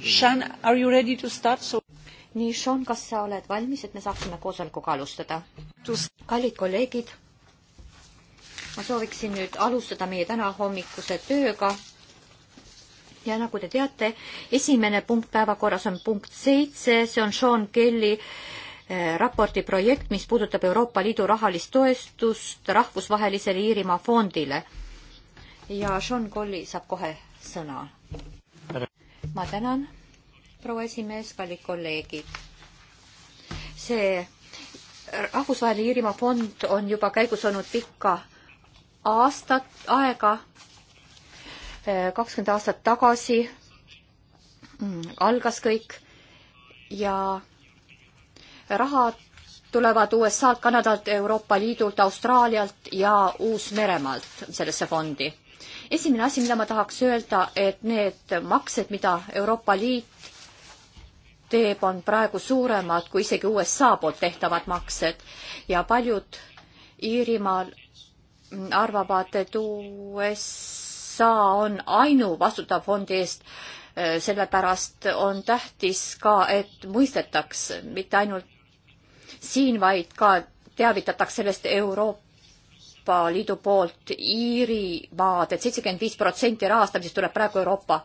Sean, are you ready to start so...? nii, Sean, kas sa oled valmis, et me saaksime koosolekuga alustada? kallid kolleegid, ma sooviksin nüüd alustada meie tänahommikuse tööga ja nagu te teate, esimene punkt päevakorras on punkt seitse, see on Sean Kelly eh, raporti projekt, mis puudutab Euroopa Liidu rahalist toestust rahvusvahelisele Iirimaa fondile. ja Sean Colli saab kohe sõna ma tänan, proua esimees, kallid kolleegid. see rahvusvaheline Iirimaa fond on juba käigus olnud pikka aastat aega, eh, kakskümmend aastat tagasi mm, algas kõik ja rahad tulevad USA-lt, Kanadalt, Euroopa Liidult, Austraalialt ja Uus-Meremaalt sellesse fondi esimene asi, mida ma tahaks öelda, et need maksed, mida Euroopa Liit teeb, on praegu suuremad kui isegi USA poolt tehtavad maksed ja paljud Iirimaal arvavad, et USA on ainuvastutav fondi eest. Eh, sellepärast on tähtis ka, et mõistetaks mitte ainult siin, vaid ka teavitataks sellest Euroopa Euroopa Liidu poolt Iirimaad et, et seitsekümmend viis protsenti rahastamisest tuleb praegu Euroopa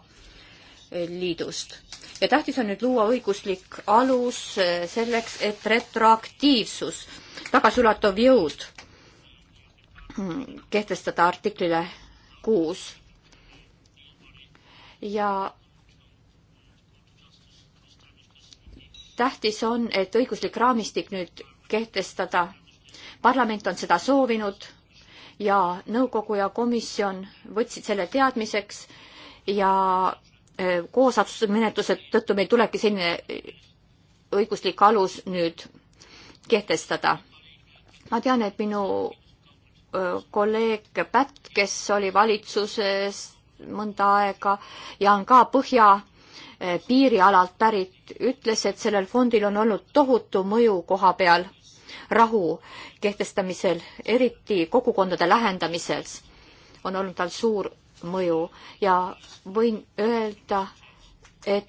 Liidust. ja tähtis on nüüd luua õiguslik alus eh, selleks, et retroaktiivsus, tagasiulatuv jõud hmm, kehtestada artiklile kuus. ja tähtis on, et õiguslik raamistik nüüd kehtestada. parlament on seda soovinud ja nõukogu ja komisjon võtsid selle teadmiseks ja äh, koosotsusmenetluse tõttu meil tulebki selline äh, õiguslik alus nüüd kehtestada. ma tean, et minu äh, kolleeg Pätt, kes oli valitsuses mõnda aega ja on ka Põhja piirialalt pärit, ütles, et sellel fondil on olnud tohutu mõju koha peal rahu kehtestamisel, eriti kogukondade lähendamises on olnud tal suur mõju ja võin öelda, et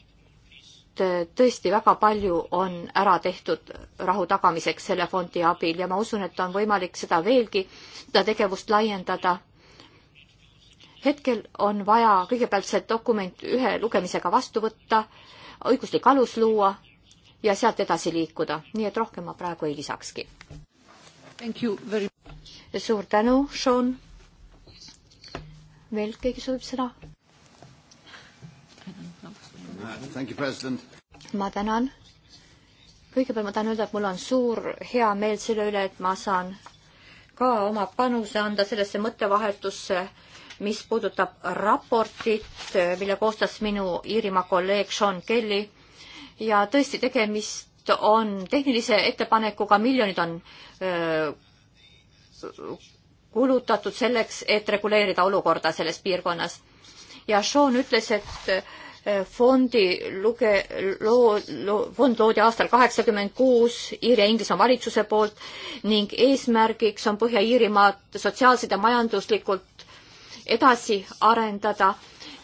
tõesti väga palju on ära tehtud rahu tagamiseks selle fondi abil ja ma usun, et on võimalik seda veelgi, seda tegevust laiendada. hetkel on vaja kõigepealt see dokument ühe lugemisega vastu võtta, õiguslik alus luua ja sealt edasi liikuda, nii et rohkem ma praegu ei lisakski. suur tänu, Sean. veel keegi soovib sõna? ma tänan. kõigepealt ma tahan öelda, et mul on suur hea meel selle üle, et ma saan ka oma panuse anda sellesse mõttevahetusse mis puudutab raportit, mille koostas minu Iirimaa kolleeg Sean Kelly ja tõesti, tegemist on tehnilise ettepanekuga, miljonid on öö, kulutatud selleks, et reguleerida olukorda selles piirkonnas. ja Sean ütles, et fondi luge-, loo-, loo-, fond loodi aastal kaheksakümmend kuus Iiri ja Inglismaa valitsuse poolt ning eesmärgiks on Põhja-Iirimaad sotsiaalselt ja majanduslikult edasi arendada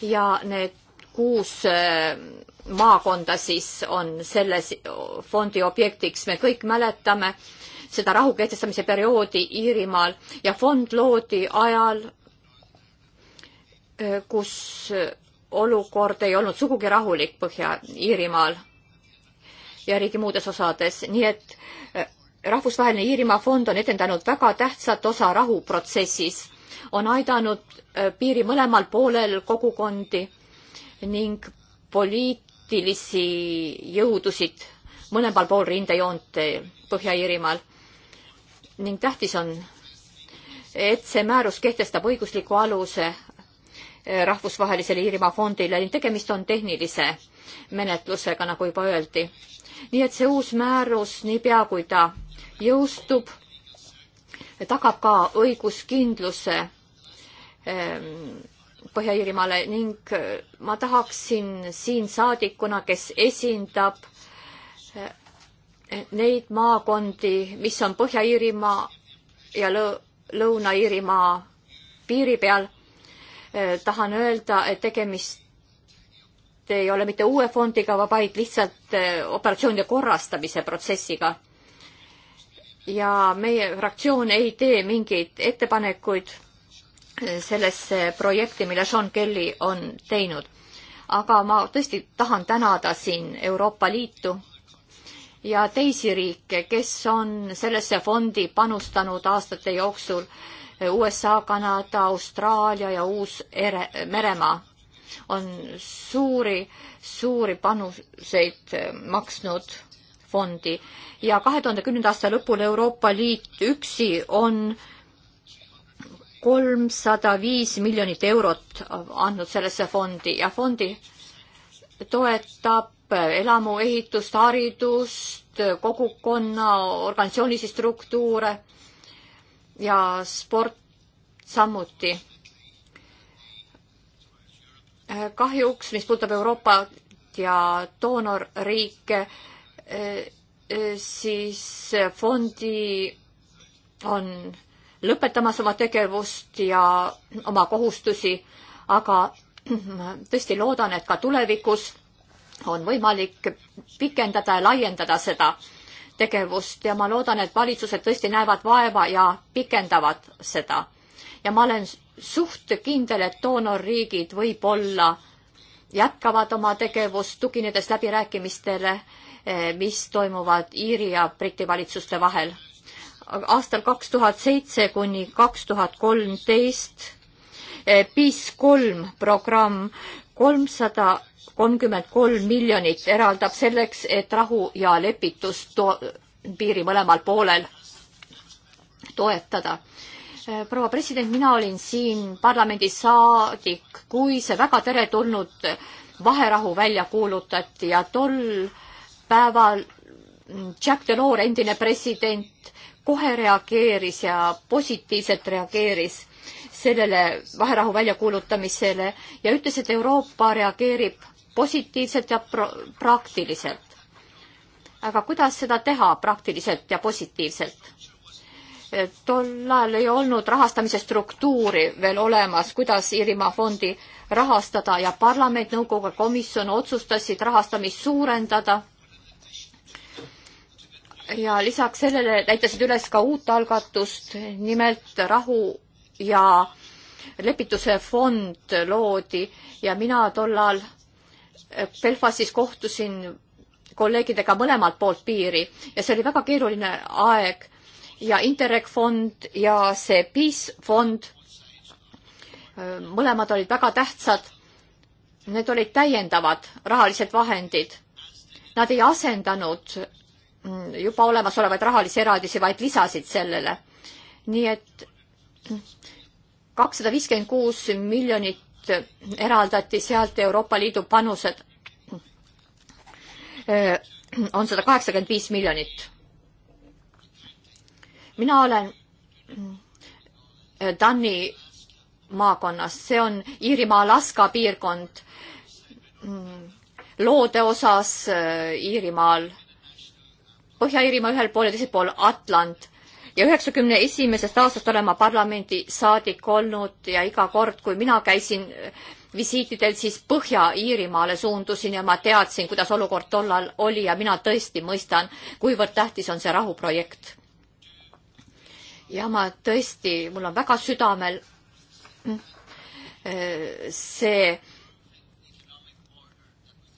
ja need kuus maakonda siis on selle fondi objektiks, me kõik mäletame seda rahu kehtestamise perioodi Iirimaal ja fond loodi ajal, kus olukord ei olnud sugugi rahulik Põhja-Iirimaal ja riigi muudes osades, nii et rahvusvaheline Iirimaa fond on edendanud väga tähtsat osa rahuprotsessis, on aidanud piiri mõlemal poolel kogukondi ning poliit-, poliitilisi jõudusid mõlemal pool rindejoont Põhja-Iirimaal. ning tähtis on, et see määrus kehtestab õigusliku aluse eh, rahvusvahelisele Iirimaa fondile ning tegemist on tehnilise menetlusega, nagu juba öeldi. nii et see uus määrus, niipea kui ta jõustub, tagab ka õiguskindluse ähm, Põhja-Iirimaale ning äh, ma tahaksin siin saadikuna, kes esindab äh, neid maakondi, mis on Põhja-Iirimaa ja Lõuna-Iirimaa piiri peal, äh, tahan öelda, et tegemist ei ole mitte uue fondiga, vaid lihtsalt operatsioonide korrastamise protsessiga. ja meie fraktsioon ei tee mingeid ettepanekuid sellesse projekti, mille Sean Kelly on teinud. aga ma tõesti tahan tänada siin Euroopa Liitu ja teisi riike, kes on sellesse fondi panustanud aastate jooksul. USA, Kanada, Austraalia ja Uus-Meremaa on suuri, suuri panuseid eh, maksnud fondi ja kahe tuhande kümnenda aasta lõpul Euroopa Liit üksi on kolmsada viis miljonit eurot andnud sellesse fondi ja fondi toetab elamuehitust, haridust, kogukonna, organisatsioonilisi struktuure ja sport samuti. kahjuks, mis puudutab Euroopat ja doonorriike, eh, eh, siis fondi on lõpetamas oma tegevust ja oma kohustusi, aga tõesti loodan, et ka tulevikus on võimalik pikendada ja laiendada seda tegevust ja ma loodan, et valitsused tõesti näevad vaeva ja pikendavad seda. ja ma olen suht kindel, et doonorriigid võib-olla jätkavad oma tegevust, tuginedes läbirääkimistele, eh, mis toimuvad Iiri ja Briti valitsuste vahel aastal kaks tuhat seitse kuni kaks tuhat kolmteist eh, PIS kolm programm kolmsada kolmkümmend kolm miljonit eraldab selleks, et rahu ja lepitust piiri mõlemal poolel toetada. Eh, proua president, mina olin siin parlamendis saadik, kui see väga teretulnud vaherahu välja kuulutati ja tol päeval Jack Delors, endine president, kohe reageeris ja positiivselt reageeris sellele vaherahu väljakuulutamisele ja ütles, et Euroopa reageerib positiivselt ja pro-, praktiliselt. aga kuidas seda teha praktiliselt ja positiivselt? tol ajal ei olnud rahastamise struktuuri veel olemas, kuidas Iirimaa fondi rahastada ja parlament, nõukogu komisjon otsustasid rahastamist suurendada ja lisaks sellele näitasid üles ka uut algatust, nimelt rahu ja lepituse fond loodi ja mina tollal Belfastis kohtusin kolleegidega mõlemalt poolt piiri ja see oli väga keeruline aeg ja Interreg fond ja see Peace fond, mõlemad olid väga tähtsad. Need olid täiendavad rahalised vahendid. Nad ei asendanud juba olemasolevaid rahalisi eraldisi, vaid lisasid sellele. nii et kakssada viiskümmend kuus miljonit eraldati sealt Euroopa Liidu panused on sada kaheksakümmend viis miljonit. mina olen Tanni maakonnas, see on Iirimaa Laska piirkond loode osas Iirimaal Põhja-Iirimaa ühel pool ja teisel pool Atland ja üheksakümne esimesest aastast olen ma parlamendi saadik olnud ja iga kord, kui mina käisin äh, visiitidel, siis Põhja-Iirimaale suundusin ja ma teadsin, kuidas olukord tollal oli ja mina tõesti mõistan, kuivõrd tähtis on see rahuprojekt. ja ma tõesti, mul on väga südamel mm, äh, see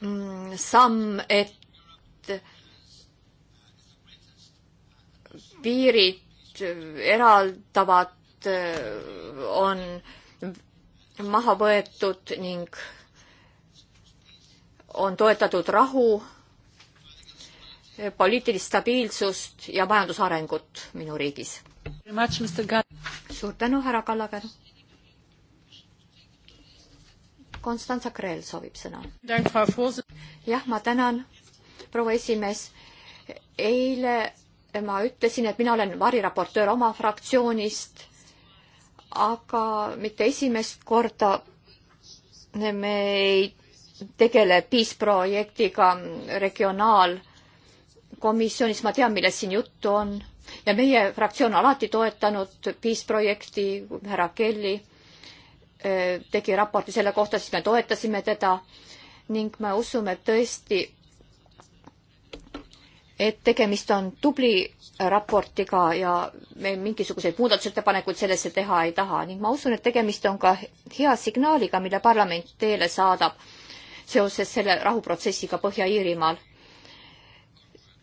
mm, samm, et piirid äh, eraldavad, äh, on maha võetud ning on toetatud rahu, poliitilist stabiilsust ja majandusarengut minu riigis. suur tänu, härra Kallaver. Konstantsa Kreel soovib sõna. jah, ma tänan, proua esimees. eile ma ütlesin, et mina olen variraportöör oma fraktsioonist, aga mitte esimest korda me ei tegele PIS projektiga regionaalkomisjonis, ma tean, millest siin juttu on ja meie fraktsioon alati toetanud PIS projekti, härra Kelly eh, tegi raporti selle kohta, siis me toetasime teda ning me usume, et tõesti et tegemist on tubli raportiga ja me mingisuguseid muudatusettepanekuid sellesse teha ei taha ning ma usun, et tegemist on ka hea signaaliga, mille parlament teele saadab seoses selle rahuprotsessiga Põhja-Iirimaal.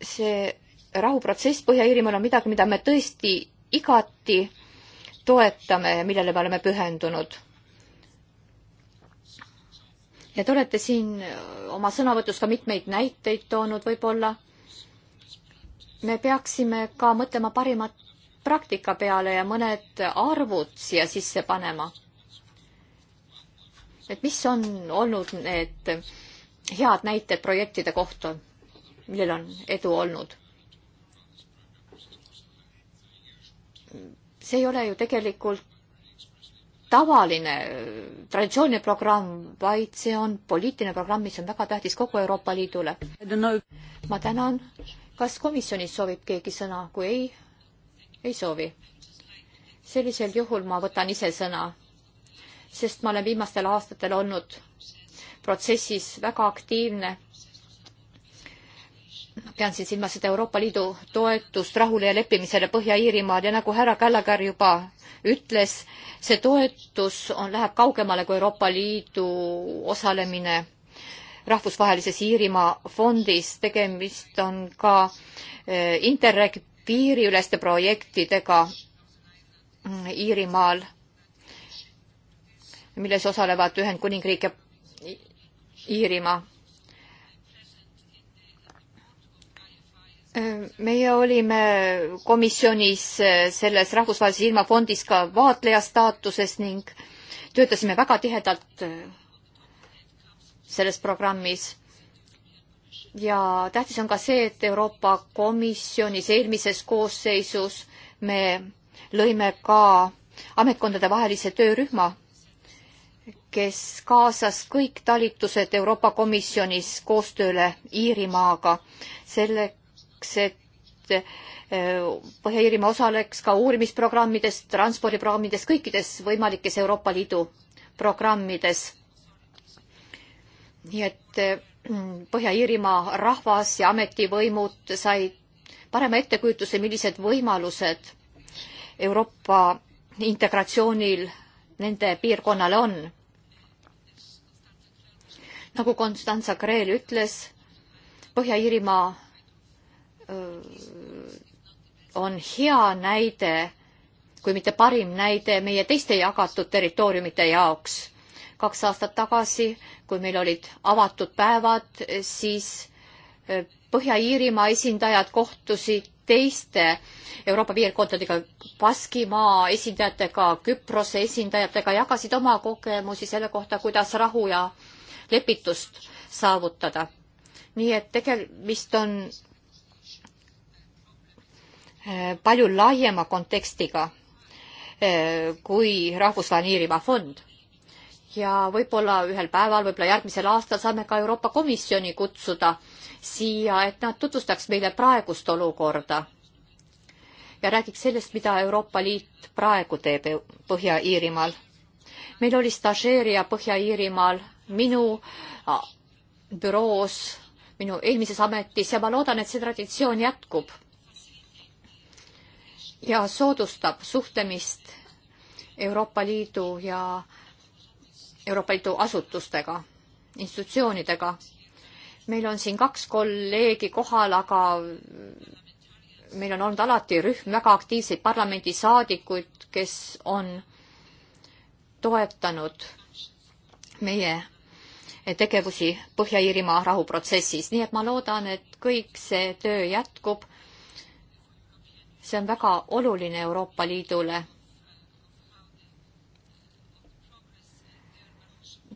see rahuprotsess Põhja-Iirimaal on midagi, mida me tõesti igati toetame ja millele me oleme pühendunud ja te olete siin oma sõnavõtus ka mitmeid näiteid toonud võib-olla me peaksime ka mõtlema parima praktika peale ja mõned arvud siia sisse panema. et mis on olnud need head näited projektide kohta, millel on edu olnud? see ei ole ju tegelikult tavaline traditsiooniline programm, vaid see on poliitiline programm, mis on väga tähtis kogu Euroopa Liidule. ma tänan kas komisjonis soovib keegi sõna, kui ei, ei soovi? sellisel juhul ma võtan ise sõna, sest ma olen viimastel aastatel olnud protsessis väga aktiivne. pean siin silmas seda Euroopa Liidu toetust rahule ja leppimisele Põhja-Iirimaal ja nagu härra Kallagar juba ütles, see toetus on, läheb kaugemale kui Euroopa Liidu osalemine rahvusvahelises Iirimaa fondis, tegemist on ka eh, Interreg piiriüleste projektidega mm, Iirimaal, milles osalevad Ühendkuningriik ja Iirimaa. Eh, meie olime komisjonis eh, selles rahvusvahelises ilmafondis ka vaatleja staatuses ning töötasime väga tihedalt selles programmis. ja tähtis on ka see, et Euroopa Komisjonis eelmises koosseisus me lõime ka ametkondade vahelise töörühma, kes kaasas kõik talitused Euroopa Komisjonis koostööle Iirimaaga selleks, et äh, Põhja-Iirimaa osaleks ka uurimisprogrammides, transpordiprogrammides, kõikides võimalikes Euroopa Liidu programmides nii et eh, Põhja-Iirimaa rahvas ja ametivõimud said parema ettekujutuse, millised võimalused Euroopa integratsioonil nende piirkonnale on. nagu Konstanza Kreel ütles, Põhja-Iirimaa eh, on hea näide, kui mitte parim näide meie teiste jagatud territooriumite jaoks kaks aastat tagasi, kui meil olid avatud päevad, siis eh, Põhja-Iirimaa esindajad kohtusid teiste Euroopa piirkondadega, Baskimaa esindajatega, Küprose esindajatega, jagasid oma kogemusi selle kohta, kuidas rahu ja lepitust saavutada. nii et tegemist on eh, palju laiema kontekstiga eh, kui Rahvusvaheline Iirimaa Fond ja võib-olla ühel päeval, võib-olla järgmisel aastal saame ka Euroopa Komisjoni kutsuda siia, et nad tutvustaks meile praegust olukorda ja räägiks sellest, mida Euroopa Liit praegu teeb Põhja-Iirimaal. meil oli stažeerija Põhja-Iirimaal minu büroos, minu eelmises ametis ja ma loodan, et see traditsioon jätkub ja soodustab suhtlemist Euroopa Liidu ja äh, Euroopa Liidu asutustega, institutsioonidega. meil on siin kaks kolleegi kohal, aga meil on olnud alati rühm väga aktiivseid parlamendisaadikuid, kes on toetanud meie tegevusi Põhja-Iirimaa rahuprotsessis, nii et ma loodan, et kõik see töö jätkub. see on väga oluline Euroopa Liidule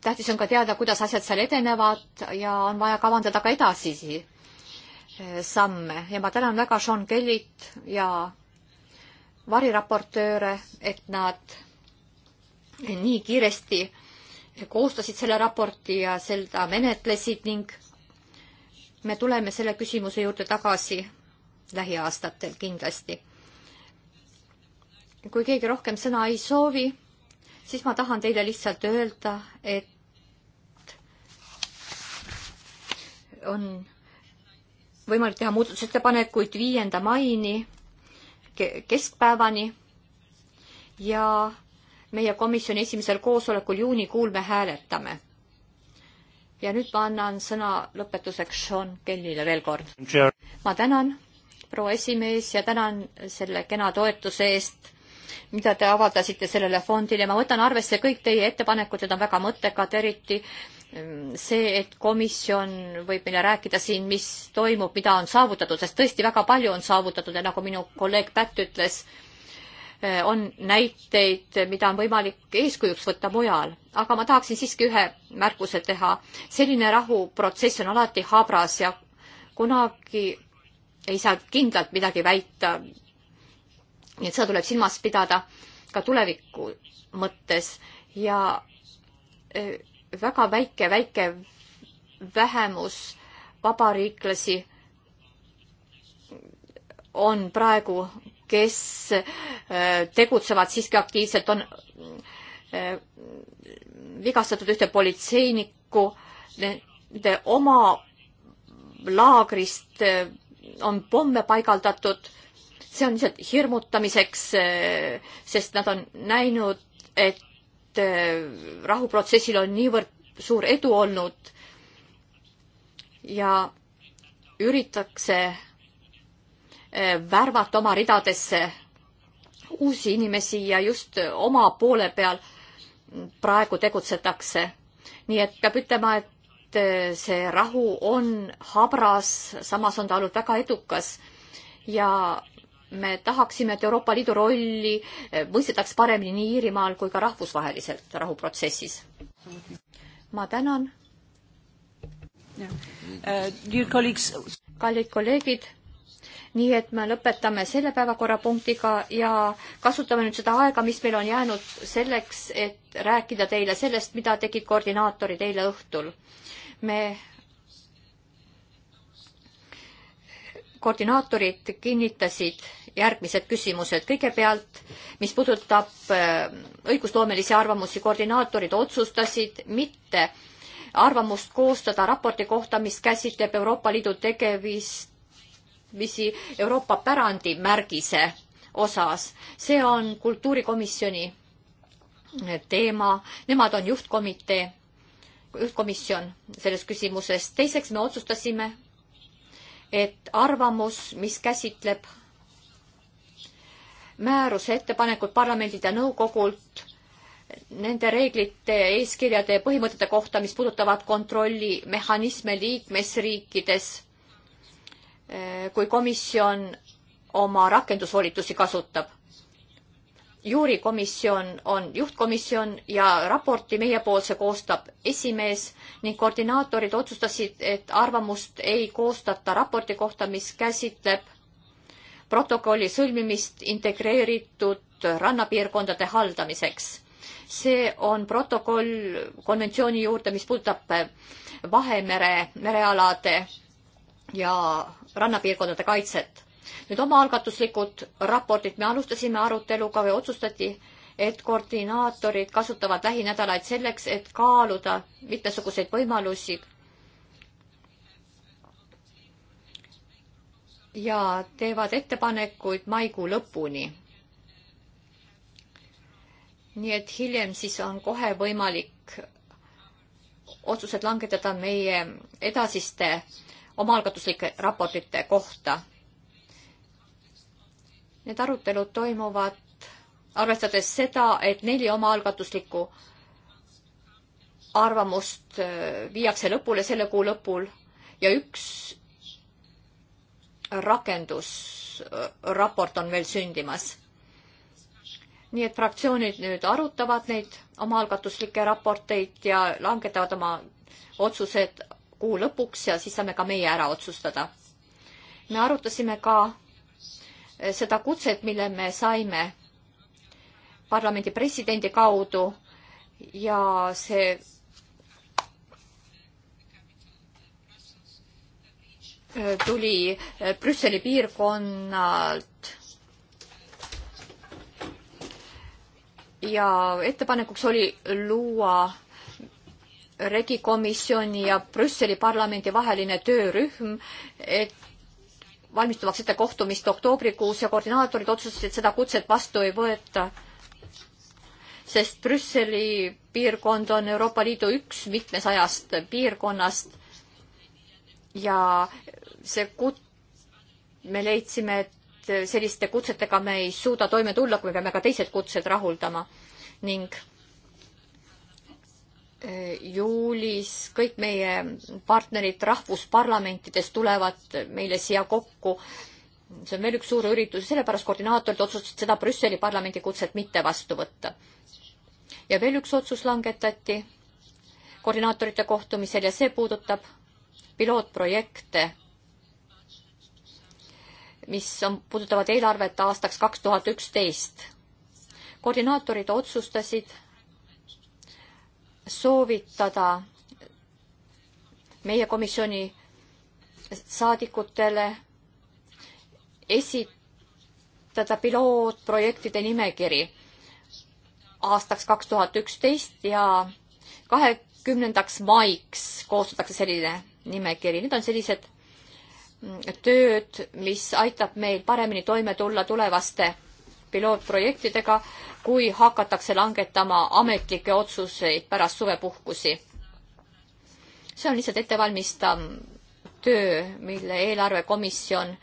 tähtis on ka teada, kuidas asjad seal edenevad ja on vaja kavandada ka edasisi eh, samme ja ma tänan väga Sean Kellyt ja variraportööre, et nad nii kiiresti koostasid selle raporti ja seda menetlesid ning me tuleme selle küsimuse juurde tagasi lähiaastatel kindlasti. kui keegi rohkem sõna ei soovi siis ma tahan teile lihtsalt öelda, et on võimalik teha muudatusettepanekuid viienda maini keskpäevani ja meie komisjoni esimesel koosolekul juunikuul me hääletame. ja nüüd ma annan sõna lõpetuseks Sean Kellile veel kord. ma tänan, proua esimees, ja tänan selle kena toetuse eest mida te avaldasite sellele fondile. ma võtan arvesse kõik teie ettepanekud, need on väga mõttekad, eriti mm, see, et komisjon võib meile rääkida siin, mis toimub, mida on saavutatud, sest tõesti väga palju on saavutatud ja nagu minu kolleeg Pätt ütles, eh, on näiteid, mida on võimalik eeskujuks võtta mujal, aga ma tahaksin siiski ühe märkuse teha. selline rahuprotsess on alati habras ja kunagi ei saa kindlalt midagi väita, nii et seda tuleb silmas pidada ka tuleviku mõttes ja väga väike, väike vähemus vabariiklasi on praegu, kes tegutsevad siiski aktiivselt, on vigastatud ühte politseinikku, nende oma laagrist on pomme paigaldatud see on lihtsalt hirmutamiseks, sest nad on näinud, et eh, rahuprotsessil on niivõrd suur edu olnud ja üritatakse eh, värvata oma ridadesse uusi inimesi ja just oma poole peal praegu tegutsetakse. nii et peab ütlema, et eh, see rahu on habras, samas on ta olnud väga edukas ja me tahaksime, et Euroopa Liidu rolli mõistetaks eh, paremini nii Iirimaal kui ka rahvusvaheliselt rahuprotsessis. ma tänan. Uh, kallid kolleegid, nii et me lõpetame selle päevakorrapunktiga ja kasutame nüüd seda aega, mis meil on jäänud selleks, et rääkida teile sellest, mida tegid koordinaatorid eile õhtul. me koordinaatorid kinnitasid järgmised küsimused. kõigepealt, mis puudutab äh, õigusloomelisi arvamusi, koordinaatorid otsustasid mitte arvamust koostada raporti kohta, mis käsitleb Euroopa Liidu tegemisi Euroopa pärandimärgise osas. see on kultuurikomisjoni teema, nemad on juhtkomitee, juhtkomisjon selles küsimuses. teiseks me otsustasime, et arvamus, mis käsitleb määruse ettepanekud parlamendilt ja nõukogult nende reeglite, eeskirjade ja põhimõtete kohta, mis puudutavad kontrollimehhanisme liikmesriikides, eh, kui komisjon oma rakendusvolitusi kasutab. juurikomisjon on juhtkomisjon ja raporti meiepoolse koostab esimees ning koordinaatorid otsustasid, et arvamust ei koostata raporti kohta, mis käsitleb protokolli sõlmimist integreeritud rannapiirkondade haldamiseks. see on protokoll konventsiooni juurde, mis puudutab Vahemere merealade ja rannapiirkondade kaitset. nüüd omaalgatuslikud raportid, me alustasime aruteluga või otsustati, et koordinaatorid kasutavad lähinädalaid selleks, et kaaluda mitmesuguseid võimalusi ja teevad ettepanekuid maikuu lõpuni. nii et hiljem siis on kohe võimalik otsused langetada meie edasiste omaalgatuslike raportite kohta. Need arutelud toimuvad arvestades seda, et neli omaalgatuslikku arvamust viiakse lõpule selle kuu lõpul ja üks rakendusraport on veel sündimas. nii et fraktsioonid nüüd arutavad neid omaalgatuslikke raporteid ja langetavad oma otsused kuu lõpuks ja siis saame ka meie ära otsustada. me arutasime ka eh, seda kutset, mille me saime parlamendi presidendi kaudu ja see tuli eh, Brüsseli piirkonnalt ja ettepanekuks oli luua regikomisjoni ja Brüsseli parlamendi vaheline töörühm, et valmistumaks ette kohtumist oktoobrikuus ja koordinaatorid otsustasid, et seda kutset vastu ei võeta. sest Brüsseli piirkond on Euroopa Liidu üks mitmesajast piirkonnast ja see kut-, me leidsime, et selliste kutsetega me ei suuda toime tulla, kui me peame ka teised kutsed rahuldama ning äh, juulis kõik meie partnerid rahvusparlamentides tulevad meile siia kokku. see on veel üks suur üritus, sellepärast koordinaatorid otsustasid seda Brüsseli parlamendi kutset mitte vastu võtta. ja veel üks otsus langetati koordinaatorite kohtumisel ja see puudutab pilootprojekte, mis on, puudutavad eelarvet aastaks kaks tuhat üksteist. koordinaatorid otsustasid soovitada meie komisjoni saadikutele esitada pilootprojektide nimekiri aastaks kaks tuhat üksteist ja kahekümnendaks maiks koostatakse selline nimekiri. Need on sellised mm, tööd, mis aitab meil paremini toime tulla tulevaste pilootprojektidega, kui hakatakse langetama ametlikke otsuseid pärast suvepuhkusi. see on lihtsalt ettevalmistav töö, mille eelarvekomisjon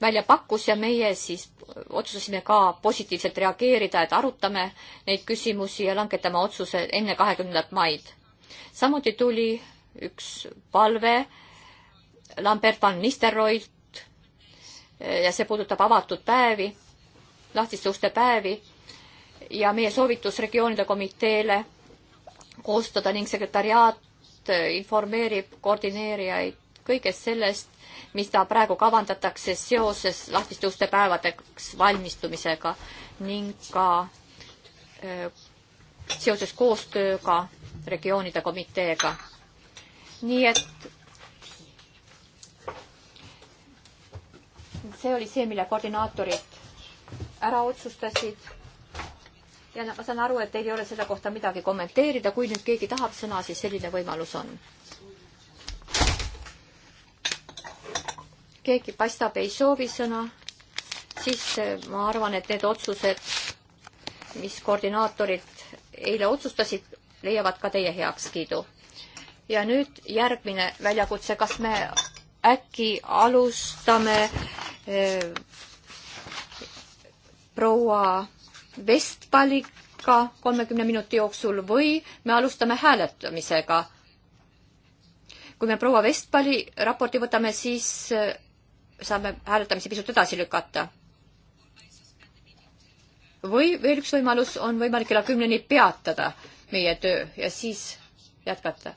välja pakkus ja meie siis otsustasime ka positiivselt reageerida, et arutame neid küsimusi ja langetame otsuse enne kahekümnendat maid. samuti tuli üks palve Lambert van Nisterroilt eh, ja see puudutab avatud päevi, lahtiste uste päevi ja meie soovitus regioonide komiteele koostada ning sekretariaat eh, informeerib koordineerijaid kõigest sellest, mis ta praegu kavandatakse seoses lahtiste uste päevadeks valmistumisega ning ka eh, seoses koostööga regioonide komiteega nii et see oli see, mille koordinaatorid ära otsustasid. ja ma saan aru, et teil ei ole selle kohta midagi kommenteerida, kui nüüd keegi tahab sõna, siis selline võimalus on. keegi paistab, ei soovi sõna, siis eh, ma arvan, et need otsused, mis koordinaatorid eile otsustasid, leiavad ka teie heakskiidu ja nüüd järgmine väljakutse, kas me äkki alustame eh, proua Vestpaliga kolmekümne minuti jooksul või me alustame hääletamisega. kui me proua Vestpali raporti võtame, siis eh, saame hääletamise pisut edasi lükata. või veel üks võimalus on võimalik kella kümneni peatada meie töö ja siis jätkata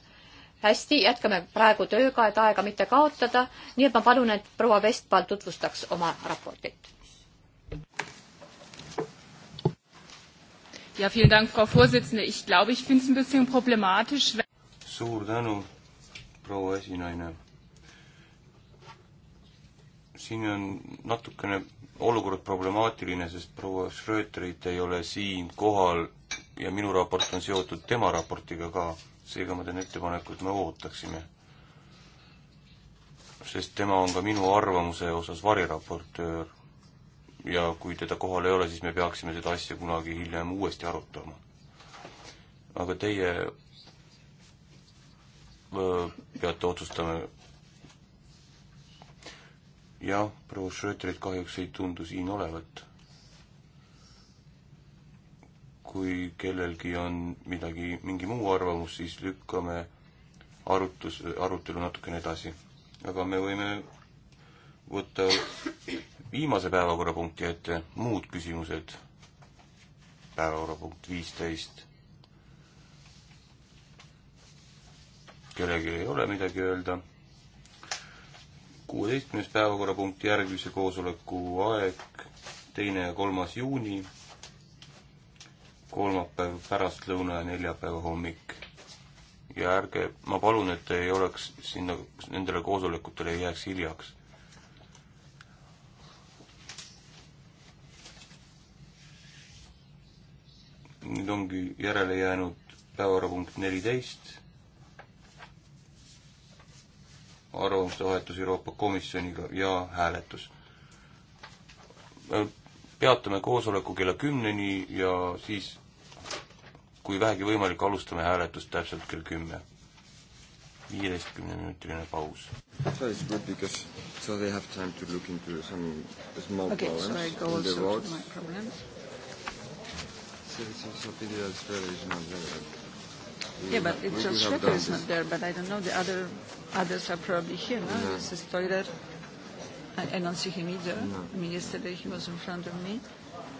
hästi, jätkame praegu tööga, et aega mitte kaotada, nii et ma palun, et proua Vestpal tutvustaks oma raportit. Ja, vielen Dank, Frau Vorsitzende. Ich glaube, ich finde es ein bisschen problematisch. Suur tänu, proua esinaine. Siin on natukene olukord problemaatiline, sest proua Schröterit ei ole siin kohal ja minu raport on seotud tema raportiga ka seega ma teen ettepaneku, et me ootaksime. sest tema on ka minu arvamuse osas variraportöör ja kui teda kohal ei ole, siis me peaksime seda asja kunagi hiljem uuesti arutama. aga teie peate otsustama. jah, proua Schröderit kahjuks ei tundu siin olevat kui kellelgi on midagi, mingi muu arvamus, siis lükkame arutus, arutelu natukene edasi. aga me võime võtta viimase päevakorrapunkti ette, muud küsimused. päevakorrapunkt viisteist. kellelgi ei ole midagi öelda. kuueteistkümnes päevakorrapunkt, järgmise koosoleku aeg, teine ja kolmas juuni kolmapäev pärastlõuna ja neljapäeva hommik. ja ärge, ma palun, et te ei oleks sinna, nendele koosolekutele ei jääks hiljaks. nüüd ongi järele jäänud päevakorrapunkt neliteist, arvamuste vahetus Euroopa Komisjoniga ja hääletus peatame koosoleku kella kümneni ja siis kui vähegi võimalik, alustame hääletust täpselt kell kümme. viieteistkümneminutiline paus. So it's good because so they have time to look into some small okay, problems so I go in the roads. So it's also a pity that Australia is not there. Yeah, but it's Australia is not there, but I don't know, the other, others are probably here, no? Yeah. This is Toiler. I, I don't see him either. No. I mean, yesterday he was in front of me. Yeah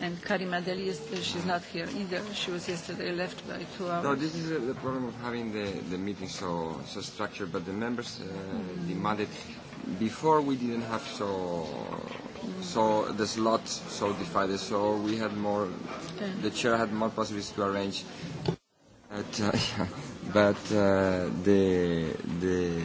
and Karima Deli, is, she's not here either. She was yesterday left by two hours. No, this is the, the problem of having the, the meeting so, so structured, but the members uh, mm. demanded, before we didn't have so, mm. so the slots so divided, so we had more, okay. the chair had more possibilities to arrange. But, uh, but uh, the, the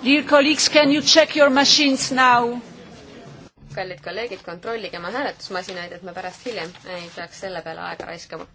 Dear colleagues, can you check your machines now? kallid kolleegid, kontrollige oma hääletusmasinaid, et me pärast hiljem ei peaks selle peale aega raiskama.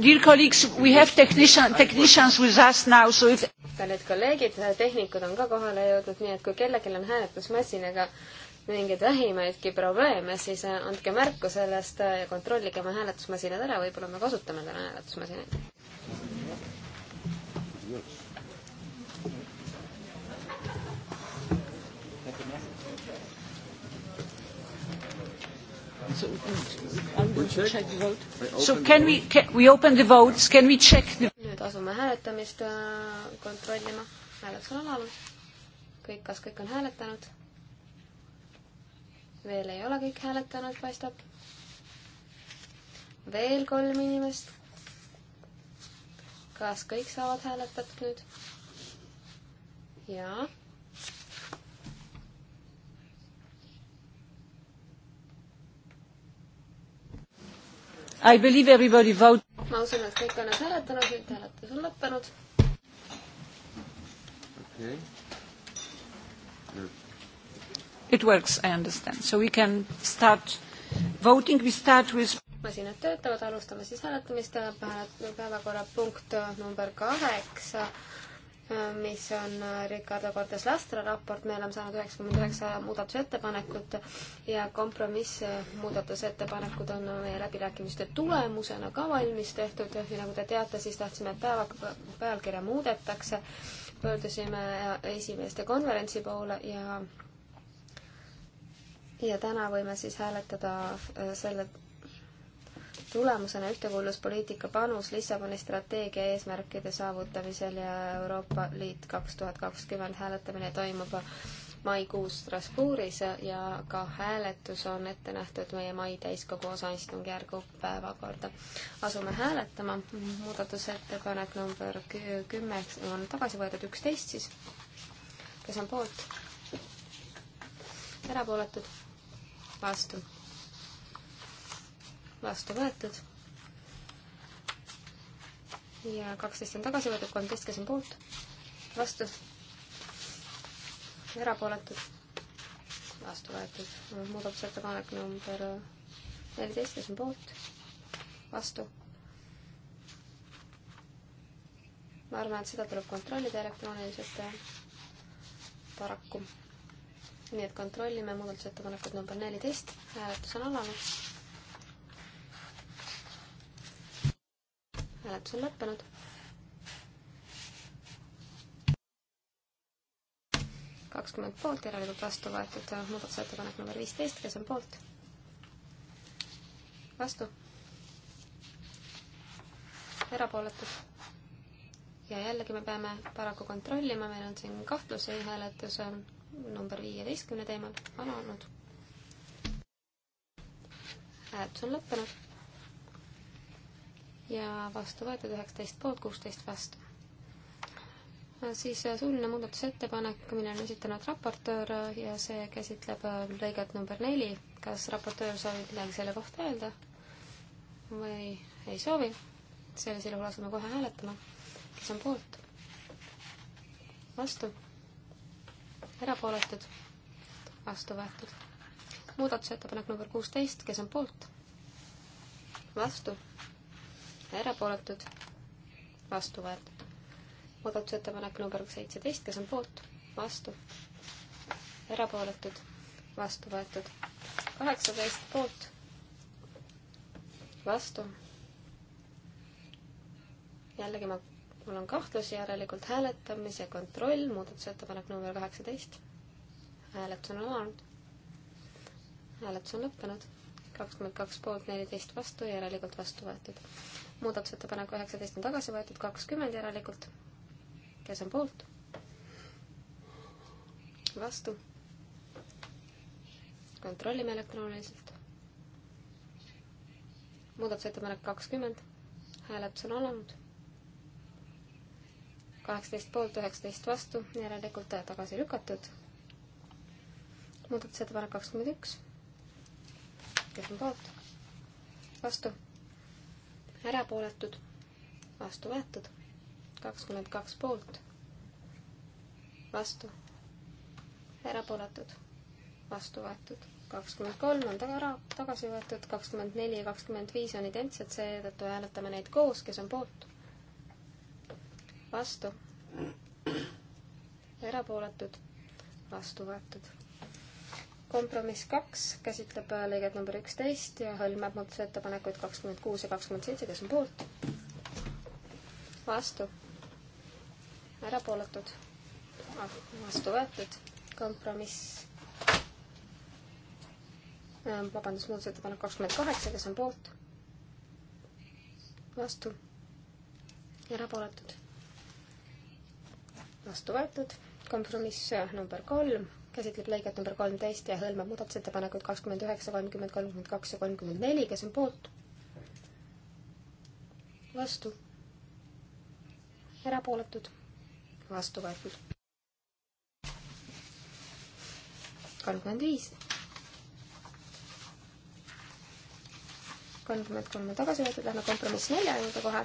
Dear colleagues, we have technician, technicians with us now, so if kallid kolleegid, tehnikud on ka kohale jõudnud, nii et kui kellelgi on hääletusmasinaga mingeid vähimaidki probleeme, siis äh, andke märku sellest äh, ja kontrollige oma hääletusmasinad ära, võib-olla me kasutame täna hääletusmasinaid. check the vote? So can we, can we open the votes, can we check the nüüd asume hääletamist äh, kontrollima. hääletus on alanud. kõik, kas kõik on hääletanud? veel ei ole kõik hääletanud, paistab. veel kolm inimest. kas kõik saavad hääletatud nüüd? jaa I believe everybody vote. ma usun, et kõik on nüüd hääletanud, nüüd hääletus on lõppenud. okei okay.. It works, I understand. So we can start voting, we start with masinad töötavad, alustame siis hääletamist, päevakorrapunkt number kaheksa mis on äh, Ricardo Cortes Lastra raport, me oleme saanud üheksakümmend üheksa muudatusettepanekut ja kompromiss äh, muudatusettepanekud on meie läbirääkimiste tulemusena ka valmis tehtud ja nagu te teate, siis tahtsime, et päeva, pealkirja muudetakse. pöördusime äh, esimeeste konverentsi poole ja ja täna võime siis hääletada selle tulemusena ühtekuuluvuspoliitika panus Lissaboni strateegia eesmärkide saavutamisel ja Euroopa Liit kaks tuhat kakskümmend hääletamine toimub maikuus Strasbourgis ja ka hääletus on ette nähtud meie mai täiskogu osaistungjärgu päevakorda. asume hääletama, muudatusettepanek number kümme on tagasi võetud, üksteist siis. kes on poolt? erapooletud? vastu vastu võetud. ja kaksteist on tagasi võetud, kolmteist, kes on poolt, vastu, erapooletud, vastu võetud. muudatusettepanek number neliteist, kes on poolt, vastu. ma arvan, et seda tuleb kontrollida elektrooniliselt paraku nii et kontrollime muudatusettepanekut number neliteist, hääletus on alanud. hääletus on lõppenud. kakskümmend poolt, järelikult vastu võetud muudatusettepanek number viisteist, kes on poolt? vastu. erapooletud ja jällegi me peame paraku kontrollima, meil on siin kahtluse hääletus number viieteistkümne teemal alanud. hääletus on lõppenud ja vastu võetud üheksateist poolt, kuusteist vastu. siis suuline muudatusettepanek, mille on esitanud raportöör ja see käsitleb lõiget number neli. kas raportöör soovib midagi selle kohta öelda või ei soovi? sellisel juhul asume kohe hääletama. kes on poolt? vastu? erapooletud? vastu võetud. muudatusettepanek number kuusteist, kes on poolt? vastu? erapooletud, vastu võetud. muudatusettepanek number seitseteist, kes on poolt, vastu, erapooletud, vastu võetud. kaheksateist poolt, vastu. jällegi ma, mul on kahtlusi, järelikult hääletamise kontroll, muudatusettepanek number kaheksateist. hääletus on alanud. hääletus on lõppenud kakskümmend kaks poolt, neliteist vastu, järelikult vastu võetud muudatusettepanek üheksateist on tagasi võetud, kakskümmend järelikult. kes on poolt? vastu. kontrollime elektrooniliselt. muudatusettepanek kakskümmend, hääletus on alanud. kaheksateist poolt, üheksateist vastu, järelikult tagasi lükatud. muudatusettepanek kakskümmend üks. kes on poolt? vastu erapooletud, vastu võetud, kakskümmend kaks poolt, vastu, erapooletud, vastu võetud, kakskümmend kolm on taga, tagasi võetud, kakskümmend neli ja kakskümmend viis on identsed, seetõttu hääletame neid koos, kes on poolt, vastu, erapooletud, vastu võetud kompromiss kaks käsitleb äh, lõiget number üksteist ja hõlmab muudatusettepanekuid kakskümmend kuus ja kakskümmend seitse, kes on poolt? vastu? erapooletud? Ah, vastu võetud? kompromiss? Ähm, vabandust, muudatusettepanek kakskümmend kaheksa, kes on poolt? vastu? erapooletud? vastu võetud? kompromiss äh, number kolm käsitleb lõiget number kolmteist ja hõlmab muudatusettepanekud kakskümmend üheksa, kolmkümmend, kolmkümmend kaks ja kolmkümmend neli, kes on poolt? vastu? erapooletud? vastu võetud? kolmkümmend viis. kolmkümmend kolm on tagasi võetud, lähme kompromiss nelja juurde kohe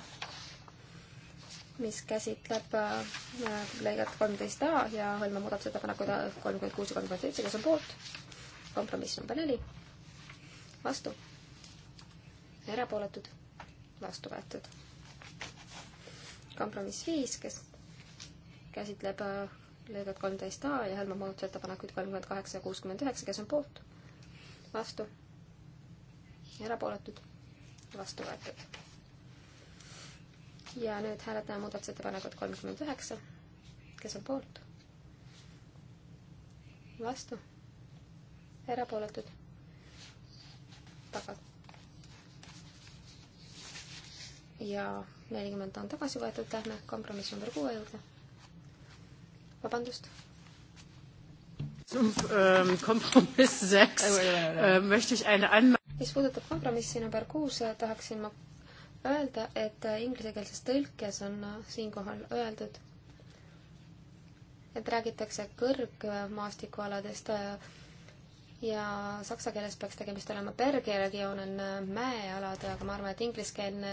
mis käsitleb äh, lõiget kolmteist A ja hõlmab muudatusettepanekud kolmkümmend kuus ja kolmkümmend seitse, kes on poolt. kompromiss number neli. vastu. erapooletud. vastu võetud. kompromiss viis, kes käsitleb äh, lõiget kolmteist A ja hõlmab muudatusettepanekuid kolmkümmend kaheksa ja kuuskümmend üheksa, kes on poolt. vastu. erapooletud. vastu võetud ja nüüd hääletame muudatusettepanekut kolmkümmend üheksa. kes on poolt? vastu? erapooletud? taga? ja nelikümmend on tagasi võetud, lähme kompromiss number kuue juurde. vabandust. mis puudutab kompromissi number kuus, tahaksin ma öelda, et inglisekeelses tõlkes on äh, siinkohal öeldud, et räägitakse kõrgmaastikualadest äh, ja saksa keeles peaks tegemist olema Bergeregion on äh, mäealad, aga ma arvan, et ingliskeelne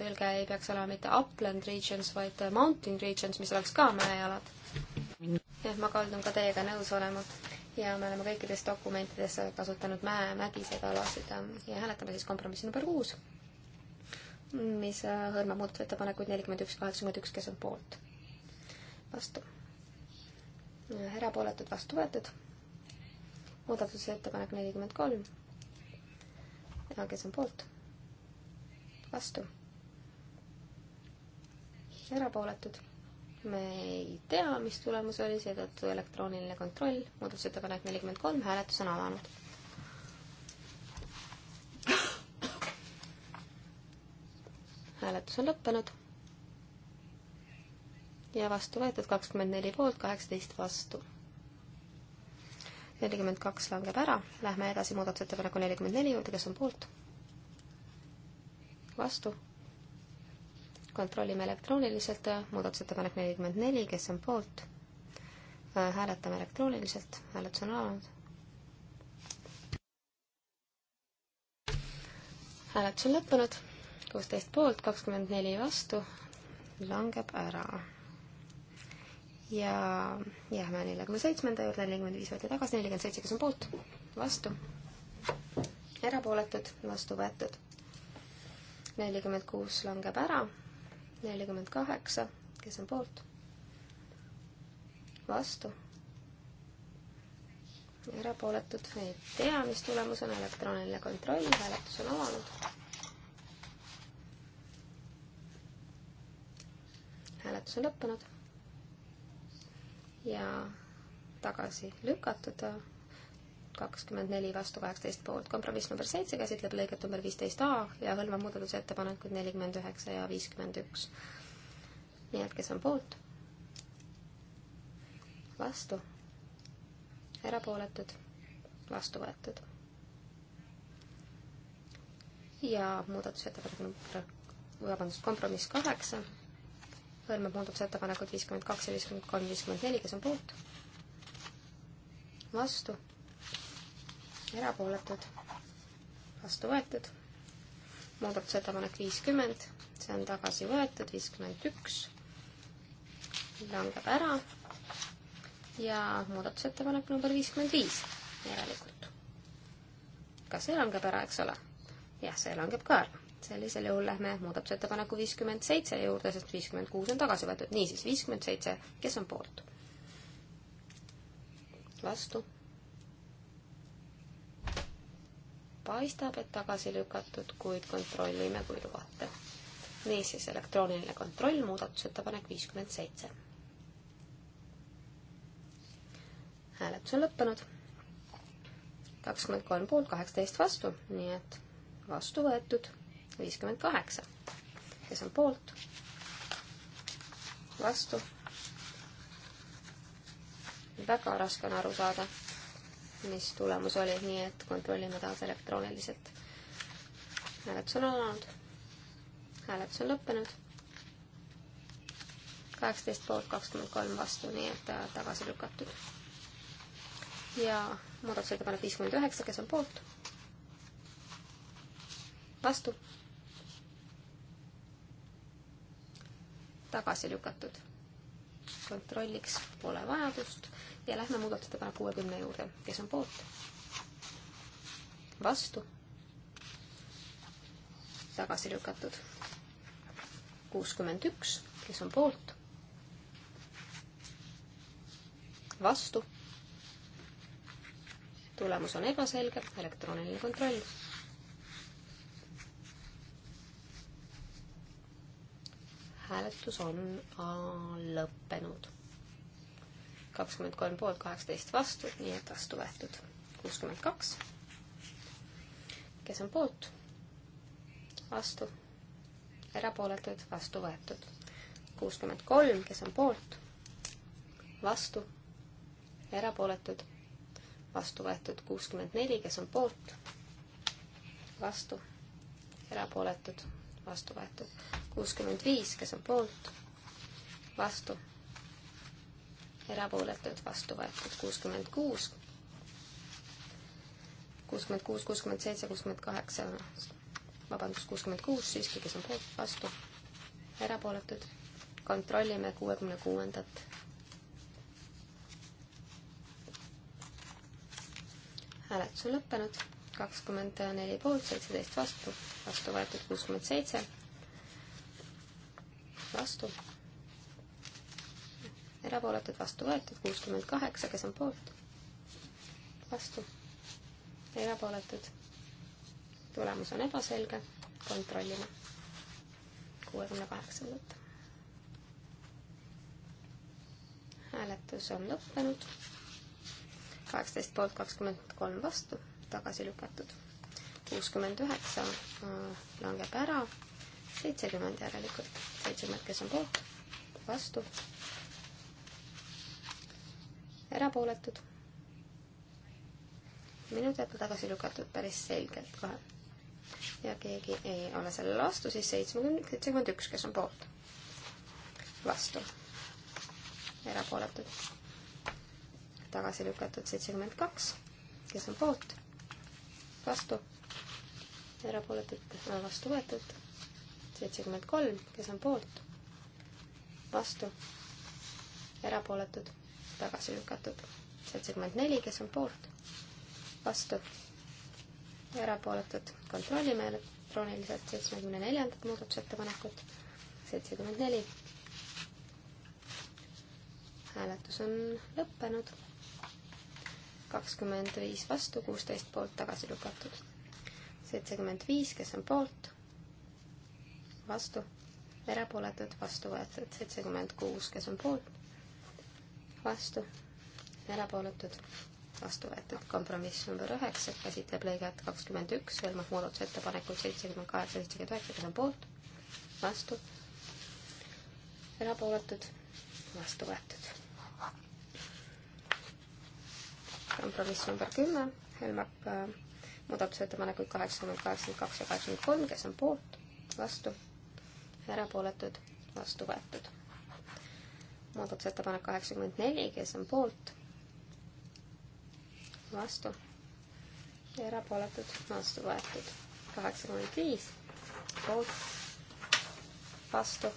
tõlge ei peaks olema mitte upland regions, vaid mountain regions, mis oleks ka mäealad. jah, ma kaldun ka teiega nõus olema ja me oleme kõikides dokumentides kasutanud mäe, mägiseid alasid ähm, ja hääletame siis kompromissi number kuus mis hõlmab muudatusettepanekuid nelikümmend üks, kaheksakümmend üks, kes on poolt. vastu. erapooletud, vastu võetud. muudatusettepanek nelikümmend kolm. ja kes on poolt? vastu. erapooletud. me ei tea, mis tulemus oli, seetõttu elektrooniline kontroll, muudatusettepanek nelikümmend kolm, hääletus on alanud hääletus on lõppenud. ja vastu võetud kakskümmend neli poolt, kaheksateist vastu. nelikümmend kaks langeb ära, lähme edasi muudatusettepaneku nelikümmend neli juurde, kes on poolt? vastu. kontrollime elektrooniliselt, muudatusettepanek nelikümmend neli, kes on poolt? hääletame elektrooniliselt, hääletus on alanud. hääletus on lõppenud kuusteist poolt, kakskümmend neli vastu, langeb ära. ja jääme neljakümne seitsmenda juurde, nelikümmend viis võeti tagasi, nelikümmend seitse, kes on poolt, vastu, erapooletud, vastu võetud. nelikümmend kuus langeb ära, nelikümmend kaheksa, kes on poolt, vastu, erapooletud, ei tea, mis tulemus on, elektrooniline kontroll, hääletus on avanud hääletus on lõppenud ja tagasi lükatud kakskümmend neli vastu kaheksateist poolt. kompromiss number seitse käsitleb lõiget number viisteist A ja hõlmab muudatusettepanekuid nelikümmend üheksa ja viiskümmend üks. nii et kes on poolt? vastu? erapooletud? vastu võetud? ja muudatusettepanek number, vabandust, kompromiss kaheksa hõlmab muudatusettepanekud viiskümmend kaks ja viiskümmend kolm, viiskümmend neli, kes on poolt? vastu? erapooletud? vastu võetud? muudatusettepanek viiskümmend, see on tagasi võetud, viiskümmend üks langeb ära ja muudatusettepanek number viiskümmend viis järelikult. ka see langeb ära, eks ole? jah, see langeb ka ära sellisel juhul lähme muudatusettepaneku viiskümmend seitse juurde, sest viiskümmend kuus on tagasi võetud. niisiis, viiskümmend seitse, kes on poolt? vastu? paistab, et tagasi lükatud, kuid kontrollime, kui lubate. niisiis, elektrooniline kontroll, muudatusettepanek viiskümmend seitse. hääletus on lõppenud. kakskümmend kolm poolt, kaheksateist vastu, nii et vastu võetud viiskümmend kaheksa. kes on poolt? vastu? väga raske on aru saada, mis tulemus oli, nii et kontrollime taas elektrooniliselt. hääletus on alanud. hääletus on lõppenud. kaheksateist poolt, kakskümmend kolm vastu, nii et äh, tagasi lükatud. ja muudatusettepanek viiskümmend üheksa, kes on poolt? vastu tagasi lükatud. kontrolliks pole vajadust ja lähme muudatusettepaneku kuuekümne juurde, kes on poolt? vastu? tagasi lükatud. kuuskümmend üks, kes on poolt? vastu? tulemus on ebaselge, elektrooniline kontroll hääletus on äh, lõppenud. kakskümmend kolm poolt, kaheksateist vastu, nii et vastu võetud. kuuskümmend kaks. kes on poolt? vastu. erapooletuid, vastu võetud. kuuskümmend kolm, kes on poolt? vastu. erapooletuid, vastu võetud. kuuskümmend neli, kes on poolt? vastu. erapooletud, vastu võetud kuuskümmend viis, kes on poolt, vastu, erapooletud, vastu võetud kuuskümmend kuus, kuuskümmend kuus, kuuskümmend seitse, kuuskümmend kaheksa, vabandust, kuuskümmend kuus siiski, kes on poolt, vastu, erapooletud, kontrollime kuuekümne kuuendat. hääletus on lõppenud kakskümmend neli poolt, seitseteist vastu, vastu võetud kuuskümmend seitse vastu, erapooletud, vastu võetud, kuuskümmend kaheksa, kes on poolt, vastu, erapooletud. tulemus on ebaselge, kontrollime kuuekümne kaheksandat. hääletus on lõppenud. kaheksateist poolt, kakskümmend kolm vastu, tagasi lükatud. kuuskümmend üheksa äh, langeb ära seitsekümmend järelikult, seitsekümmend, kes on poolt, vastu, erapooletud, minu teada tagasi lükatud päris selgelt kohe. ja keegi ei ole sellele vastu, siis seitsmekümne, seitsekümmend üks, kes on poolt, vastu, erapooletud, tagasi lükatud seitsekümmend kaks, kes on poolt, vastu, erapooletud, vastu võetud seitsekümmend kolm, kes on poolt, vastu, erapooletud, tagasi lükatud. seitsekümmend neli, kes on poolt, vastu, erapooletud, kontrollime elektrooniliselt seitsmekümne neljandat muudatusettepanekut, seitsekümmend neli. hääletus on lõppenud, kakskümmend viis vastu, kuusteist poolt tagasi lükatud. seitsekümmend viis, kes on poolt vastu, erapooletud, vastu võetud seitsekümmend kuus, kes on poolt, vastu, erapooletud, vastu võetud. kompromiss number üheksa käsitleb lõiget kakskümmend üks, hõlmab muudatusettepanekuid seitsekümmend kaheksa, seitsekümmend üheksa, kes on poolt, vastu, erapooletud, vastu võetud. kompromiss number kümme hõlmab äh, muudatusettepanekuid kaheksakümmend, kaheksakümmend kaks ja kaheksakümmend kolm, kes on poolt, vastu erapooletud, vastu võetud. muudatusettepanek kaheksakümmend neli, kes on poolt, vastu, erapooletud, vastu võetud. kaheksakümmend viis, poolt, vastu,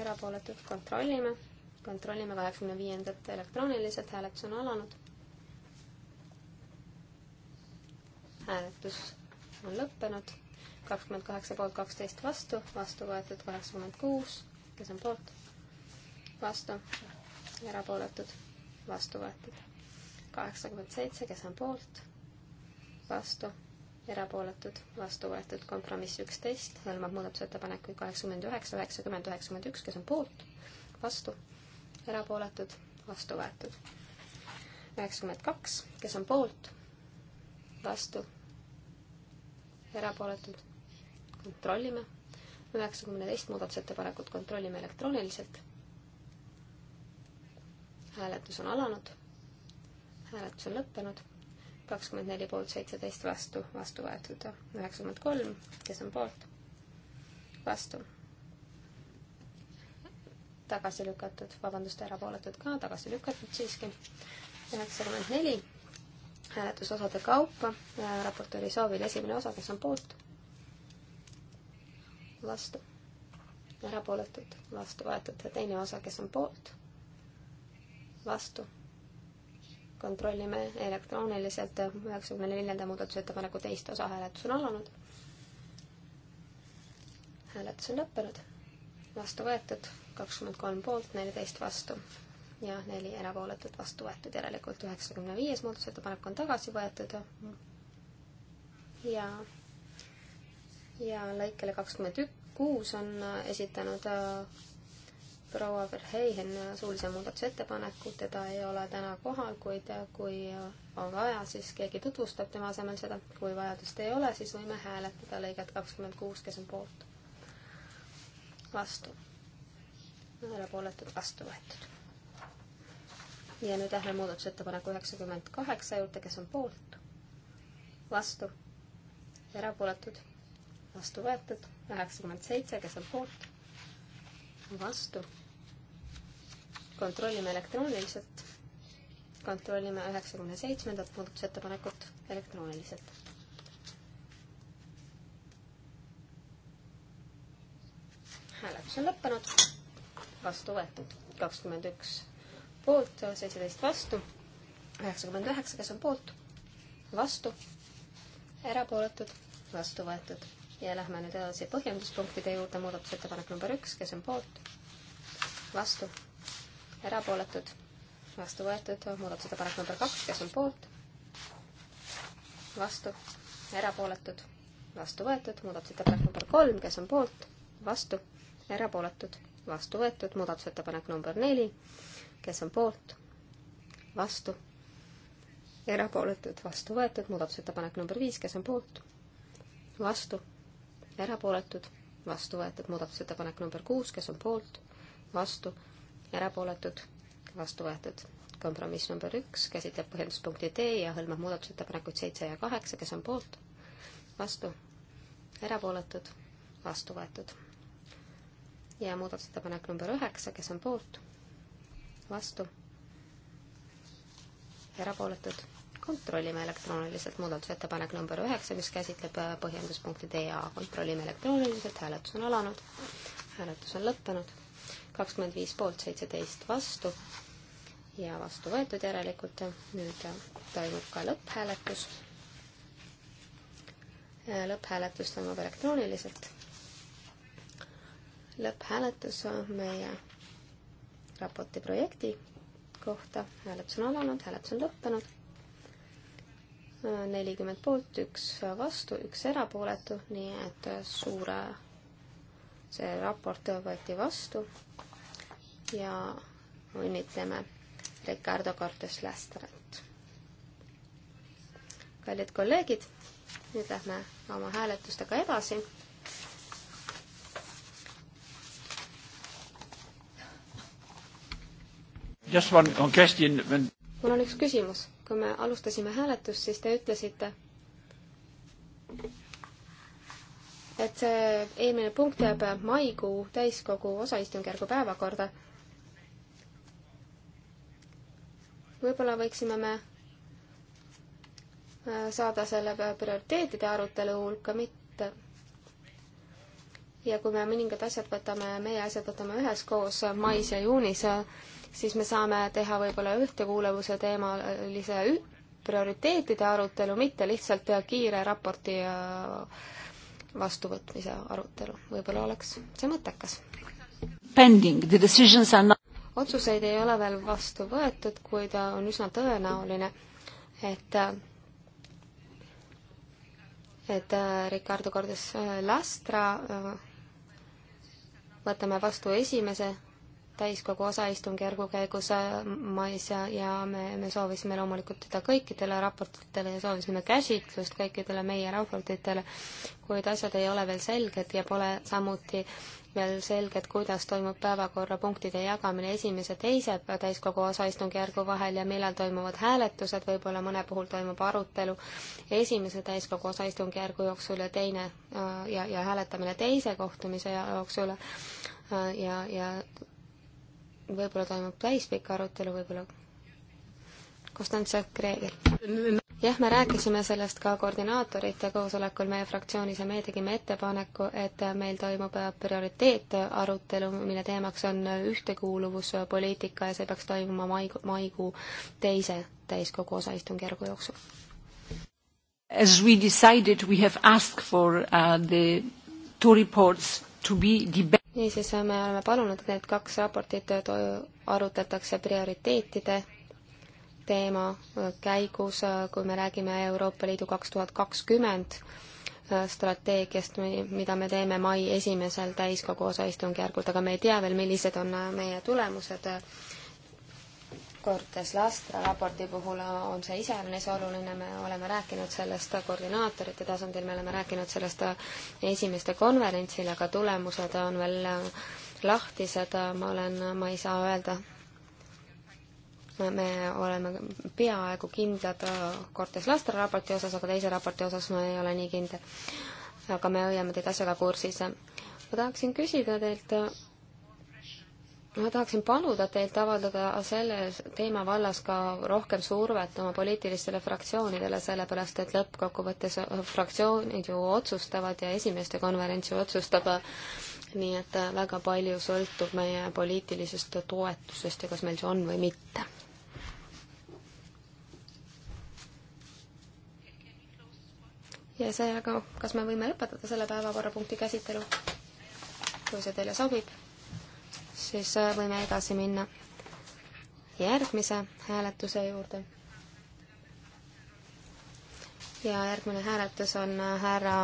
erapooletud, kontrollime, kontrollime kaheksakümne viiendat elektrooniliselt, hääletus on alanud. hääletus on lõppenud kakskümmend kaheksa poolt, kaksteist vastu, vastu võetud kaheksakümmend kuus, kes on poolt, vastu, erapooletud, vastu võetud. kaheksakümmend seitse, kes on poolt, vastu, erapooletud, vastu võetud. kompromiss üksteist hõlmab muudatusettepanekuid kaheksakümmend üheksa, üheksakümmend, üheksakümmend üks, kes on poolt, vastu, erapooletud, vastu võetud. üheksakümmend kaks, kes on poolt, vastu, erapooletud, kontrollime. üheksakümne teist muudatusettepanekut kontrollime elektrooniliselt. hääletus on alanud. hääletus on lõppenud. kakskümmend neli poolt, seitseteist vastu, vastu võetud üheksakümmend kolm, kes on poolt, vastu. tagasi lükatud, vabandust, erapooletud ka, tagasi lükatud siiski. üheksakümmend neli hääletusosade kaupa raportööri soovil esimene osa, kes on poolt vastu, erapooletud, vastu võetud ja teine osa, kes on poolt, vastu. kontrollime elektrooniliselt üheksakümne neljanda muudatusettepaneku teist osa hääletus on alanud. hääletus on lõppenud, vastu võetud, kakskümmend kolm poolt, neliteist vastu ja neli erapooletut vastu võetud, järelikult üheksakümne viies muudatusettepanek on tagasi võetud ja ja lõikele kakskümmend ük-, kuus on äh, esitanud äh, proua Verheihen äh, suulise muudatusettepaneku, teda ei ole täna kohal, kuid kui on vaja, siis keegi tutvustab tema asemel seda. kui vajadust ei ole, siis võime hääletada lõiget kakskümmend kuus, kes on poolt. vastu. erapooletud, vastu võetud. ja nüüd lähme muudatusettepaneku üheksakümmend kaheksa juurde, kes on poolt. vastu. erapooletud vastu võetud, üheksakümmend seitse, kes on poolt, vastu. kontrollime elektrooniliselt, kontrollime üheksakümne seitsmendat muudatusettepanekut elektrooniliselt. hääletus on lõppenud, vastu võetud, kakskümmend üks poolt, seitseteist vastu, üheksakümmend üheksa, kes on poolt, vastu, erapooletud, vastu võetud ja lähme nüüd edasi põhjenduspunktide juurde, muudatusettepanek number üks, kes on poolt, vastu, erapooletud, vastu võetud, muudatusettepanek number kaks, kes on poolt, vastu, erapooletud, vastu võetud, muudatusettepanek number kolm, kes on poolt, vastu, erapooletud, vastu võetud, muudatusettepanek number neli, kes on poolt, vastu, erapooletud, vastu võetud, muudatusettepanek number viis, kes on poolt, vastu erapooletud, vastu võetud. muudatusettepanek number kuus, kes on poolt, vastu, erapooletud, vastu võetud. kompromiss number üks käsitleb põhjenduspunkti D ja hõlmab muudatusettepanekuid seitse ja kaheksa, kes on poolt, vastu, erapooletud, vastu võetud. ja muudatusettepanek number üheksa, kes on poolt, vastu, erapooletud kontrollime elektrooniliselt muudatusettepanek number üheksa, mis käsitleb äh, põhjenduspunkti D ja kontrollime elektrooniliselt, hääletus on alanud, hääletus on lõppenud, kakskümmend viis poolt, seitseteist vastu ja vastu võetud järelikult. nüüd äh, toimub ka lõpphääletus. Äh, lõpphääletus toimub elektrooniliselt. lõpphääletus meie raporti projekti kohta, hääletus on alanud, hääletus on lõppenud nelikümmend poolt, üks vastu, üks erapooletu, nii et suure, see raport võeti vastu ja õnnitleme Ricardo Cortes Lästerat. kallid kolleegid, nüüd lähme oma hääletustega edasi. Just one question when... mul on üks küsimus kui me alustasime hääletust, siis te ütlesite, et see eelmine punkt jääb maikuu täiskogu osaistungjärgu päevakorda. võib-olla võiksime me äh, saada selle prioriteetide arutelu hulka, mitte ja kui me mõningad asjad võtame, meie asjad võtame üheskoos mais ja juunis, äh, siis me saame teha võib-olla ühtekuuluvuse teemalise prioriteetide arutelu, mitte lihtsalt kiire raporti äh, vastuvõtmise arutelu. võib-olla oleks see mõttekas. Not... otsuseid ei ole veel vastu võetud, kuid äh, on üsna tõenäoline, et äh, et Ricardo Cordes Lastra võtame vastu esimese täiskogu osaistungjärgu käigus äh, mais ja, ja me, me soovisime loomulikult teda kõikidele raportitele ja soovisime käsitlust kõikidele meie raportitele, kuid asjad ei ole veel selged ja pole samuti veel selged, kuidas toimub päevakorrapunktide jagamine esimese, teise täiskogu osaistungjärgu vahel ja millal toimuvad hääletused, võib-olla mõne puhul toimub arutelu esimese täiskogu osaistungjärgu jooksul ja teine äh, ja, ja hääletamine teise kohtumise jooksul äh, ja, ja võib-olla toimub täispikk arutelu, võib-olla Konstantse Kreegel. jah, me rääkisime sellest ka koordinaatorite koosolekul meie fraktsioonis ja me tegime ettepaneku, et meil toimub prioriteetarutelu, mille teemaks on ühtekuuluvuspoliitika ja see peaks toimuma maikuu, maikuu teise täiskogu osaistungjärgu jooksul. As we decided, we have asked for uh, the two reports to be debated niisiis, me oleme palunud, et need kaks raportit arutatakse prioriteetide teema käigus, kui me räägime Euroopa Liidu kaks tuhat kakskümmend strateegiast, mida me teeme mai esimesel täiskogu osaistungjärgult, aga me ei tea veel, millised on meie tulemused raportes, Lastra raporti puhul on see iseäranis oluline, me oleme rääkinud sellest koordinaatorite tasandil, me oleme rääkinud sellest esimeste konverentsil, aga tulemused on veel lahtised, ma olen, ma ei saa öelda, me oleme peaaegu kindlad Cortes Lastra raporti osas, aga teise raporti osas ma ei ole nii kindel. aga me hoiame teid asjaga kursis. ma tahaksin küsida teilt ma tahaksin paluda teilt avaldada selle teema vallas ka rohkem survet oma poliitilistele fraktsioonidele, sellepärast et lõppkokkuvõttes fraktsioonid ju otsustavad ja esimeeste konverents ju otsustab, nii et väga palju sõltub meie poliitilisest toetusest ja kas meil see on või mitte. ja seega, kas me võime lõpetada selle päevakorrapunkti käsitelu, kui see teile sobib? siis äh, võime edasi minna järgmise hääletuse juurde. ja järgmine hääletus on äh, härra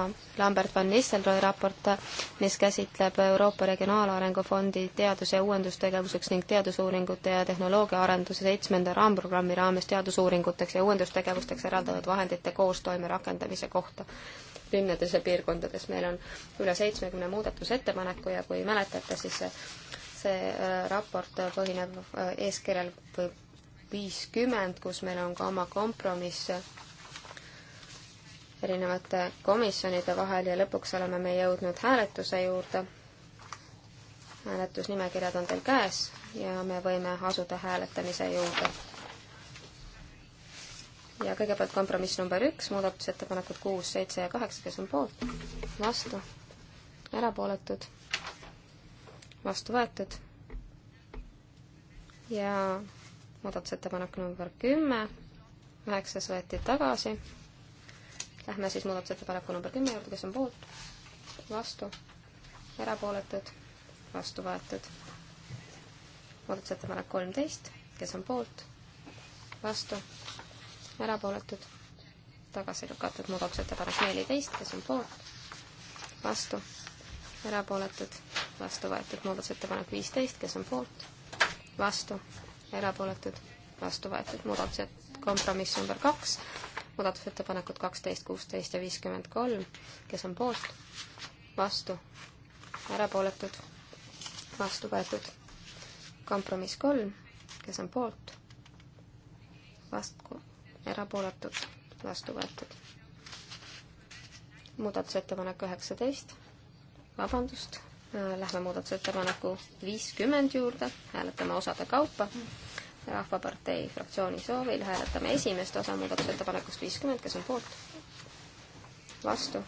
Lambert van Nistelrooy raport, äh, mis käsitleb Euroopa Regionaalarengu Fondi teadus- ja uuendustegevuseks ning teadusuuringute ja tehnoloogiaarenduse seitsmenda raamprogrammi raames teadusuuringuteks ja uuendustegevusteks eraldatud vahendite koostoime rakendamise kohta linnades ja piirkondades. meil on üle seitsmekümne muudatusettepaneku ja kui mäletate, siis see äh, raport põhineb äh, eeskirjal viiskümmend, kus meil on ka oma kompromiss äh, erinevate komisjonide vahel ja lõpuks oleme me jõudnud hääletuse juurde. hääletusnimekirjad on teil käes ja me võime asuda hääletamise juurde. ja kõigepealt kompromiss number üks, muudatusettepanekud kuus, seitse ja kaheksa, kes on poolt, vastu, erapooletud vastu võetud. ja muudatusettepanek number kümme, üheksas võeti tagasi. Lähme siis muudatusettepaneku number kümme juurde, kes on poolt, vastu, erapooletud, vastu võetud. muudatusettepanek kolmteist, kes on poolt, vastu, erapooletud, tagasi lükatud. muudatusettepanek neliteist, kes on poolt, vastu, erapooletud vastu võetud muudatusettepanek viisteist, kes on poolt, vastu, erapooletud, vastu võetud muudatused, kompromiss number kaks, muudatusettepanekud kaksteist, kuusteist ja viiskümmend kolm, kes on poolt, vastu, erapooletud, vastu võetud, kompromiss kolm, kes on poolt, vastu, erapooletud, vastu võetud. muudatusettepanek üheksateist, vabandust Lähme muudatusettepaneku viiskümmend juurde, hääletame osade kaupa. rahvapartei fraktsiooni soovil hääletame esimest osa muudatusettepanekust viiskümmend, kes on poolt? vastu?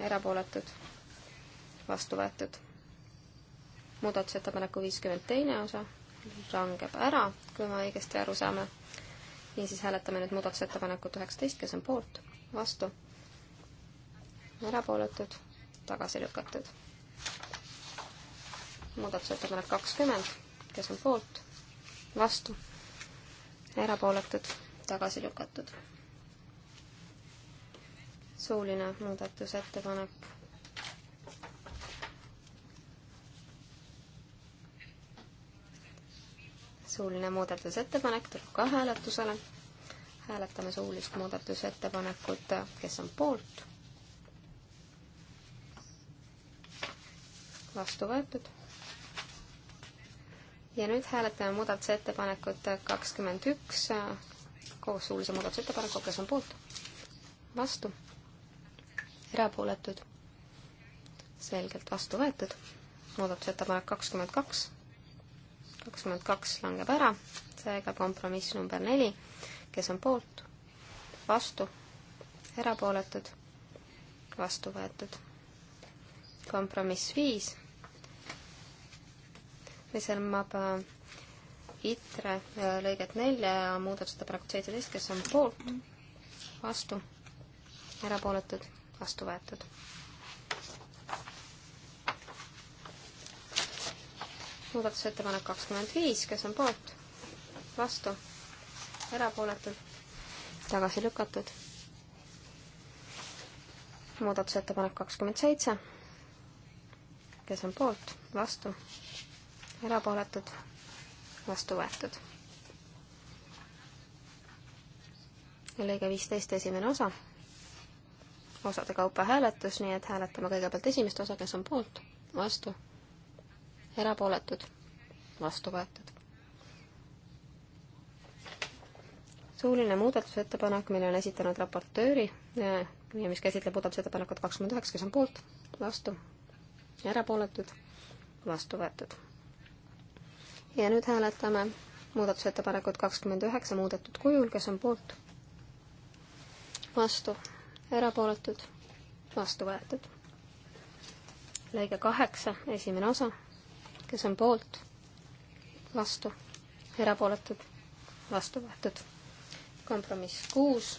erapooletud? vastu võetud? muudatusettepaneku viiskümmend teine osa langeb ära, kui me õigesti aru saame. niisiis hääletame nüüd muudatusettepanekut üheksateist, kes on poolt, vastu, erapooletud, tagasi lükatud muudatusettepanek kakskümmend, kes on poolt, vastu, erapooletud, tagasi lükatud. suuline muudatusettepanek. suuline muudatusettepanek tuleb ka hääletusele. hääletame suulist muudatusettepanekut, kes on poolt vastu võetud ja nüüd hääletame muudatusettepanekut kakskümmend üks äh, koos suulise muudatusettepanekuga, kes on poolt, vastu, erapooletud, selgelt vastu võetud, muudatusettepanek kakskümmend kaks, kakskümmend kaks langeb ära, seega kompromiss number neli, kes on poolt, vastu, erapooletud, vastu võetud. kompromiss viis mis hõlmab äh, ITRE äh, lõiget nelja ja muudatusettepanekut seitseteist, kes on poolt, vastu, erapooletud, vastu võetud. muudatusettepanek kakskümmend viis, kes on poolt, vastu, erapooletud, tagasi lükatud. muudatusettepanek kakskümmend seitse, kes on poolt, vastu, erapooletud, vastu võetud. lõige viisteist, esimene osa, osade kaupa hääletus, nii et hääletame kõigepealt esimest osa, kes on poolt, vastu, erapooletud, vastu võetud. suuline muudatusettepanek, mille on esitanud raportööri ja, ja mis käsitleb muudatusettepanekut kakskümmend üheksa, kes on poolt, vastu, erapooletud, vastu võetud ja nüüd hääletame muudatusettepanekut kakskümmend üheksa muudetud kujul, kes on poolt? vastu, erapooletud, vastu võetud. lõige kaheksa, esimene osa, kes on poolt? vastu, erapooletud, vastu võetud. kompromiss kuus,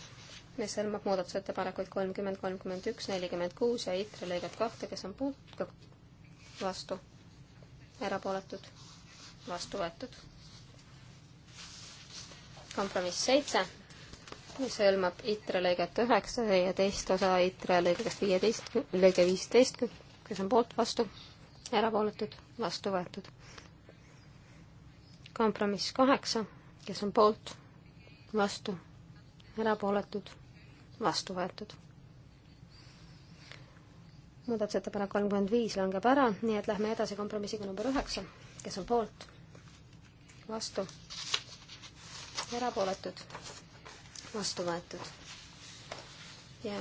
mis hõlmab muudatusettepanekuid kolmkümmend, kolmkümmend üks, nelikümmend kuus ja ITRE lõiget kahte, kes on poolt, vastu, erapooletud vastu võetud. kompromiss seitse, mis hõlmab ITRE lõiget üheksa ja teist osa ITRE lõigest viieteist, lõige viisteist, kes on poolt, vastu, erapooletud, vastu võetud. kompromiss kaheksa, kes on poolt, vastu, erapooletud, vastu võetud muudatusettepanek kolmkümmend viis langeb ära, nii et lähme edasi kompromissiga number üheksa, kes on poolt, vastu, erapooletud, vastu võetud. ja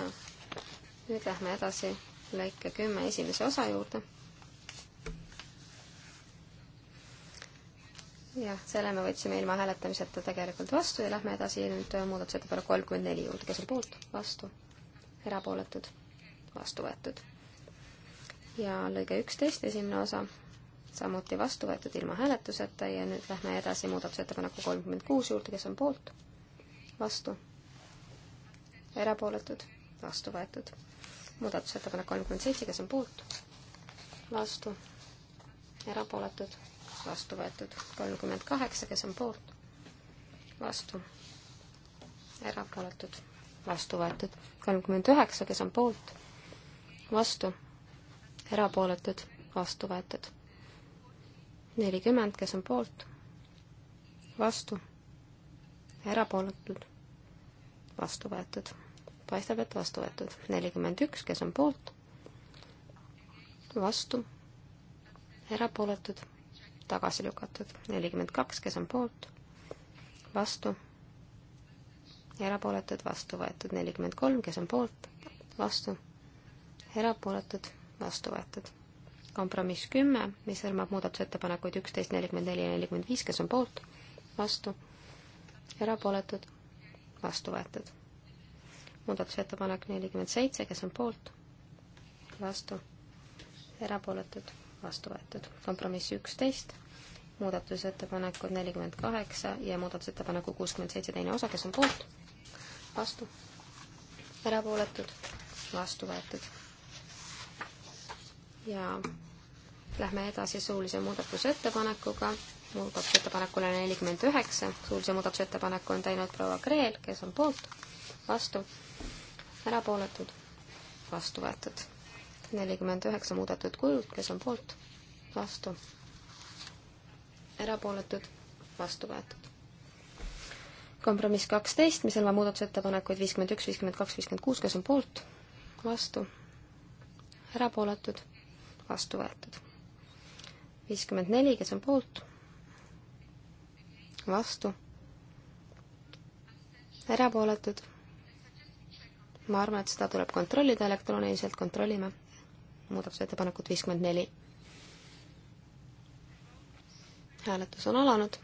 nüüd lähme edasi lõike kümme esimese osa juurde. jah, selle me võtsime ilma hääletamiseta tegelikult vastu ja lähme edasi nüüd muudatusettepaneku kolmkümmend neli juurde, kes on poolt, vastu, erapooletud, vastu võetud. ja lõige üksteist, esimene osa, samuti vastu võetud ilma hääletuseta ja nüüd lähme edasi muudatusettepaneku kolmkümmend kuus juurde, kes on poolt, vastu, erapooletud, vastu võetud. muudatusettepanek kolmkümmend seitse, kes on poolt, vastu, erapooletud, vastu võetud. kolmkümmend kaheksa, kes on poolt, vastu, erapooletud, vastu võetud. kolmkümmend üheksa, kes on poolt, vastu, erapooletud, vastu võetud nelikümmend, kes on poolt, vastu, erapooletud, vastu võetud. paistab, et vastu võetud. nelikümmend üks, kes on poolt, vastu, erapooletud, tagasi lükatud. nelikümmend kaks, kes on poolt, vastu, erapooletud, vastu võetud. nelikümmend kolm, kes on poolt, vastu, erapooletud, vastu võetud kompromiss kümme, mis hõlmab muudatusettepanekuid üksteist, nelikümmend neli ja nelikümmend viis, kes on poolt, vastu, erapooletud, vastu võetud. muudatusettepanek nelikümmend seitse, kes on poolt, vastu, erapooletud, vastu võetud. kompromiss üksteist, muudatusettepanekud nelikümmend kaheksa ja muudatusettepaneku kuuskümmend seitse teine osa, kes on poolt, vastu, erapooletud, vastu võetud ja lähme edasi suulise muudatusettepanekuga, muudatusettepanekule nelikümmend üheksa, suulise muudatusettepaneku on teinud proua Kreel, kes on poolt, vastu, erapooletud, vastu võetud. nelikümmend üheksa muudetud kujul, kes on poolt, vastu, erapooletud, vastu võetud. kompromiss kaksteist, mis hõlmab muudatusettepanekuid viiskümmend üks, viiskümmend kaks, viiskümmend kuus, kes on poolt, vastu, erapooletud vastu võetud. viiskümmend neli, kes on poolt, vastu, erapooletud. ma arvan, et seda tuleb kontrollida elektrooniliselt, kontrollime muudatusettepanekut viiskümmend neli. hääletus on alanud,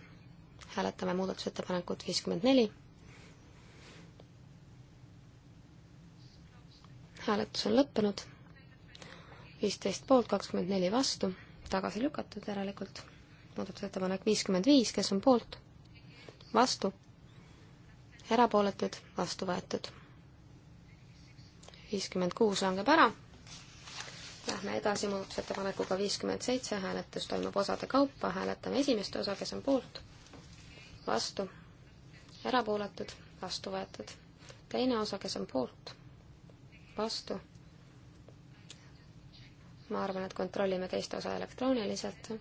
hääletame muudatusettepanekut viiskümmend neli. hääletus on lõppenud viisteist poolt, kakskümmend neli vastu, tagasi lükatud järelikult. muudatusettepanek viiskümmend viis, kes on poolt? vastu. erapooletud, vastu võetud. viiskümmend kuus langeb ära. Lähme edasi muudatusettepanekuga viiskümmend seitse, hääletus toimub osade kaupa, hääletame esimest osa, kes on poolt? vastu. erapooletud, vastu võetud. teine osa, kes on poolt? vastu ma arvan, et kontrollime teist osa elektrooniliselt.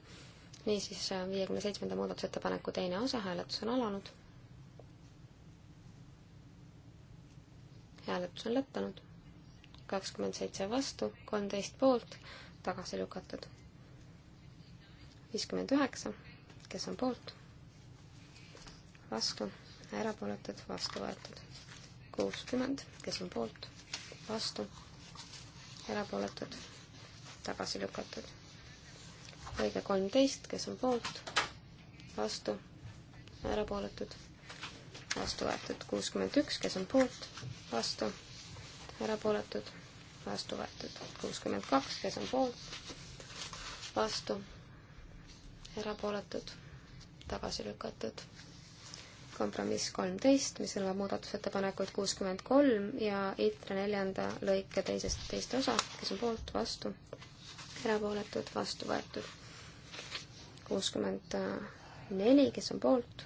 niisiis, viiekümne seitsmenda muudatusettepaneku teine osa, hääletus on alanud. hääletus on lõppenud. kakskümmend seitse vastu, kolmteist poolt, tagasi lükatud. viiskümmend üheksa, kes on poolt? vastu, erapooletud, vastu võetud. kuuskümmend, kes on poolt? vastu, erapooletud tagasi lükatud. lõige kolmteist, kes on poolt, vastu, erapooletud, vastu võetud. kuuskümmend üks, kes on poolt, vastu, erapooletud, vastu võetud. kuuskümmend kaks, kes on poolt, vastu, erapooletud, tagasi lükatud kompromiss kolmteist, mis hõlmab muudatusettepanekuid kuuskümmend kolm ja ITRE neljanda lõike teisest, teist osa, kes on poolt, vastu, erapooletud, vastu võetud. kuuskümmend neli, kes on poolt,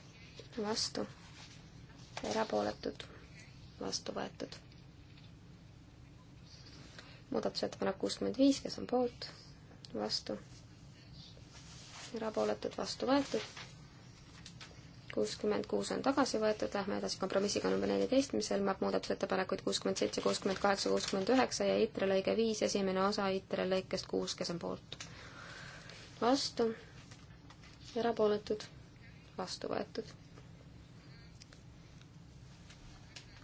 vastu, erapooletud, vastu võetud. muudatusettepanek kuuskümmend viis, kes on poolt, vastu, erapooletud, vastu võetud kuuskümmend kuus on tagasi võetud, lähme edasi kompromissiga number neliteist, mis hõlmab muudatusettepanekuid kuuskümmend seitse, kuuskümmend kaheksa, kuuskümmend üheksa ja ITRE lõige viis, esimene osa ITRE lõikest kuus, kes on poolt. vastu, erapooletud, vastu võetud.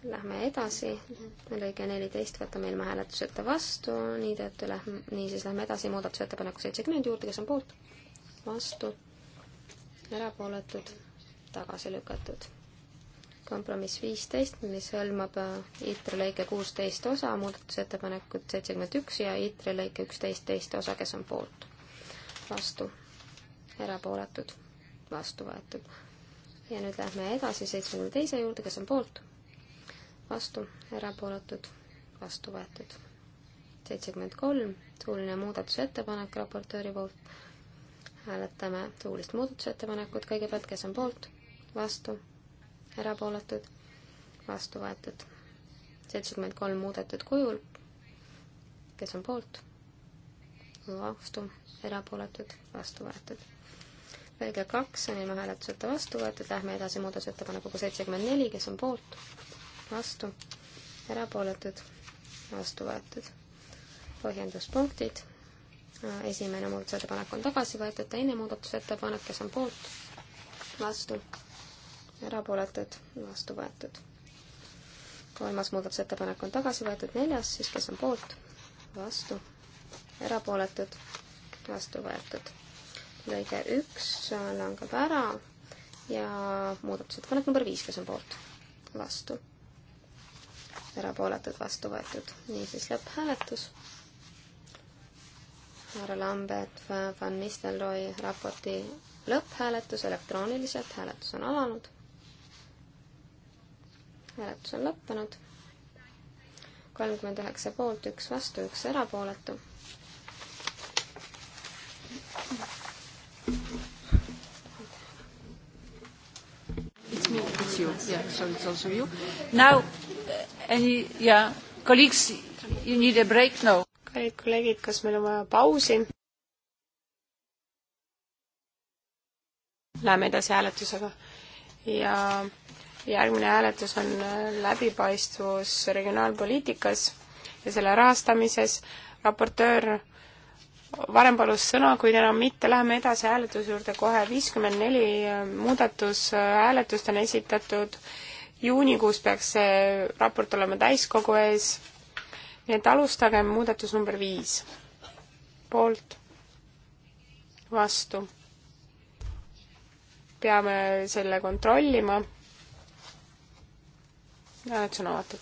Lähme edasi, lõige neliteist võtame ilma hääletuseta vastu, nii tõttu lähme, niisiis lähme edasi muudatusettepaneku seitsekümmend juurde, kes on poolt, vastu, erapooletud tagasi lükatud. kompromiss viisteist, mis hõlmab äh, ITRE lõike kuusteist osa, muudatusettepanekut seitsekümmend üks ja ITRE lõike üksteist teist osa, kes on poolt. vastu, erapooletud, vastu võetud. ja nüüd lähme edasi seitsmekümne teise juurde, kes on poolt, vastu, erapooletud, vastu võetud. seitsekümmend kolm, suuline muudatusettepanek raportööri poolt hääletame suulist muudatusettepanekut kõigepealt, kes on poolt, vastu, erapooletud, vastu võetud. seitsekümmend kolm muudetud kujul, kes on poolt, vastu, erapooletud, vastu võetud. lõige kaks on ilma hääletuseta vastu võetud, lähme edasi muudatusettepanekuga seitsekümmend neli, kes on poolt, vastu, erapooletud, vastu võetud. põhjenduspunktid, esimene muudatusettepanek on tagasi võetud, teine muudatusettepanek, kes on poolt, vastu, erapooletud, vastu võetud. kolmas muudatusettepanek on tagasi võetud, neljas siis, kes on poolt, vastu, erapooletud, vastu võetud. lõige üks langeb ära ja muudatusettepanek number viis, kes on poolt, vastu, erapooletud, vastu võetud. niisiis lõpphääletus härra Lambert Van Nistelrooy raporti lõpphääletus elektrooniliselt, hääletus on alanud hääletus on lõppenud. kolmkümmend üheksa poolt, üks vastu, üks erapooletu. It's me, it's you, yeah, so it's also you. Now uh,, any, yeah, colleagues, you need a break now. kallid kolleegid, kas meil on vaja pausi? Läheme edasi hääletusega ja järgmine hääletus on äh, läbipaistvus regionaalpoliitikas ja selle rahastamises. raportöör varem palus sõna, kuid enam mitte, läheme edasi hääletuse juurde kohe. viiskümmend neli äh, muudatushääletust äh, on esitatud, juunikuus peaks see raport olema täiskogu ees, nii et alustagem muudatus number viis. poolt, vastu. peame selle kontrollima hääletus on avatud.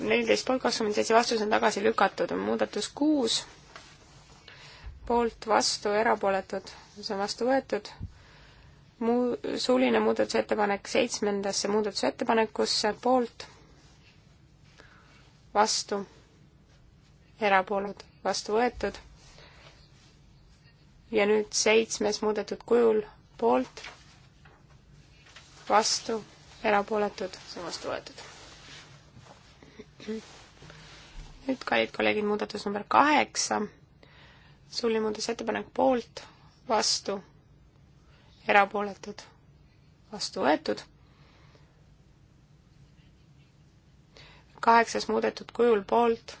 neliteist poolt kakskümmend seitse vastus on tagasi lükatud, on muudatus kuus, poolt, vastu, erapooletud, see on vastu võetud muu-, suuline muudatusettepanek seitsmendasse muudatusettepanekusse, poolt, vastu, erapooletud, vastu võetud. ja nüüd seitsmes muudetud kujul poolt, vastu, erapooletud, see on vastu võetud. nüüd, kallid kolleegid, muudatus number kaheksa, suuline muudatusettepanek poolt, vastu, erapooletud, vastu võetud kaheksas muudetud kujul poolt,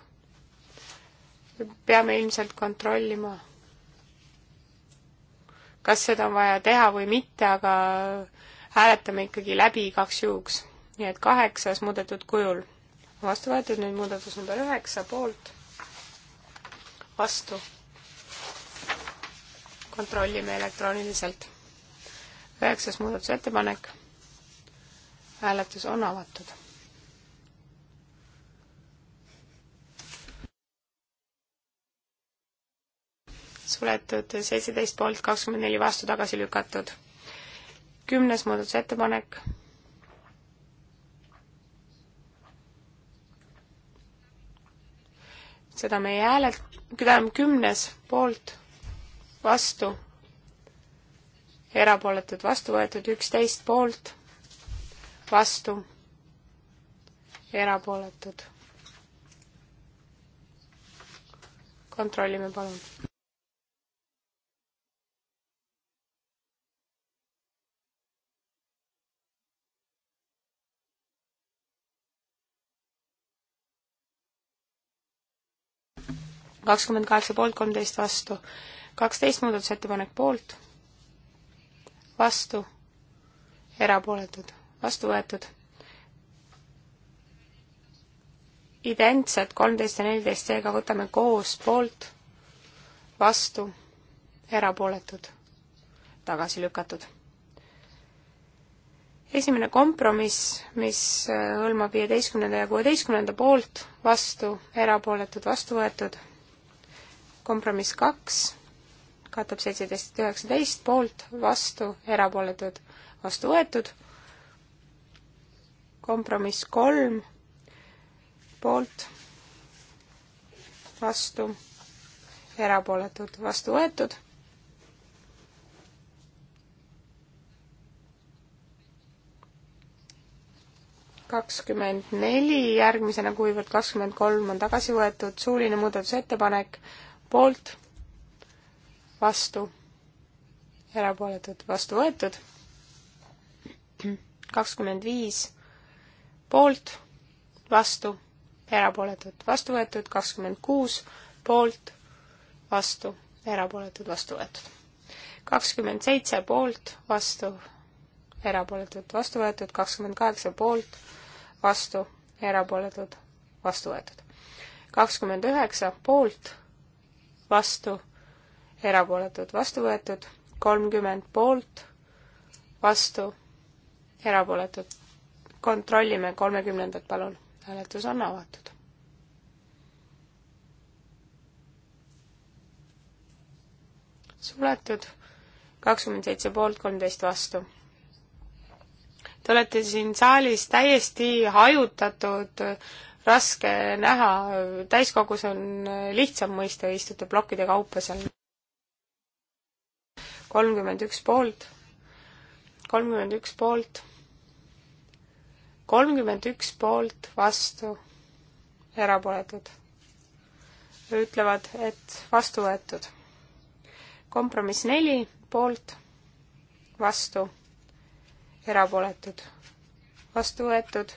peame ilmselt kontrollima, kas seda on vaja teha või mitte, aga hääletame ikkagi läbi igaks juhuks. nii et kaheksas muudetud kujul. vastu võetud nüüd muudatus number üheksa, poolt, vastu. kontrollime elektrooniliselt. üheksas muudatusettepanek. hääletus on avatud suletud, seitseteist poolt, kakskümmend neli vastu, tagasi lükatud. kümnes muudatusettepanek. seda me ei hääle-, tähendab kümnes poolt, vastu, erapooletud vastu võetud, üksteist poolt, vastu, erapooletud kontrollime palun. kakskümmend kaheksa poolt, kolmteist vastu. kaksteist muudatusettepanek poolt, vastu, erapooletud, vastu võetud. identsed kolmteist ja neliteist, seega võtame koos poolt, vastu, erapooletud, tagasi lükatud esimene kompromiss, mis hõlmab viieteistkümnenda ja kuueteistkümnenda poolt, vastu, erapooletud, vastu võetud kompromiss kaks katab seitseteist, üheksateist poolt, vastu, erapooletud, vastu võetud. kompromiss kolm poolt, vastu, erapooletud, vastu võetud. kakskümmend neli järgmisena, kuivõrd kakskümmend kolm on tagasi võetud, suuline muudatusettepanek poolt, vastu, erapooletud, vastu võetud, kakskümmend viis poolt, vastu, erapooletud, vastu võetud, kakskümmend kuus poolt, vastu, erapooletud, vastu võetud. kakskümmend seitse poolt, vastu, erapooletud, vastu võetud, kakskümmend kaheksa poolt, vastu, erapooletud, vastu võetud. kakskümmend üheksa poolt, vastu, erapooletud, vastu võetud, kolmkümmend poolt, vastu, erapooletud. kontrollime kolmekümnendat, palun. hääletus on avatud. suletud, kakskümmend seitse poolt, kolmteist vastu. Te olete siin saalis täiesti hajutatud äh, raske näha, täiskogus on lihtsam mõista, istute plokkide kaupa seal. kolmkümmend üks poolt, kolmkümmend üks poolt, kolmkümmend üks poolt vastu, erapooletud. ütlevad, et vastu võetud. kompromiss neli poolt, vastu, erapooletud, vastu võetud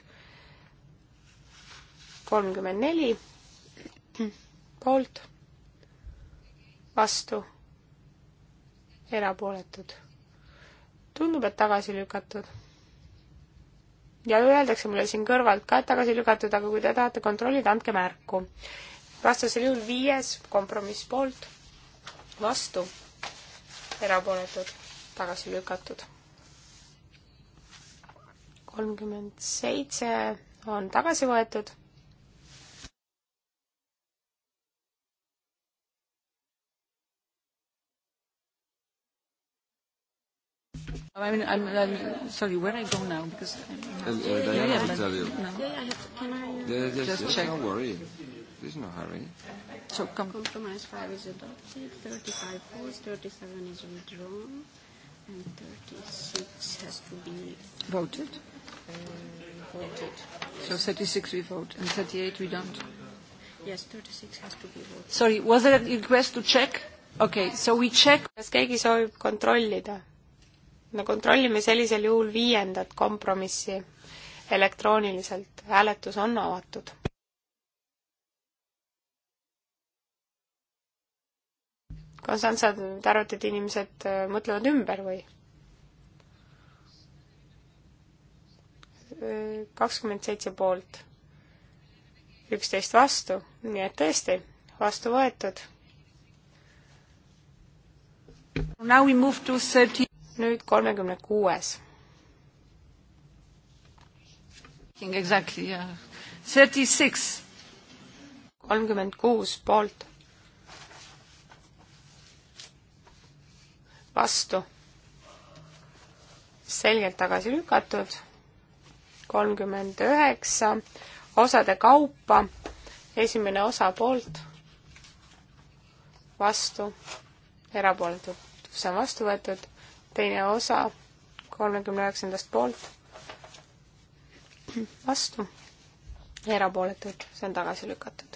kolmkümmend neli poolt, vastu, erapooletud. tundub, et tagasi lükatud. ja öeldakse mulle siin kõrvalt ka, et tagasi lükatud, aga kui te tahate kontrollida, andke märku. vastasel juhul viies kompromiss poolt, vastu, erapooletud, tagasi lükatud. kolmkümmend seitse on tagasi võetud I mean, I'm, I'm sorry, where I go now? Because I'm not... uh, uh, uh Diana yeah, yeah, will but, tell you. No. Yeah, yeah, I have to, can I... Yeah, just, just, just check. Don't worry. There's no hurry. So com- compromise five is adopted. Thirty-five falls. Thirty-seven is withdrawn, and thirty-six has to be voted. Um, voted. Yes. So thirty-six we vote, and thirty-eight we don't. Yes, thirty-six has to be voted. Sorry, was there a request to check? Okay, so we check. kas keegi soovib kontrollida? me kontrollime sellisel juhul viiendat kompromissi elektrooniliselt, hääletus on avatud. Konstant, sa, te arvate, et inimesed äh, mõtlevad ümber või? Äh, kakskümmend seitse poolt, üksteist vastu, nii et tõesti, vastu võetud. Now we move to thirty nüüd kolmekümne kuues. Exactly, yeah. Thirty six. kolmkümmend kuus poolt. vastu. selgelt tagasi lükatud. kolmkümmend üheksa osade kaupa. esimene osa poolt. vastu. erapooletud, see on vastu võetud teine osa kolmekümne üheksandast poolt, vastu, erapooletud, see on tagasi lükatud.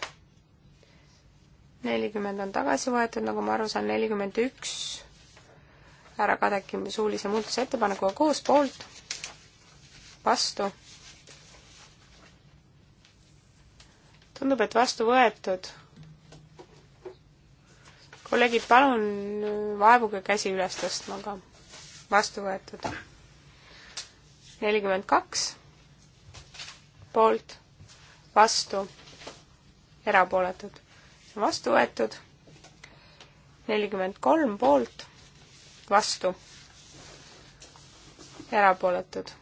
nelikümmend on tagasi võetud, nagu ma aru saan, nelikümmend üks härra Kadeki suulise muudatusettepanekuga koos poolt, vastu. tundub, et vastu võetud. kolleegid, palun vaevuge käsi üles tõstma ka vastu võetud. nelikümmend kaks poolt, vastu, erapooletud. see on vastu võetud. nelikümmend kolm poolt, vastu, erapooletud.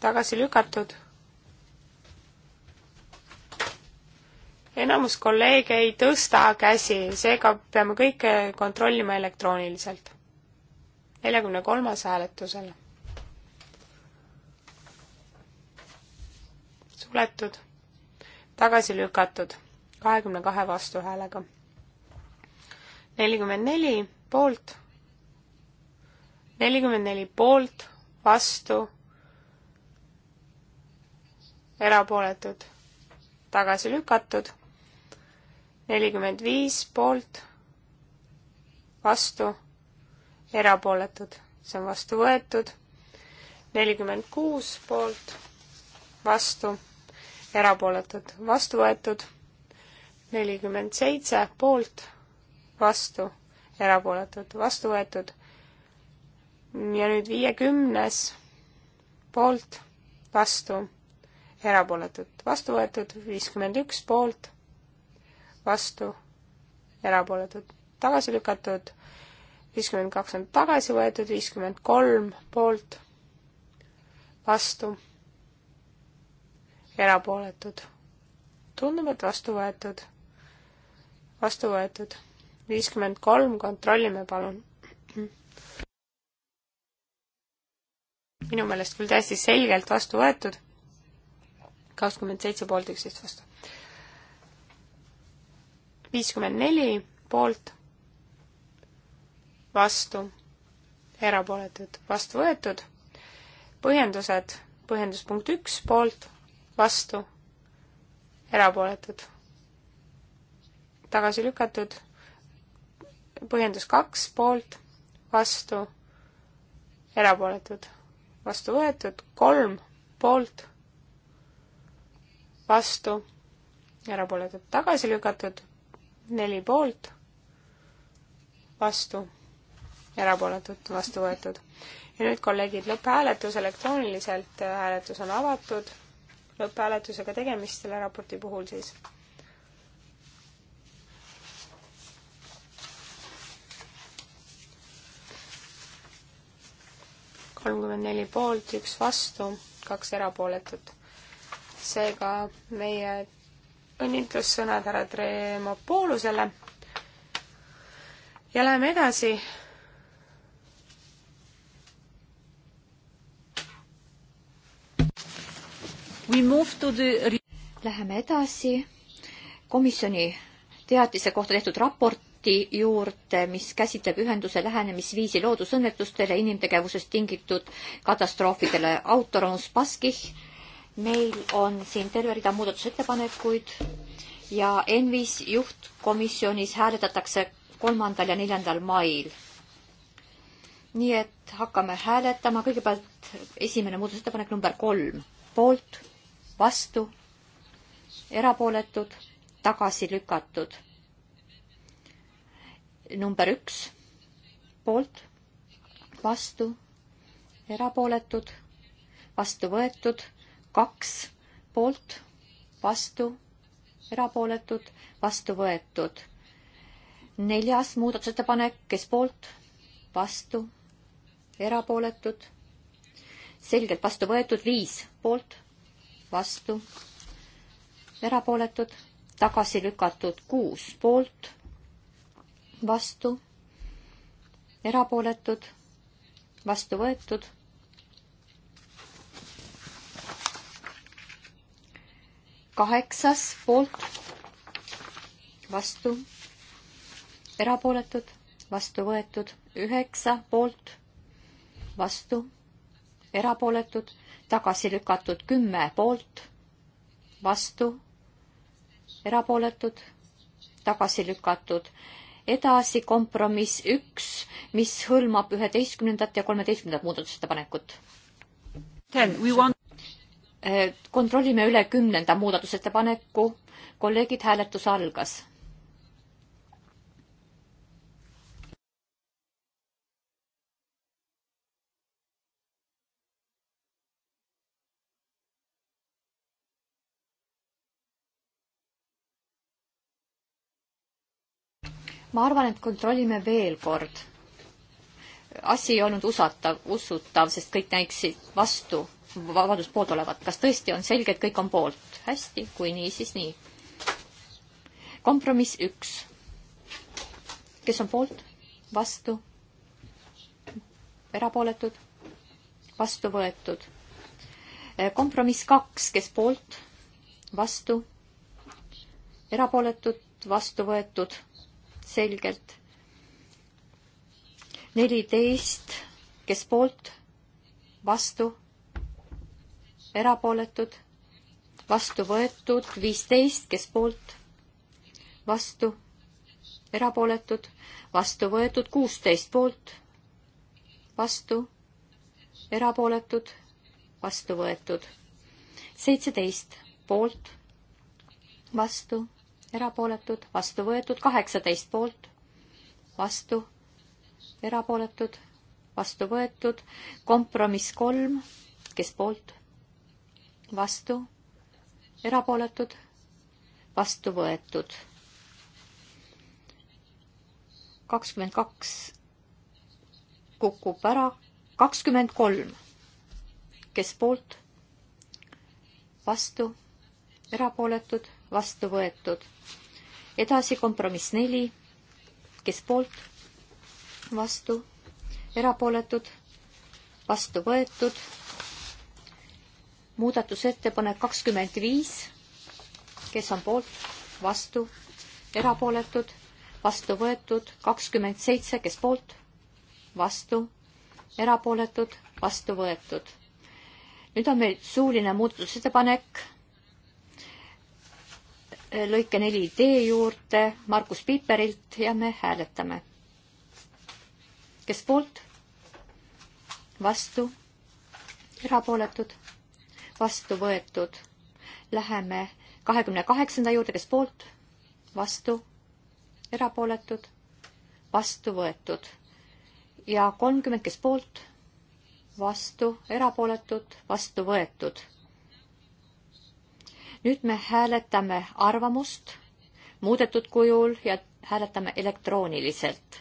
tagasi lükatud enamus kolleege ei tõsta käsi, seega peame kõike kontrollima elektrooniliselt neljakümne kolmas hääletusel. suletud, tagasi lükatud, kahekümne kahe vastuhäälega. nelikümmend neli poolt, nelikümmend neli poolt, vastu, erapooletud, tagasi lükatud, nelikümmend viis poolt, vastu erapooletud, see on vastu võetud. nelikümmend kuus poolt, vastu, erapooletud, vastu võetud. nelikümmend seitse poolt, vastu, erapooletud, vastu võetud. ja nüüd viiekümnes poolt, vastu, erapooletud, vastu võetud, viiskümmend üks poolt, vastu, erapooletud, tagasi lükatud viiskümmend kaks on tagasi võetud, viiskümmend kolm poolt, vastu, erapooletud. tundub, et vastu võetud, vastu võetud. viiskümmend kolm, kontrollime palun. minu meelest küll täiesti selgelt vastu võetud, kakskümmend seitse poolt, üksteist vastu. viiskümmend neli poolt vastu, erapooletud, vastu võetud. põhjendused, põhjendus punkt üks, poolt, vastu, erapooletud, tagasi lükatud. põhjendus kaks, poolt, vastu, erapooletud, vastu võetud, kolm, poolt, vastu, erapooletud, tagasi lükatud, neli poolt, vastu erapooletud, vastu võetud. ja nüüd, kolleegid, lõpphääletus elektrooniliselt, hääletus on avatud, lõpphääletusega tegemist selle raporti puhul siis. kolmkümmend neli poolt, üks vastu, kaks erapooletut. seega meie õnnitlussõnad härra Tremopoolusele ja läheme edasi The... Läheme edasi komisjoni teatise kohta tehtud raporti juurde, mis käsitleb ühenduse lähenemisviisi loodusõnnetustele, inimtegevusest tingitud katastroofidele. autor on Uspaskih. meil on siin terve rida muudatusettepanekuid ja ENVis juhtkomisjonis hääletatakse kolmandal ja neljandal mail. nii et hakkame hääletama, kõigepealt esimene muudatusettepanek number kolm, poolt vastu, erapooletud, tagasi lükatud. number üks, poolt, vastu, erapooletud, vastu võetud, kaks, poolt, vastu, erapooletud, vastu võetud. neljas muudatusettepanek, kes poolt, vastu, erapooletud, selgelt vastu võetud, viis poolt, vastu, erapooletud, tagasi lükatud kuus poolt, vastu, erapooletud, vastu võetud. kaheksas poolt, vastu, erapooletud, vastu võetud, üheksa poolt, vastu, erapooletud tagasi lükatud kümme poolt, vastu, erapooletud, tagasi lükatud. edasi kompromiss üks, mis hõlmab üheteistkümnendat ja kolmeteistkümnendat muudatusettepanekut. Want... Äh, kontrollime üle kümnenda muudatusettepaneku. kolleegid, hääletus algas ma arvan, et kontrollime veel kord. asi ei olnud usatav, usutav, sest kõik näiksid vastu, vabandust, poolt olevat. kas tõesti on selge, et kõik on poolt? hästi, kui nii, siis nii. kompromiss üks. kes on poolt? vastu? erapooletud? vastu võetud? kompromiss kaks, kes poolt, vastu, erapooletud, vastu võetud, selgelt. neliteist, kes poolt, vastu, erapooletud, vastu võetud, viisteist, kes poolt, vastu, erapooletud, vastu võetud, kuusteist poolt, vastu, erapooletud, vastu võetud, seitseteist poolt, vastu erapooletud, vastu võetud, kaheksateist poolt, vastu, erapooletud, vastu võetud, kompromiss kolm, kes poolt, vastu, erapooletud, vastu võetud. kakskümmend kaks kukub ära, kakskümmend kolm, kes poolt, vastu, erapooletud vastu võetud. edasi kompromiss neli, kes poolt, vastu, erapooletud, vastu võetud. muudatusettepanek kakskümmend viis, kes on poolt, vastu, erapooletud, vastu võetud, kakskümmend seitse, kes poolt, vastu, erapooletud, vastu võetud nüüd on meil suuline muudatusettepanek lõike neli D juurde Markus Piiperilt ja me hääletame. kes poolt? vastu? erapooletud? vastu võetud. Läheme kahekümne kaheksanda juurde, kes poolt? vastu? erapooletud? vastu võetud. ja kolmkümmend, kes poolt? vastu, erapooletud, vastu võetud nüüd me hääletame arvamust muudetud kujul ja hääletame elektrooniliselt.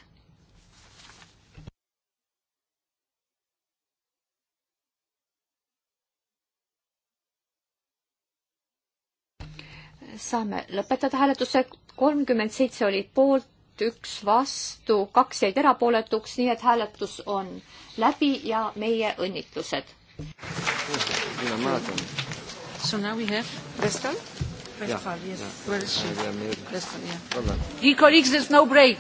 saame lõpetada hääletuse, kolmkümmend seitse olid poolt, üks vastu, kaks jäid erapooletuks, nii et hääletus on läbi ja meie õnnitlused. So now we have Bristol. Westphal, yeah, yes. Yeah. Where is she? Bristol, yeah. Dear colleagues, there's no break.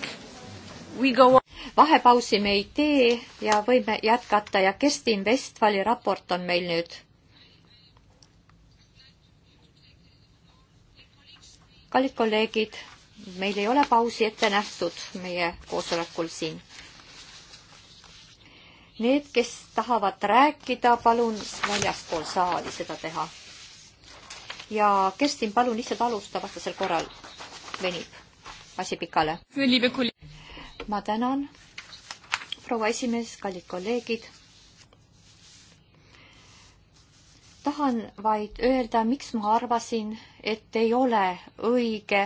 We go on. vahepausi me ei tee ja võime jätkata ja Kerstin Westfali raport on meil nüüd. kallid kolleegid, meil ei ole pausi ette nähtud meie koosolekul siin Need, kes tahavad rääkida, palun väljaspool saali seda teha ja Kerstin, palun lihtsalt alusta, vastasel korral venib asi pikale. ma tänan, proua esimees, kallid kolleegid. tahan vaid öelda, miks ma arvasin, et ei ole õige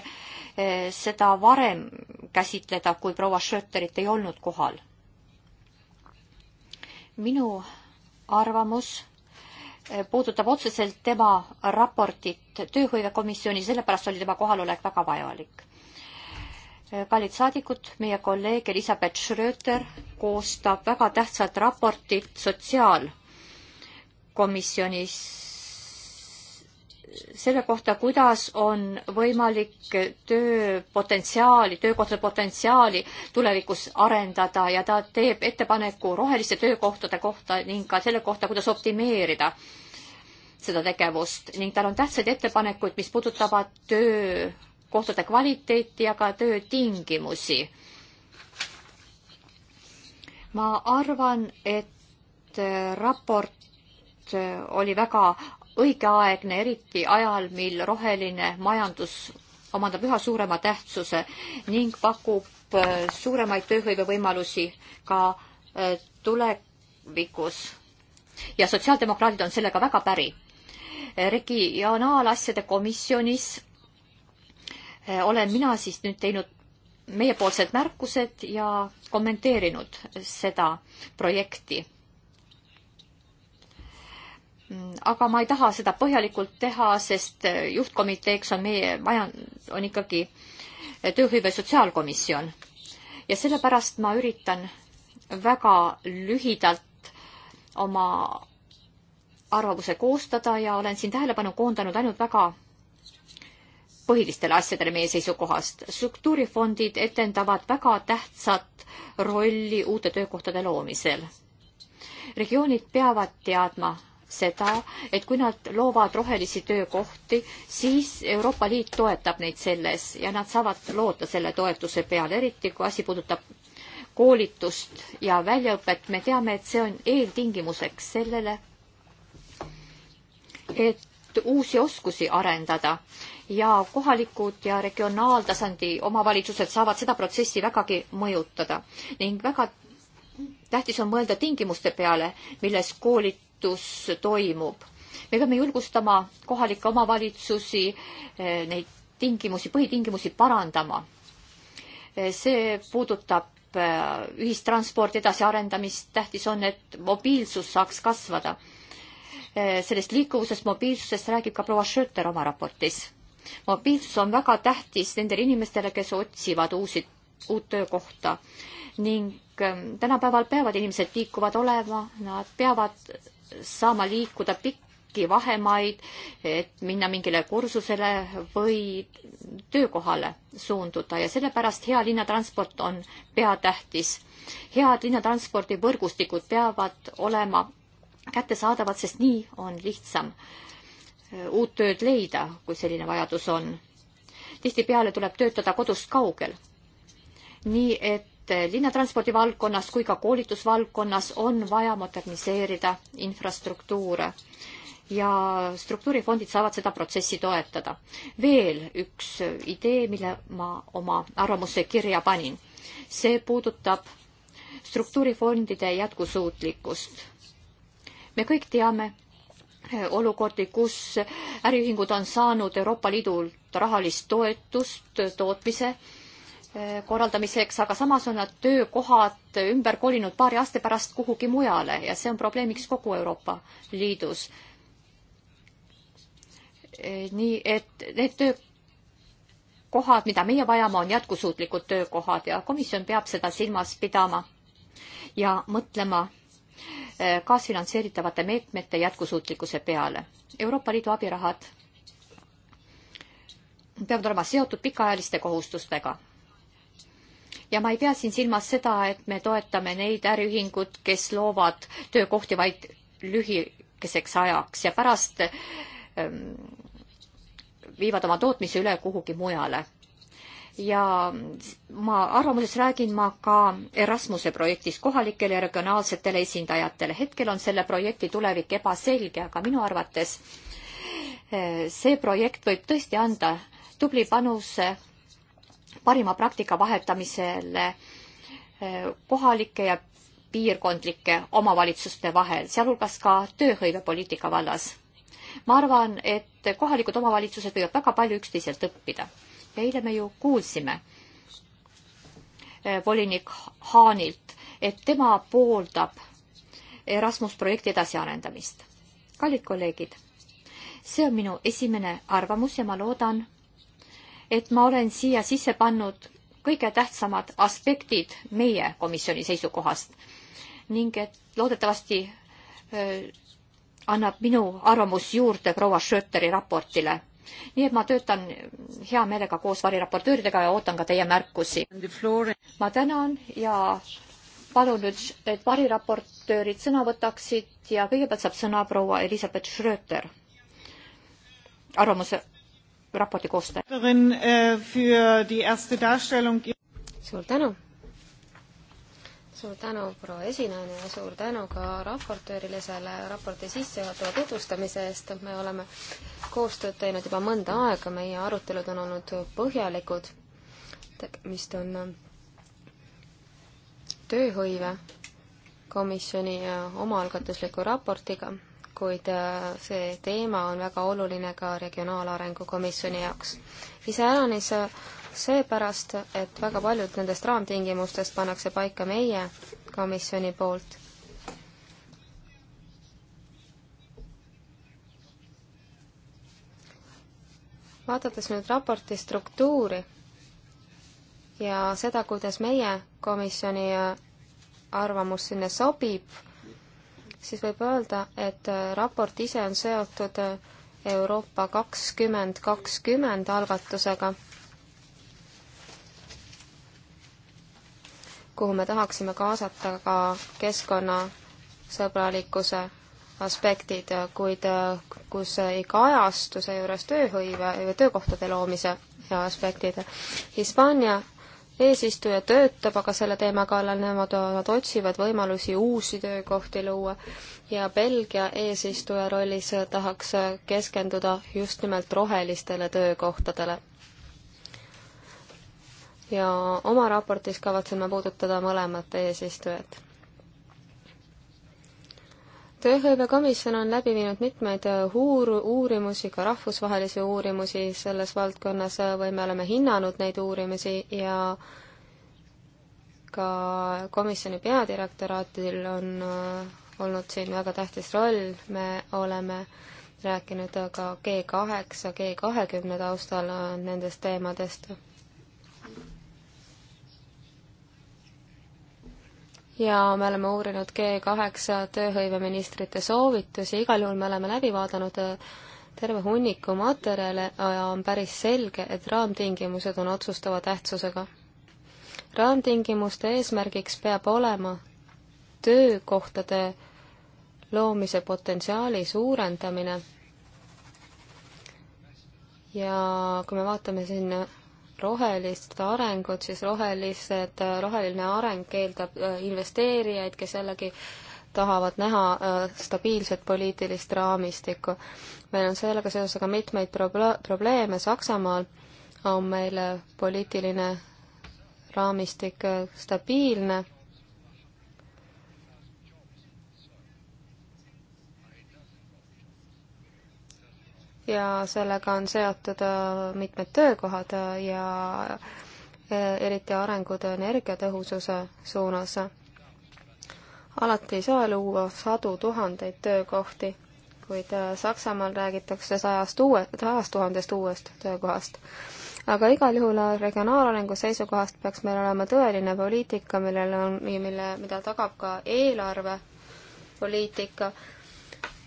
eh, seda varem käsitleda, kui proua Schröterit ei olnud kohal. minu arvamus Eh, puudutab otseselt tema raportit tööhõivekomisjoni, sellepärast oli tema kohalolek väga vajalik. Eh, kallid saadikud, meie kolleeg Elizabeth Schröter koostab väga tähtsat raportit sotsiaalkomisjonis selle kohta, kuidas on võimalik tööpotentsiaali, töökohtade potentsiaali tulevikus arendada ja ta teeb ettepaneku roheliste töökohtade kohta ning ka selle kohta, kuidas optimeerida seda tegevust ning tal on tähtsaid ettepanekuid, mis puudutavad töökohtade kvaliteeti ja ka töötingimusi. ma arvan, et raport oli väga õigeaegne, eriti ajal, mil roheline majandus omandab üha suurema tähtsuse ning pakub äh, suuremaid tööhõivevõimalusi ka äh, tulevikus. ja sotsiaaldemokraadid on sellega väga päri. Äh, regionaalasjade komisjonis olen mina siis nüüd teinud meiepoolsed märkused ja kommenteerinud seda projekti Mm, aga ma ei taha seda põhjalikult teha, sest äh, juhtkomiteeks on meie maja, on ikkagi äh, tööhõive sotsiaalkomisjon. ja sellepärast ma üritan väga lühidalt oma arvamuse koostada ja olen siin tähelepanu koondanud ainult väga põhilistele asjadele meie seisukohast. struktuurifondid etendavad väga tähtsat rolli uute töökohtade loomisel. regioonid peavad teadma, seda, et kui nad loovad rohelisi töökohti, siis Euroopa Liit toetab neid selles ja nad saavad loota selle toetuse peale, eriti kui asi puudutab koolitust ja väljaõpet. me teame, et see on eeltingimuseks sellele, et uusi oskusi arendada ja kohalikud ja regionaaltasandi omavalitsused saavad seda protsessi vägagi mõjutada ning väga tähtis on mõelda tingimuste peale, milles koolid muutus toimub. me peame julgustama kohalikke omavalitsusi eh, neid tingimusi, põhitingimusi parandama. Eh, see puudutab eh, ühistranspordi edasiarendamist, tähtis on, et mobiilsus saaks kasvada. sellest liikuvusest, mobiilsusest räägib ka proua Schöter oma raportis. mobiilsus on väga tähtis nendele inimestele, kes otsivad uusi, uut töökohta ning Ähm, tänapäeval peavad inimesed liikuvad olema, nad peavad saama liikuda pikki vahemaid, et minna mingile kursusele või töökohale suunduda ja sellepärast hea linnatransport on peatähtis. head linnatranspordivõrgustikud peavad olema kättesaadavad, sest nii on lihtsam äh, uut tööd leida, kui selline vajadus on. tihtipeale tuleb töötada kodust kaugel. nii et et linnatranspordi valdkonnas kui ka koolitusvaldkonnas on vaja moderniseerida infrastruktuure ja struktuurifondid saavad seda protsessi toetada. veel üks idee, mille ma oma arvamusse kirja panin. see puudutab struktuurifondide jätkusuutlikkust. me kõik teame olukordi, kus äriühingud on saanud Euroopa Liidult rahalist toetust tootmise äh, korraldamiseks, aga samas on nad töökohad ümber kolinud paari aasta pärast kuhugi mujale ja see on probleemiks kogu Euroopa Liidus. nii et need töökohad, mida meie vajame, on jätkusuutlikud töökohad ja komisjon peab seda silmas pidama ja mõtlema eh, kaasfinantseeritavate meetmete jätkusuutlikkuse peale. Euroopa Liidu abirahad peavad olema seotud pikaajaliste kohustustega ja ma ei pea siin silmas seda, et me toetame neid äriühingud, kes loovad töökohti vaid lühikeseks ajaks ja pärast ähm, viivad oma tootmise üle kuhugi mujale. ja ma arvamuses räägin ma ka Erasmuse projektist kohalikele ja regionaalsetele esindajatele. hetkel on selle projekti tulevik ebaselge, aga minu arvates äh, see projekt võib tõesti anda tubli panuse parima praktika vahetamisele eh, kohalike ja piirkondlike omavalitsuste vahel, sealhulgas ka tööhõivepoliitika vallas. ma arvan, et kohalikud omavalitsused võivad väga palju üksteiselt õppida. ja eile me ju kuulsime eh, volinik Haanilt, et tema pooldab Erasmus projekti edasiarendamist. kallid kolleegid, see on minu esimene arvamus ja ma loodan, et ma olen siia sisse pannud kõige tähtsamad aspektid meie komisjoni seisukohast ning et loodetavasti öö, annab minu arvamus juurde proua Schröteri raportile. nii et ma töötan hea meelega koos variraportööridega ja ootan ka teie märkusi. ma tänan ja palun nüüd, et variraportöörid sõna võtaksid ja kõigepealt saab sõna proua Elizabeth Schröter, arvamuse raporti koostaja. Eh, suur tänu! suur tänu, proua esinaine ja suur tänu ka raportöörile selle raporti sissejuhatava tutvustamise eest, me oleme koostööd teinud juba mõnda aega, meie arutelud on olnud põhjalikud, tegemist on eh, tööhõive komisjoni eh, omaalgatusliku raportiga kuid äh, see teema on väga oluline ka Regionaalarengu Komisjoni jaoks. iseäranis äh, seepärast, et väga paljud nendest raamtingimustest pannakse paika meie komisjoni poolt. vaadates nüüd raporti struktuuri ja seda, kuidas meie komisjoni äh, arvamus sinna sobib, siis võib öelda, et äh, raport ise on seotud äh, Euroopa kakskümmend kakskümmend algatusega, kuhu me tahaksime kaasata ka keskkonnasõbralikkuse aspektid, äh, kuid kus ei kajastu seejuures tööhõive või töökohtade loomise aspektid. Hispaania eesistuja töötab aga selle teema kallal, nemad, nad otsivad võimalusi uusi töökohti luua ja Belgia eesistuja rollis tahaks keskenduda just nimelt rohelistele töökohtadele. ja oma raportis kavatseme puudutada mõlemat eesistujat et tööhõivekomisjon on läbi viinud mitmeid äh, uur-, uurimusi, ka rahvusvahelisi uurimusi selles valdkonnas või me oleme hinnanud neid uurimisi ja ka komisjoni peadirektoraatil on äh, olnud siin väga tähtis roll, me oleme rääkinud ka G kaheksa, G kahekümne taustal äh, nendest teemadest ja me oleme uurinud G8 tööhõiveministrite soovitusi, igal juhul me oleme läbi vaadanud äh, terve hunniku materjale ja on päris selge, et raamtingimused on otsustava tähtsusega. raamtingimuste eesmärgiks peab olema töökohtade loomise potentsiaali suurendamine ja kui me vaatame siin rohelist arengut, siis rohelised, roheline areng keeldab äh, investeerijaid, kes jällegi tahavad näha äh, stabiilset poliitilist raamistikku. meil on sellega seoses aga mitmeid proble-, probleeme, Saksamaal on meil äh, poliitiline raamistik stabiilne ja sellega on seotud äh, mitmed töökohad äh, ja äh, eriti arengud energiatõhususe suunas. alati ei saa luua sadu tuhandeid töökohti, kuid Saksamaal räägitakse sajast uue, sajast tuhandest uuest töökohast aga igal juhul regionaalarengu seisukohast peaks meil olema tõeline poliitika, millel on, mille, mida tagab ka eelarvepoliitika.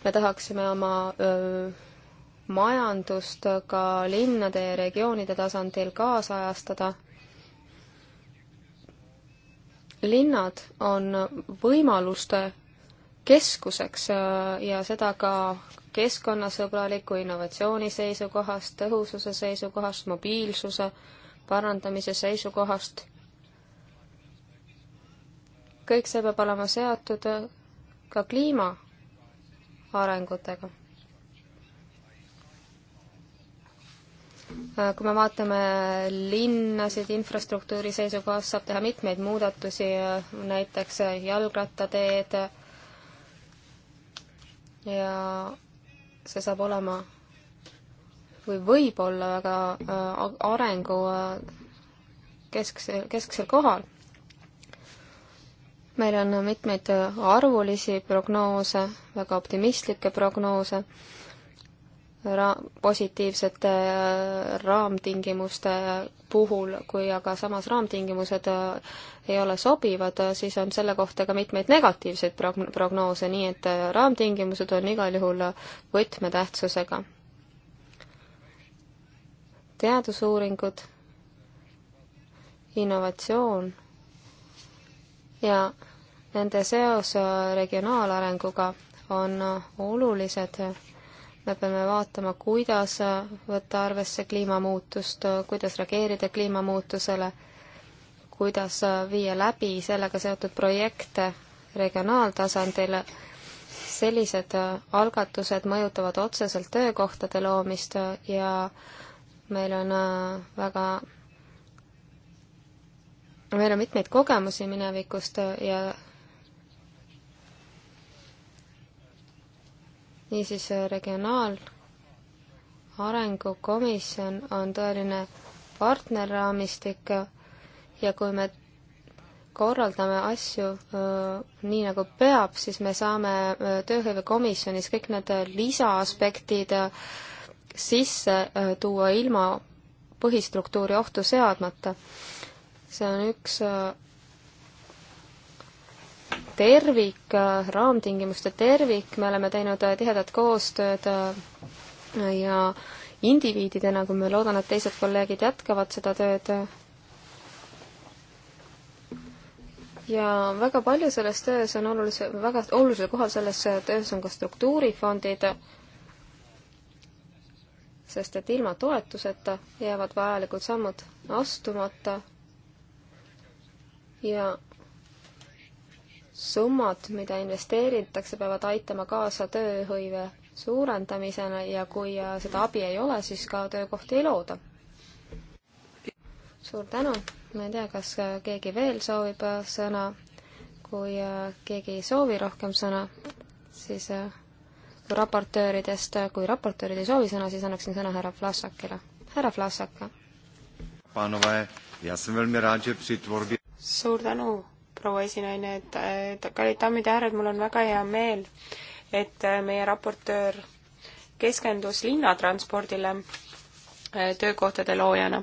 me tahaksime oma öö, majandust ka linnade ja regioonide tasandil kaasajastada. linnad on võimaluste keskuseks äh, ja seda ka keskkonnasõbraliku innovatsiooni seisukohast, tõhususe seisukohast, mobiilsuse parandamise seisukohast. kõik see peab olema seotud ka kliima arengutega. Äh, kui me vaatame linnasid infrastruktuuri seisukohast, saab teha mitmeid muudatusi, äh, näiteks äh, jalgrattateed ja see saab olema või võib olla väga arengu keskse, kesksel kohal. meil on mitmeid arvulisi prognoose, väga optimistlikke prognoose ra-, positiivsete äh, raamtingimuste puhul, kui aga samas raamtingimused äh, ei ole sobivad, äh, siis on selle kohta ka mitmeid negatiivseid progn-, prognoose, nii et raamtingimused on igal juhul võtmetähtsusega. teadusuuringud, innovatsioon ja nende seos regionaalarenguga on olulised me peame vaatama, kuidas võtta arvesse kliimamuutust, kuidas reageerida kliimamuutusele, kuidas viia läbi sellega seotud projekte regionaaltasandil. sellised algatused mõjutavad otseselt töökohtade loomist ja meil on väga meil on mitmeid kogemusi minevikust ja niisiis Regionaalarengu Komisjon on tõeline partnerraamistik ja kui me korraldame asju öö, nii, nagu peab, siis me saame tööhõivekomisjonis kõik need lisaaspektid sisse öö, tuua ilma põhistruktuuri ohtu seadmata. see on üks öö, tervik, raamtingimuste tervik, me oleme teinud äh, tihedat koostööd äh, ja indiviididena, kui ma loodan, et teised kolleegid jätkavad seda tööd. ja väga palju selles töös on olulise, väga olulisel kohal selles töös on ka struktuurifondid, sest et ilma toetuseta jäävad vajalikud sammud astumata ja summad, mida investeeritakse, peavad aitama kaasa tööhõive suurendamisele ja kui äh, seda abi ei ole, siis ka töökohti ei looda. suur tänu, ma ei tea, kas äh, keegi veel soovib äh, sõna, kui keegi ei soovi rohkem sõna, siis raportööridest, kui raportöörid ei soovi sõna, siis annaksin sõna härra Vlasakile. härra Vlasak. suur tänu proua esinaine, et, et kallid daamid ja härrad, mul on väga hea meel, et meie raportöör keskendus linnatranspordile äh, töökohtade loojana.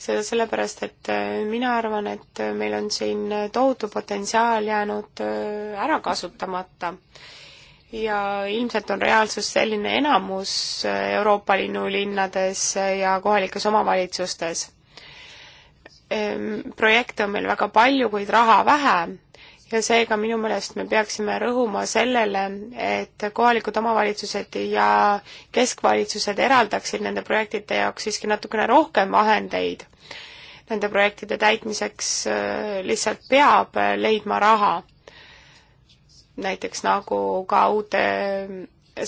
seda sellepärast, et äh, mina arvan, et meil on siin tohutu potentsiaal jäänud äh, ära kasutamata ja ilmselt on reaalsus selline enamus Euroopa Liidu linnades ja kohalikes omavalitsustes projekte on meil väga palju, kuid raha vähe ja seega minu meelest me peaksime rõhuma sellele, et kohalikud omavalitsused ja keskvalitsused eraldaksid nende projektide jaoks siiski natukene rohkem vahendeid. Nende projektide täitmiseks äh, lihtsalt peab leidma raha. näiteks nagu ka uute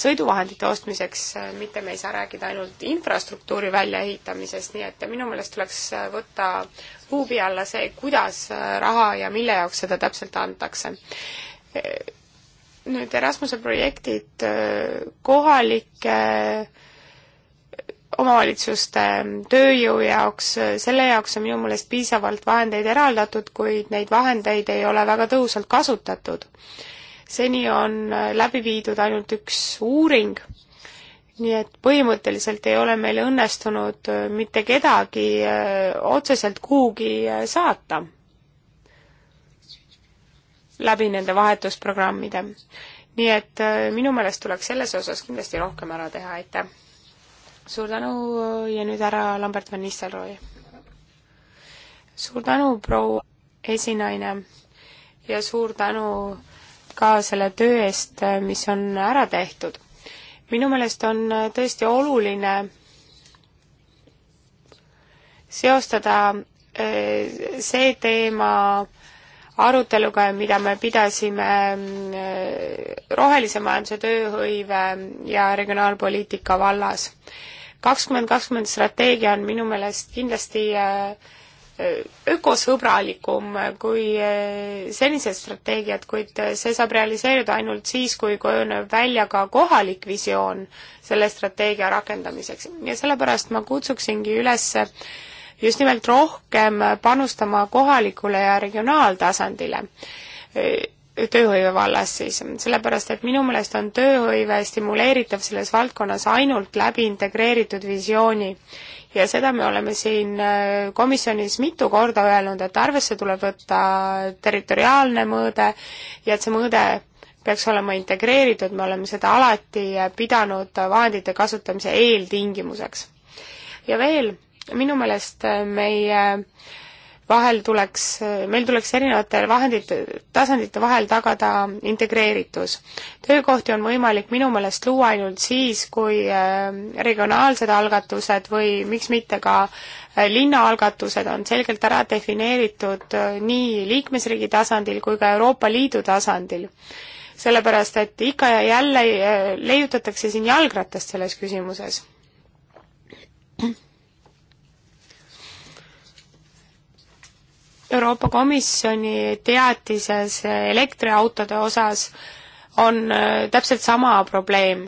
sõiduvahendite ostmiseks, äh, mitte me ei saa rääkida ainult infrastruktuuri väljaehitamisest, nii et minu meelest tuleks äh, võtta huubi alla see, kuidas äh, raha ja mille jaoks seda täpselt antakse. nüüd Erasmuse projektid kohalike omavalitsuste tööjõu jaoks, selle jaoks on minu meelest piisavalt vahendeid eraldatud, kuid neid vahendeid ei ole väga tõhusalt kasutatud seni on äh, läbi viidud ainult üks uuring, nii et põhimõtteliselt ei ole meil õnnestunud äh, mitte kedagi äh, otseselt kuhugi saata läbi nende vahetusprogrammide. nii et minu meelest tuleks selles osas kindlasti rohkem ära teha, aitäh! suur tänu ja nüüd härra Lambert van Nistelrooy. suur tänu, proua esinaine ja suur tänu ka selle töö eest, mis on ära tehtud. minu meelest on tõesti oluline seostada eh, see teema aruteluga, mida me pidasime eh, rohelise majanduse tööhõive ja regionaalpoliitika vallas. kakskümmend kakskümmend strateegia on minu meelest kindlasti äh, ökosõbralikum kui eh, senised strateegiad, kuid see saab realiseeruda ainult siis, kui kujuneb välja ka kohalik visioon selle strateegia rakendamiseks. ja sellepärast ma kutsuksingi üles just nimelt rohkem panustama kohalikule ja regionaaltasandile eh, tööhõive vallas siis, sellepärast et minu meelest on tööhõive stimuleeritav selles valdkonnas ainult läbi integreeritud visiooni ja seda me oleme siin äh, komisjonis mitu korda öelnud, et arvesse tuleb võtta territoriaalne mõõde ja et see mõõde peaks olema integreeritud, me oleme seda alati pidanud vahendite kasutamise eeltingimuseks. ja veel, minu meelest meie äh, vahel tuleks, meil tuleks erinevate vahendite, tasandite vahel tagada integreeritus. töökohti on võimalik minu meelest luua ainult siis, kui äh, regionaalsed algatused või miks mitte ka äh, linnaalgatused on selgelt ära defineeritud äh, nii liikmesriigi tasandil kui ka Euroopa Liidu tasandil. sellepärast, et ikka ja jälle leiutatakse siin jalgratast selles küsimuses Euroopa Komisjoni teatises elektriautode osas on äh, täpselt sama probleem.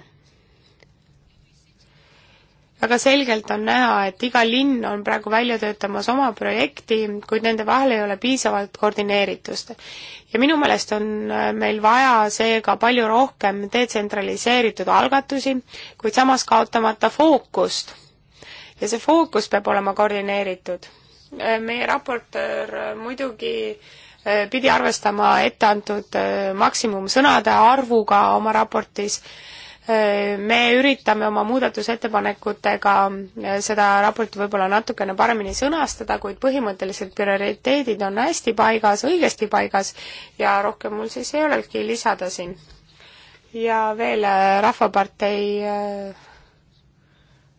väga selgelt on näha, et iga linn on praegu välja töötamas oma projekti, kuid nende vahel ei ole piisavalt koordineeritust. ja minu meelest on äh, meil vaja seega palju rohkem detsentraliseeritud algatusi, kuid samas kaotamata fookust. ja see fookus peab olema koordineeritud meie raportöör muidugi äh, pidi arvestama etteantud äh, maksimumsõnade arvuga oma raportis. Äh, me üritame oma muudatusettepanekutega seda raporti võib-olla natukene paremini sõnastada, kuid põhimõtteliselt prioriteedid on hästi paigas, õigesti paigas ja rohkem mul siis ei olegi lisada siin. ja veel Rahvapartei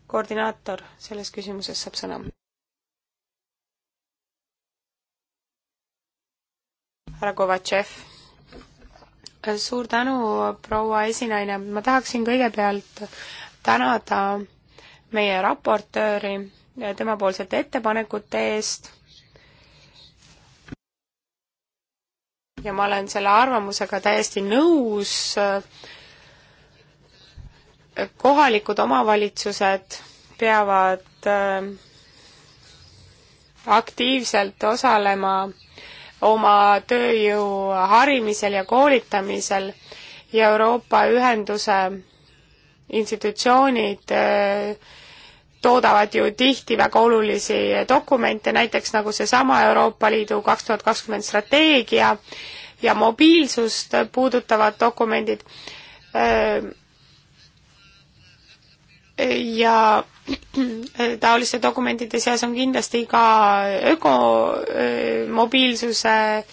koordinaator selles küsimuses saab sõna. härra Kovatšev. suur tänu, proua esinaine, ma tahaksin kõigepealt tänada meie raportööri temapoolsete ettepanekute eest ja ma olen selle arvamusega täiesti nõus. kohalikud omavalitsused peavad äh, aktiivselt osalema oma tööjõu harimisel ja koolitamisel ja Euroopa Ühenduse institutsioonid äh, toodavad ju tihti väga olulisi dokumente, näiteks nagu seesama Euroopa Liidu kaks tuhat kakskümmend strateegia ja mobiilsust puudutavad dokumendid äh, ja taoliste dokumentide seas on kindlasti ka ökomobiilsuse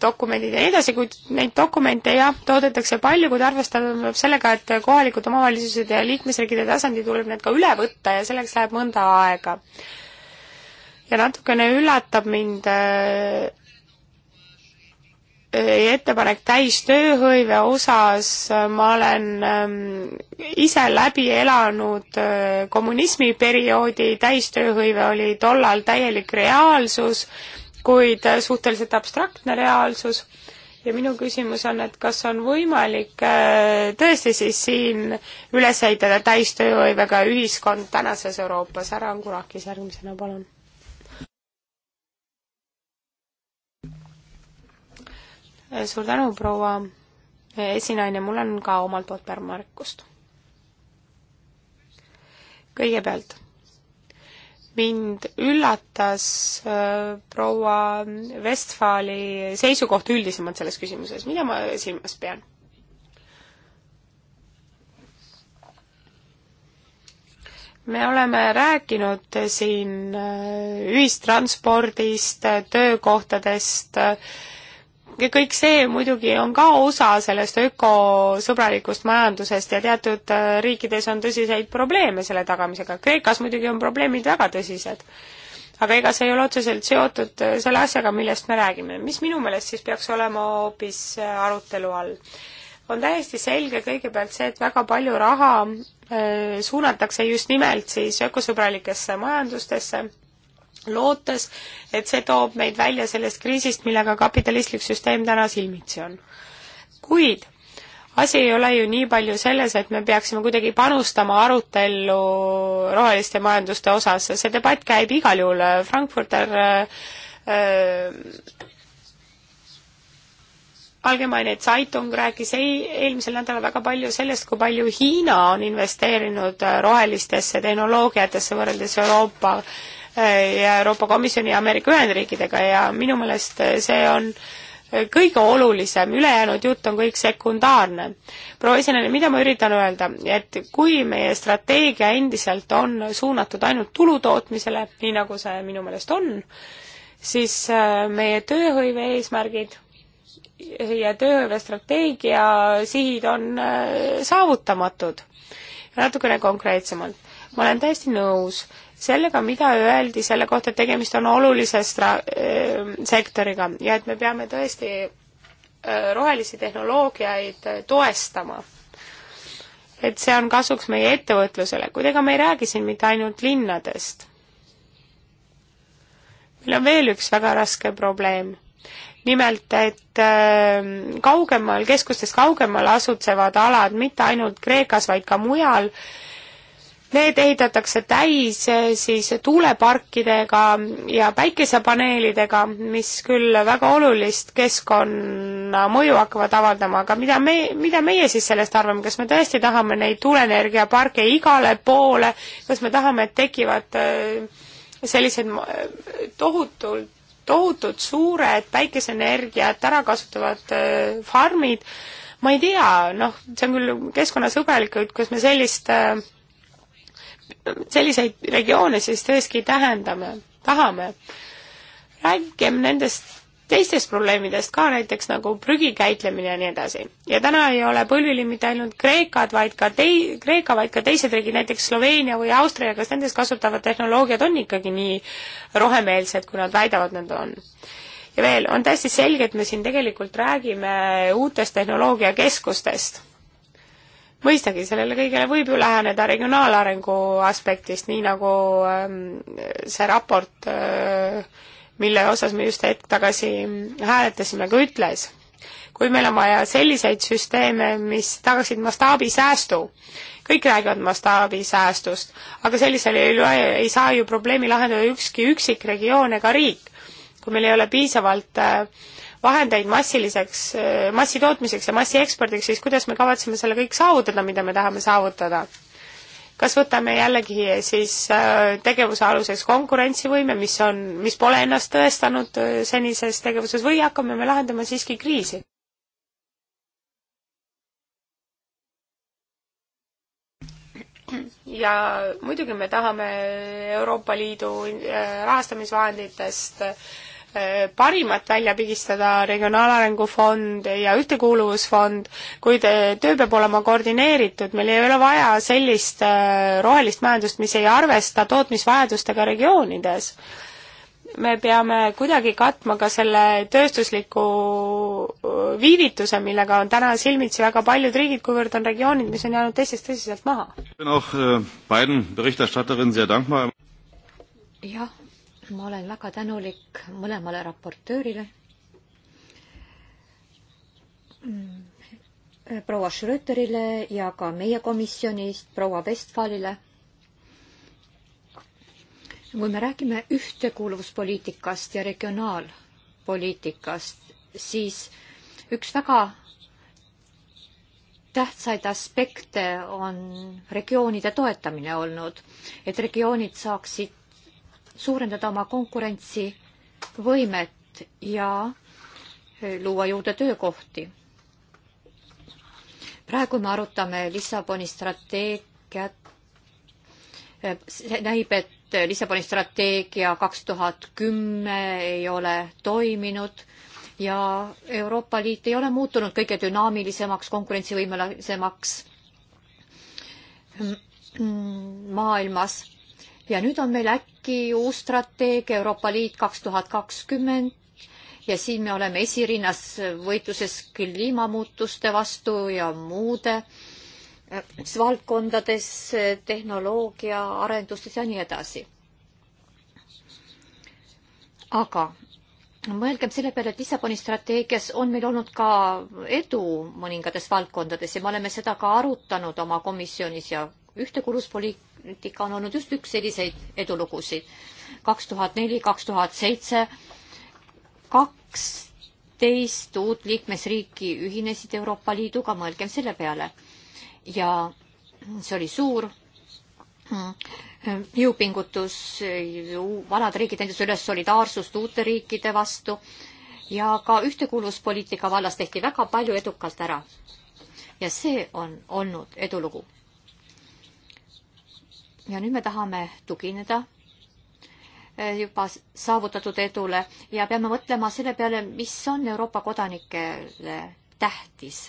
dokumendid ja nii edasi, kuid neid dokumente jah, toodetakse palju, kuid arvestada tuleb sellega, et kohalikud omavalitsused ja liikmesriikide tasandil tuleb need ka üle võtta ja selleks läheb mõnda aega. ja natukene üllatab mind äh, ettepanek täistööhõive osas, äh, ma olen ähm, ise läbi elanud äh, kommunismiperioodi, täistööhõive oli tollal täielik reaalsus, kuid äh, suhteliselt abstraktne reaalsus ja minu küsimus on, et kas on võimalik äh, tõesti siis siin üles ehitada täistööhõivega ühiskond tänases Euroopas, härra Angurakis järgmisena, palun. suur tänu, proua esinaine, mul on ka omalt poolt paar märkust. kõigepealt, mind üllatas äh, proua Westfali seisukoht üldisemalt selles küsimuses, mida ma silmas pean? me oleme rääkinud siin äh, ühistranspordist, töökohtadest äh,, ja kõik see muidugi on ka osa sellest ökosõbralikust majandusest ja teatud äh, riikides on tõsiseid probleeme selle tagamisega. Kreekas muidugi on probleemid väga tõsised. aga ega see ei ole otseselt seotud äh, selle asjaga, millest me räägime. mis minu meelest siis peaks olema hoopis äh, arutelu all? on täiesti selge kõigepealt see, et väga palju raha suunatakse just nimelt siis ökosõbralikesse majandustesse lootes, et see toob meid välja sellest kriisist, millega kapitalistlik süsteem täna silmitsi on. kuid asi ei ole ju nii palju selles, et me peaksime kuidagi panustama arutellu roheliste majanduste osas, see debatt käib igal juhul, Frankfurter äh, Allgemeine Zeitung rääkis ei, eelmisel nädalal väga palju sellest, kui palju Hiina on investeerinud äh, rohelistesse tehnoloogiatesse võrreldes Euroopa äh, Äh, ja Euroopa Komisjoni ja Ameerika Ühendriikidega ja minu meelest äh, see on äh, kõige olulisem, ülejäänud jutt on kõik sekundaarne. proua esineja, mida ma üritan öelda, et kui meie strateegia endiselt on suunatud ainult tulu tootmisele, nii nagu see minu meelest on, siis meie tööhõive eesmärgid ja tööhõive strateegia sihid on saavutamatud. natukene konkreetsemalt, ma olen täiesti nõus sellega, mida öeldi selle kohta, et tegemist on olulise stra-, äh, sektoriga ja et me peame tõesti äh, rohelisi tehnoloogiaid äh, toestama. et see on kasuks meie ettevõtlusele, kuid ega me ei räägi siin mitte ainult linnadest. meil on veel üks väga raske probleem. nimelt, et äh, kaugemal, keskustest kaugemal asutsevad alad, mitte ainult Kreekas, vaid ka mujal äh,, Need ehitatakse täis eh, siis tuuleparkidega ja päikesepaneelidega, mis küll väga olulist keskkonnamõju hakkavad avaldama, aga mida me, mida meie siis sellest arvame, kas me tõesti tahame neid tuuleenergiaparke igale poole, kas me tahame, et tekivad eh, sellised eh, tohutult tohutult suured päikeseenergiat ära kasutavad farmid, ma ei tea, noh, see on küll keskkonnasõbralikud, kas me sellist äh, selliseid regioone siis tõesti tähendame, tahame. räägime nendest teistest probleemidest ka, näiteks nagu prügi käitlemine ja nii edasi. ja täna ei ole põlvili mitte ainult Kreekad, vaid ka tei-, Kreeka, vaid ka teised riigid, näiteks Sloveenia või Austria, kas nendes kasutavad tehnoloogiad on ikkagi nii rohemeelsed, kui nad väidavad, nad on? ja veel, on täiesti selge, et me siin tegelikult räägime uutest tehnoloogiakeskustest mõistagi, sellele kõigele võib ju läheneda regionaalarengu aspektist, nii nagu ähm, see raport, äh, mille osas me just hetk tagasi hääletasime, ka ütles. kui meil on vaja selliseid süsteeme, mis tagaksid mastaabisäästu, kõik räägivad mastaabisäästust, aga sellisel juhul ei saa ju probleemi lahendada ükski üksik regioon ega riik, kui meil ei ole piisavalt äh, vahendeid massiliseks, massitootmiseks ja massiekspordiks, siis kuidas me kavatseme selle kõik saavutada, mida me tahame saavutada? kas võtame jällegi siis äh, tegevuse aluseks konkurentsivõime, mis on, mis pole ennast tõestanud äh, senises tegevuses või hakkame me lahendama siiski kriisi? ja muidugi me tahame Euroopa Liidu äh, rahastamisvahenditest äh, Eh, parimat välja pigistada, Regionaalarengu Fond ja Ühtekuuluvusfond, kuid eh, töö peab olema koordineeritud, meil ei ole vaja sellist eh, rohelist majandust, mis ei arvesta tootmisvajadustega regioonides. me peame kuidagi katma ka selle tööstusliku viivituse, millega on täna silmitsi väga paljud riigid, kuivõrd on regioonid, mis on jäänud teistest tõsiselt maha. Äh, jah ma olen väga tänulik mõlemale raportöörile. proua Schröterile ja ka meie komisjonist proua Westfalile. kui me räägime ühtekuuluvuspoliitikast ja regionaalpoliitikast, siis üks väga tähtsaid aspekte on regioonide toetamine olnud, et regioonid saaksid suurendada oma konkurentsivõimet ja eh, luua juurde töökohti. praegu me arutame Lissaboni strateegiat. Eh, näib, et Lissaboni strateegia kaks tuhat kümme ei ole toiminud ja Euroopa Liit ei ole muutunud kõige dünaamilisemaks, konkurentsivõimelisemaks maailmas ja nüüd on meil äkki uus strateegia Euroopa Liit kaks tuhat kakskümmend ja siin me oleme esirinnas võitluses kliimamuutuste vastu ja muude äh, valdkondades, äh, tehnoloogia arendustes ja nii edasi. aga mõelgem selle peale, et Lissaboni strateegias on meil olnud ka edu mõningates valdkondades ja me oleme seda ka arutanud oma komisjonis ja ühtekuuluvuspoliit-, poliitika on olnud just üks selliseid edulugusid. kaks tuhat neli, kaks tuhat seitse, kaksteist uut liikmesriiki ühinesid Euroopa Liiduga, mõelgem selle peale. ja see oli suur mm, jõupingutus, vanad riigid andis üles solidaarsust uute riikide vastu ja ka ühtekuuluvuspoliitika vallas tehti väga palju edukalt ära. ja see on olnud edulugu ja nüüd me tahame tugineda eh, juba saavutatud edule ja peame mõtlema selle peale, mis on Euroopa kodanikele tähtis.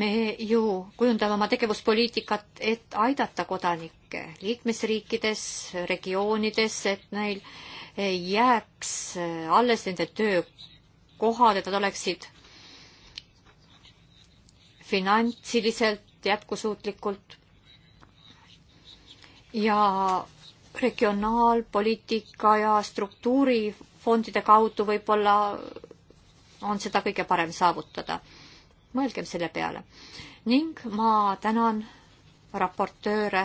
me ju kujundame oma tegevuspoliitikat, et aidata kodanikke liikmesriikides, regioonides, et neil jääks alles nende töökohad, et nad oleksid finantsiliselt jätkusuutlikult ja regionaalpoliitika ja struktuurifondide kaudu võib-olla on seda kõige parem saavutada. mõelgem selle peale. ning ma tänan raportööre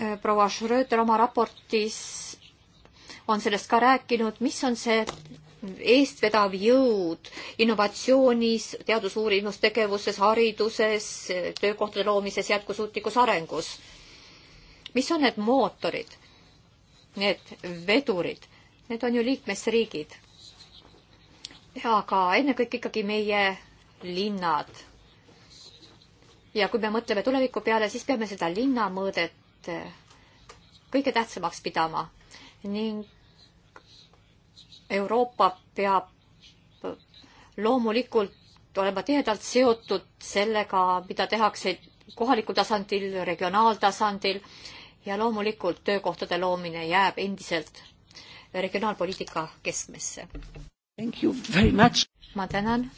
äh, proua Schröder oma raportis on sellest ka rääkinud, mis on see eestvedav jõud innovatsioonis, teadusuurimustegevuses, hariduses, töökohtade loomises, jätkusuutlikus arengus. mis on need mootorid, need vedurid? Need on ju liikmesriigid. aga ennekõike ikkagi meie linnad. ja kui me mõtleme tuleviku peale, siis peame seda linnamõõdet kõige tähtsamaks pidama ning Euroopa peab loomulikult olema tihedalt seotud sellega, mida tehakse kohalikul tasandil, regionaaltasandil ja loomulikult töökohtade loomine jääb endiselt regionaalpoliitika keskmesse. ma tänan.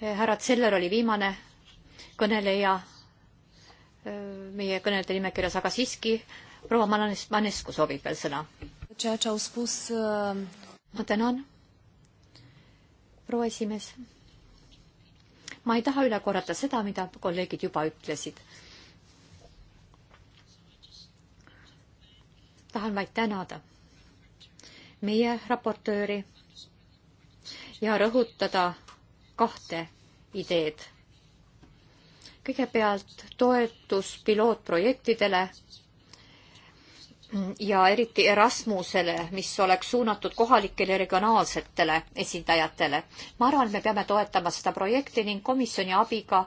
härra Zeller oli viimane kõneleja äh, meie kõnede nimekirjas, aga siiski proua Manescu soovib veel sõna ceea ce au spus... Ma uh, tänan, proua esimees. ma ei taha üle korrata seda, mida kolleegid juba ütlesid. tahan vaid tänada meie raportööri ja rõhutada kahte ideed. kõigepealt toetus pilootprojektidele ja eriti Erasmusele, mis oleks suunatud kohalikele regionaalsetele esindajatele. ma arvan, et me peame toetama seda projekti ning komisjoni abiga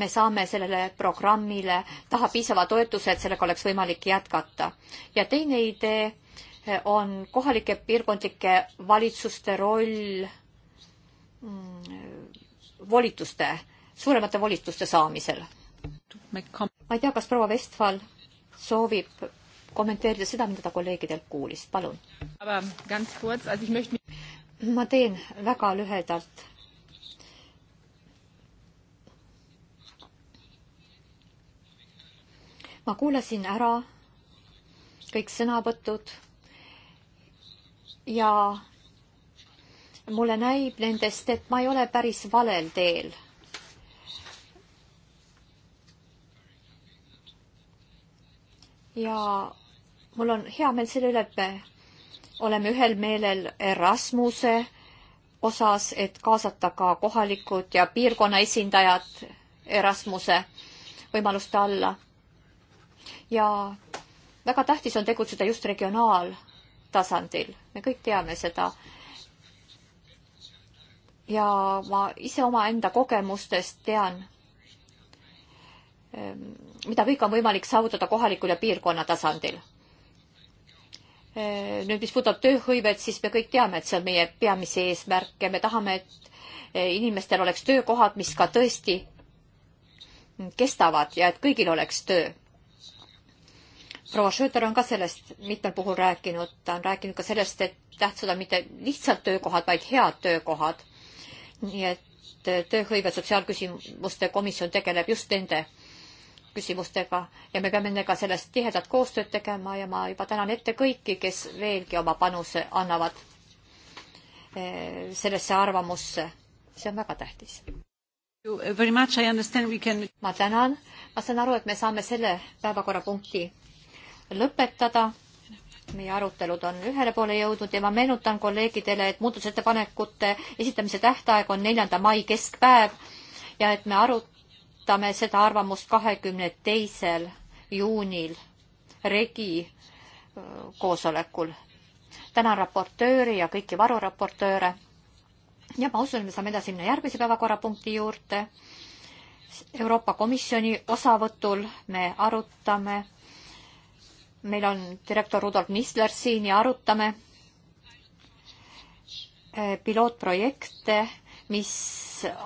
me saame sellele programmile taha piisava toetuse, et sellega oleks võimalik jätkata. ja teine idee on kohalike piirkondlike valitsuste roll mm, volituste, suuremate volituste saamisel. ma ei tea, kas proua Vestfal soovib kommenteerida seda, mida ta kolleegidelt kuulis, palun. ma teen väga lühedalt. ma kuulasin ära kõik sõnavõtud ja mulle näib nendest, et ma ei ole päris valel teel ja mul on hea meel selle üle, et me oleme ühel meelel Erasmuse osas, et kaasata ka kohalikud ja piirkonna esindajad Erasmuse võimaluste alla. ja väga tähtis on tegutseda just regionaaltasandil, me kõik teame seda. ja ma ise omaenda kogemustest tean Ehm, mida kõik on võimalik saavutada kohalikul ja piirkonna tasandil. Ehm, nüüd, mis puudutab tööhõivet, siis me kõik teame, et see on meie peamisi eesmärke, me tahame, et eh, inimestel oleks töökohad, mis ka tõesti kestavad ja et kõigil oleks töö. proua Schröder on ka sellest mitmel puhul rääkinud, ta on rääkinud ka sellest, et tähtsad on mitte lihtsalt töökohad, vaid head töökohad. nii et eh, tööhõive sotsiaalküsimuste komisjon tegeleb just nende küsimustega ja me peame nendega sellest tihedat koostööd tegema ja ma juba tänan ette kõiki, kes veelgi oma panuse annavad eh, sellesse arvamusse. see on väga tähtis. Eh, can... ma tänan, ma saan aru, et me saame selle päevakorrapunkti lõpetada. meie arutelud on ühele poole jõudnud ja ma meenutan kolleegidele, et muudatusettepanekute esitamise tähtaeg on neljanda mai keskpäev ja et me arut-, arutame seda arvamust kahekümne teisel juunil regi koosolekul. tänan raportööri ja kõiki varuraportööre ja ma usun, et me saame edasi minna järgmise päevakorrapunkti juurde. Euroopa Komisjoni osavõtul me arutame, meil on direktor Rudolf Nisler siin ja arutame pilootprojekte mis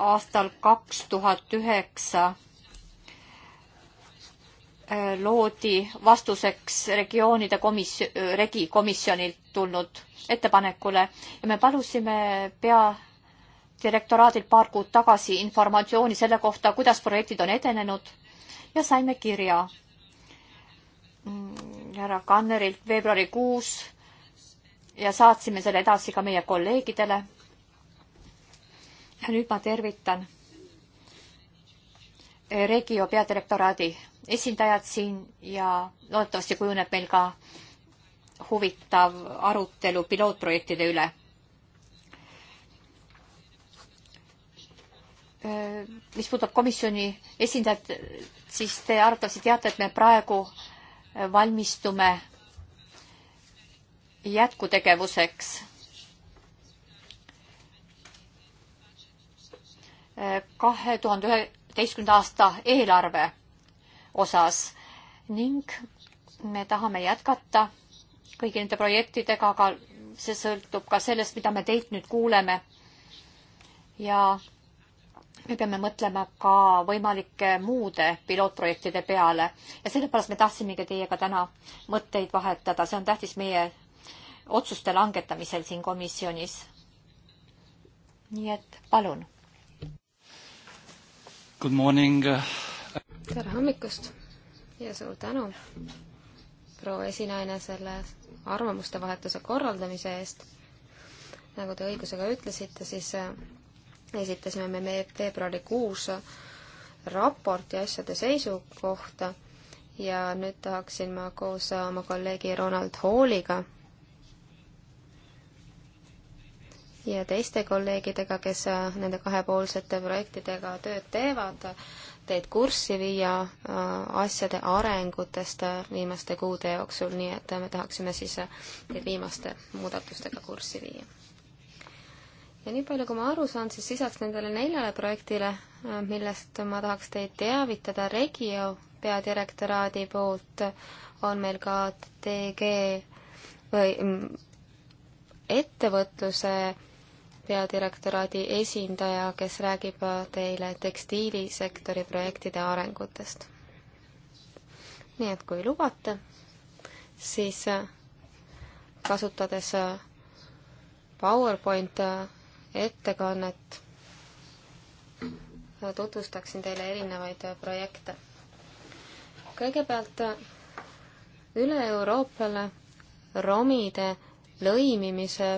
aastal kaks tuhat üheksa äh, loodi vastuseks regioonide komis-, regikomisjonilt tulnud ettepanekule ja me palusime peadirektoraadilt paar kuud tagasi informatsiooni selle kohta, kuidas projektid on edenenud ja saime kirja mm, härra Kannerilt veebruarikuus ja saatsime selle edasi ka meie kolleegidele nüüd ma tervitan eh, Regio peadirektoraadi esindajad siin ja loodetavasti kujuneb meil ka huvitav arutelu pilootprojektide üle. Eh, mis puudutab komisjoni esindajat, siis te arvatavasti teate, et me praegu eh, valmistume jätkutegevuseks kahe tuhande üheteistkümnenda aasta eelarve osas ning me tahame jätkata kõigi nende projektidega, aga see sõltub ka sellest, mida me teilt nüüd kuuleme. ja me peame mõtlema ka võimalike muude pilootprojektide peale ja sellepärast me tahtsimegi teiega täna mõtteid vahetada, see on tähtis meie otsuste langetamisel siin komisjonis. nii et palun Good morning. Uh, tere hommikust ja suur tänu, proua esinaine, selle arvamuste vahetuse korraldamise eest. nagu te õigusega ütlesite, siis äh, esitasime me meie veebruarikuus raporti asjade seisu kohta ja nüüd tahaksin ma koos äh, oma kolleegi Ronald Halliga ja teiste kolleegidega, kes äh, nende kahepoolsete projektidega tööd teevad, teid kurssi viia äh, asjade arengutest äh, viimaste kuude jooksul, nii et me tahaksime siis teid viimaste muudatustega kurssi viia. ja nii palju, kui ma aru saan, siis lisaks nendele neljale projektile, millest ma tahaks teid teavitada Regio peadirektoraadi poolt, on meil ka TG või mm, ettevõtluse peadirektoraadi esindaja, kes räägib teile tekstiilisektori projektide arengutest. nii et kui lubate, siis kasutades PowerPoint ettekannet, tutvustaksin teile erinevaid projekte. kõigepealt üle Euroopale romide lõimimise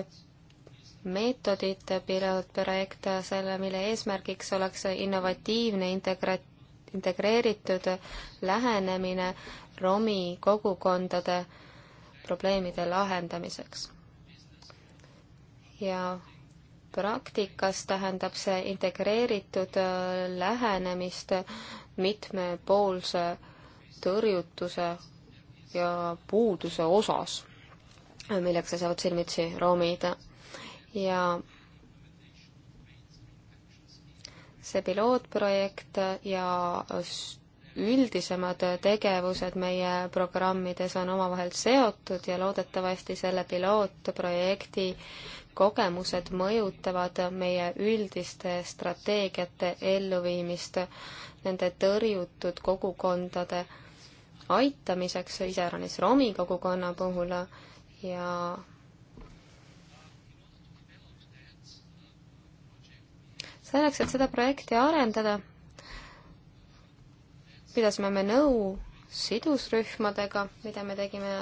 meetodid, pilootprojekt, selle, mille eesmärgiks oleks innovatiivne integra-, integreeritud lähenemine romi kogukondade probleemide lahendamiseks. ja praktikas tähendab see integreeritud lähenemist mitmepoolse tõrjutuse ja puuduse osas, millega seisavad silmitsi romid ja see pilootprojekt ja üldisemad tegevused meie programmides on omavahel seotud ja loodetavasti selle pilootprojekti kogemused mõjutavad meie üldiste strateegiate elluviimist nende tõrjutud kogukondade aitamiseks, iseäranis romi kogukonna puhul ja selleks, et seda projekti arendada, pidasime me nõu sidusrühmadega, mida me tegime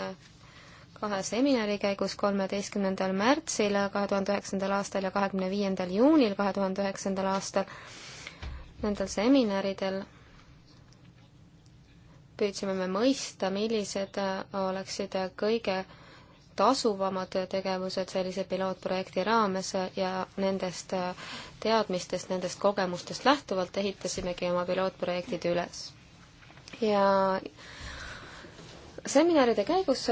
kahe seminari käigus kolmeteistkümnendal märtsil kahe tuhande üheksandal aastal ja kahekümne viiendal juunil kahe tuhande üheksandal aastal. Nendel seminaridel püüdsime me mõista, millised oleksid kõige tasuvamad tegevused sellise pilootprojekti raames ja nendest teadmistest, nendest kogemustest lähtuvalt ehitasimegi oma pilootprojektid üles. ja seminaride käigus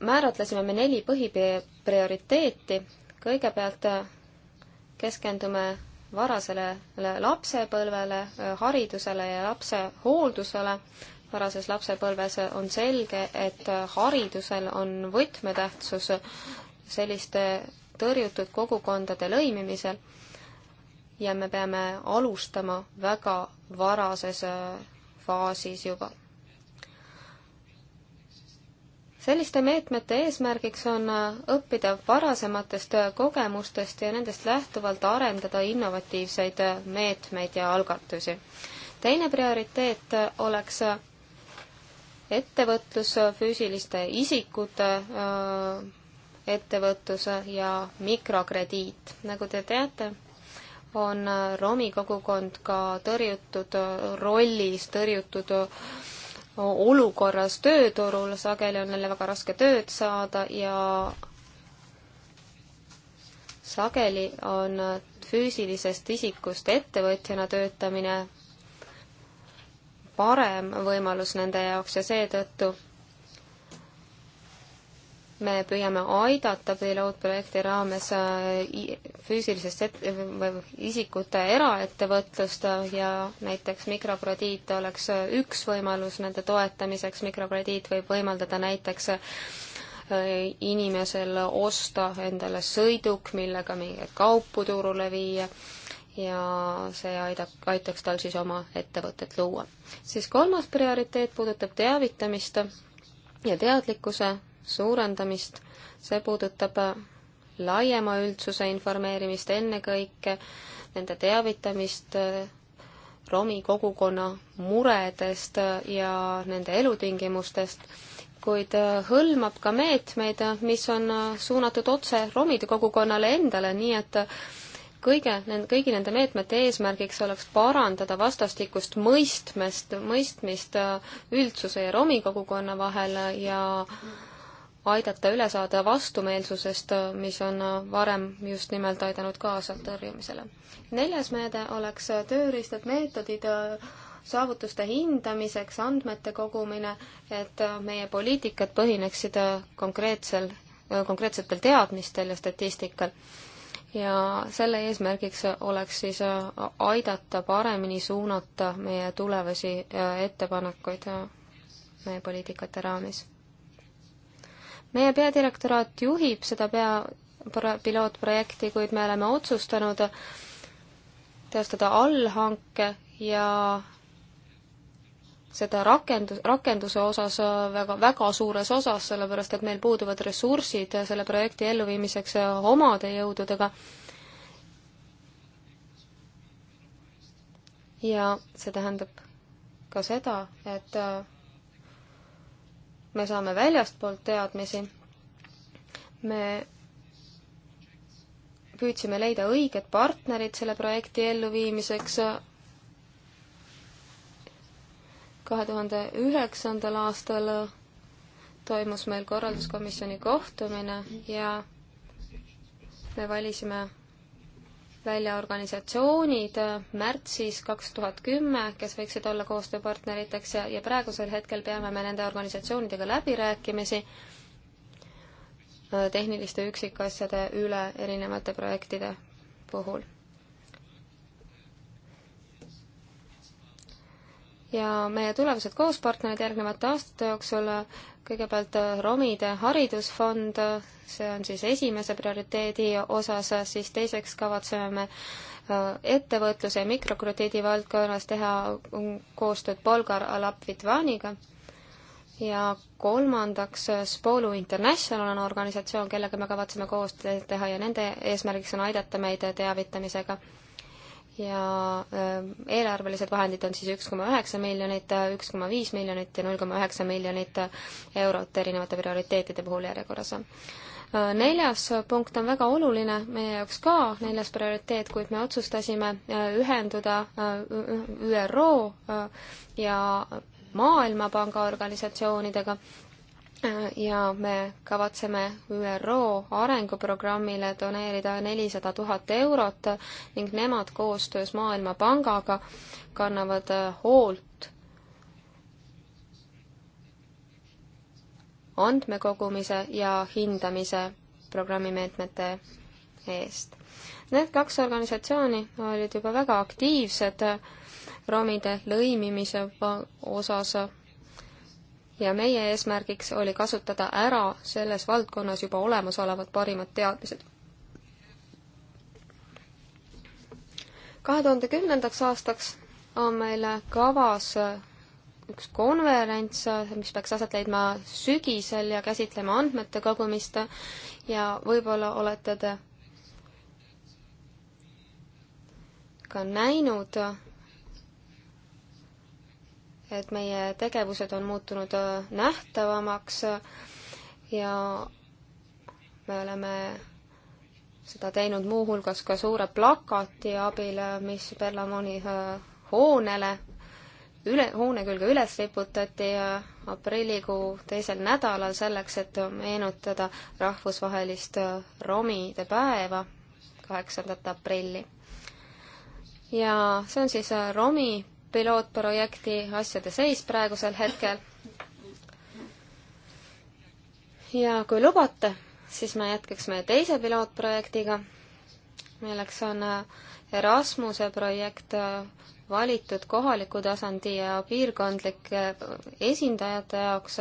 määratlesime me neli põhiprioriteeti, kõigepealt keskendume varasele lapsepõlvele, haridusele ja lapse hooldusele varases lapsepõlves, on selge, et haridusel on võtmetähtsus selliste tõrjutud kogukondade lõimimisel ja me peame alustama väga varases äh, faasis juba. selliste meetmete eesmärgiks on äh, õppida varasematest äh, kogemustest ja nendest lähtuvalt arendada innovatiivseid meetmeid ja algatusi. teine prioriteet oleks ettevõtlus, füüsiliste isikute äh, ettevõtlus ja mikrokrediit. nagu te teate, on äh, romi kogukond ka tõrjutud äh, rollis, tõrjutud olukorras tööturul, sageli on neile väga raske tööd saada ja sageli on füüsilisest isikust ettevõtjana töötamine parem võimalus nende jaoks ja seetõttu me püüame aidata pilootprojekti raames äh, füüsilisest isikute eraettevõtlust ja näiteks mikrokrediit oleks üks võimalus nende toetamiseks. mikrokrediit võib võimaldada näiteks äh, inimesel osta endale sõiduk, millega mingeid kaupu turule viia ja see aidab, aitaks tal siis oma ettevõtet luua. siis kolmas prioriteet puudutab teavitamist ja teadlikkuse suurendamist, see puudutab laiema üldsuse informeerimist ennekõike, nende teavitamist romi kogukonna muredest ja nende elutingimustest, kuid hõlmab ka meetmeid, mis on suunatud otse romide kogukonnale endale, nii et kõige, kõigi nende meetmete eesmärgiks oleks parandada vastastikust mõistmest, mõistmist äh, üldsuse ja romi kogukonna vahel ja aidata üle saada vastumeelsusest, äh, mis on äh, varem just nimelt aidanud kaasa tõrjumisele. neljas meede oleks tööriistad, meetodid saavutuste hindamiseks, andmete kogumine, et meie poliitikad põhineksid konkreetsel, konkreetsetel teadmistel ja statistikal ja selle eesmärgiks oleks siis äh, aidata paremini suunata meie tulevasi äh, ettepanekuid äh, meie poliitikate raamis. meie peadirektoraat juhib seda pea, pilootprojekti, kuid me oleme otsustanud teostada allhanke ja seda rakendus, rakenduse osas äh, väga, väga suures osas, sellepärast et meil puuduvad ressursid äh, selle projekti elluviimiseks äh, omade jõududega. ja see tähendab ka seda, et me saame väljastpoolt teadmisi, me püüdsime leida õiged partnerid selle projekti elluviimiseks kahe tuhande üheksandal aastal toimus meil korralduskomisjoni kohtumine ja me valisime välja organisatsioonid märtsis kaks tuhat kümme, kes võiksid olla koostööpartneriteks ja, ja praegusel hetkel peame me nende organisatsioonidega läbirääkimisi tehniliste üksikasjade üle erinevate projektide puhul. ja meie tulevased koospartnerid järgnevate aastate jooksul, kõigepealt äh, Romide Haridusfond, see on siis esimese prioriteedi osas, siis teiseks kavatseme me äh, ettevõtluse ja mikrokrediidi valdkonnas teha mm, koostööd Bolgar Alapvitvaniga ja kolmandaks äh, Spolu International on organisatsioon, kellega me kavatseme koostööd teha ja nende eesmärgiks on aidata meid teavitamisega ja ähm, eelarvelised vahendid on siis üks koma üheksa miljonit, üks koma viis miljonit ja null koma üheksa miljonit eurot erinevate prioriteetide puhul järjekorras. Äh, neljas punkt on väga oluline meie jaoks ka, neljas prioriteet, kuid me otsustasime äh, ühenduda äh, ÜRO ja Maailmapanga organisatsioonidega ja me kavatseme ÜRO arenguprogrammile doneerida nelisada tuhat eurot ning nemad koostöös Maailmapangaga kannavad hoolt andmekogumise ja hindamise programmimeetmete eest. Need kaks organisatsiooni olid juba väga aktiivsed romide lõimimise osas ja meie eesmärgiks oli kasutada ära selles valdkonnas juba olemasolevad parimad teadmised. kahe tuhande kümnendaks aastaks on meil kavas üks konverents, mis peaks aset leidma sügisel ja käsitlema andmete kogumist ja võib-olla olete te ka näinud et meie tegevused on muutunud äh, nähtavamaks ja me oleme seda teinud muuhulgas ka suure plakati abil, mis Berlamoni äh, hoonele üle, hoone külge üles riputati äh, aprillikuu teisel nädalal selleks, et meenutada rahvusvahelist romide päeva, kaheksandat aprilli. ja see on siis romi pilootprojekti asjade seis praegusel hetkel. ja kui lubate, siis me jätkaks meie teise pilootprojektiga, milleks on äh, Erasmuse projekt äh, valitud kohaliku tasandi ja piirkondlike äh, esindajate jaoks.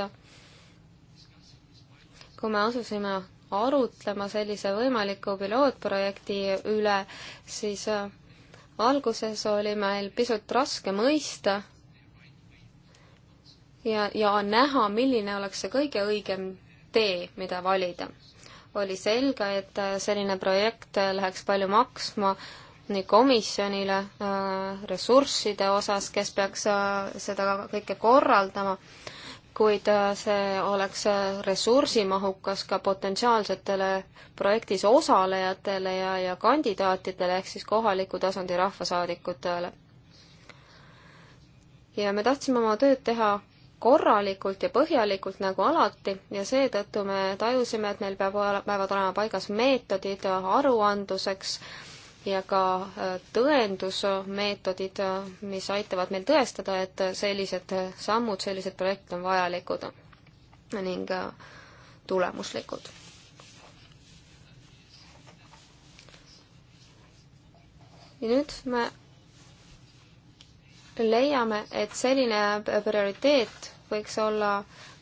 kui me asusime arutlema sellise võimaliku pilootprojekti üle, siis alguses oli meil pisut raske mõista ja, ja näha, milline oleks see kõige õigem tee, mida valida. oli selge, et äh, selline projekt äh, läheks palju maksma nii komisjonile äh, ressursside osas, kes peaks seda kõike korraldama kuid äh, see oleks äh, ressursimahukas ka potentsiaalsetele projektis osalejatele ja, ja kandidaatidele ehk siis kohaliku tasandi rahvasaadikutele. ja me tahtsime oma tööd teha korralikult ja põhjalikult nagu alati ja seetõttu me tajusime, et meil peab, peavad olema paigas meetodid aruandluseks ja ka äh, tõendusmeetodid, äh, mis aitavad meil tõestada, et sellised sammud, sellised projektid on vajalikud ning äh, tulemuslikud. ja nüüd me leiame, et selline prioriteet võiks olla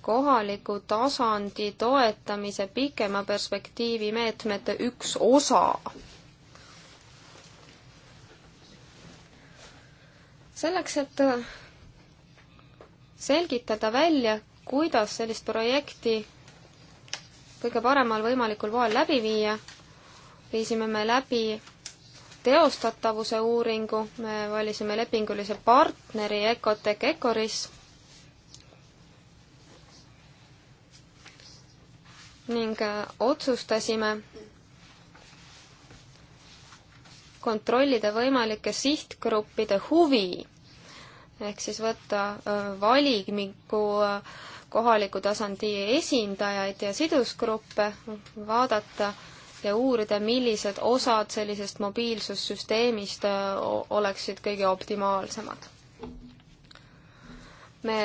kohaliku tasandi toetamise pikema perspektiivi meetmete üks osa selleks, et äh, selgitada välja, kuidas sellist projekti kõige paremal võimalikul moel läbi viia, viisime me läbi teostatavuse uuringu, me valisime lepingulise partneri Ecotec Ecoris ning äh, otsustasime kontrollida võimalike sihtgruppide huvi ehk siis võtta valimiku kohaliku tasandi esindajaid ja sidusgruppe, vaadata ja uurida, millised osad sellisest mobiilsussüsteemist oleksid kõige optimaalsemad. me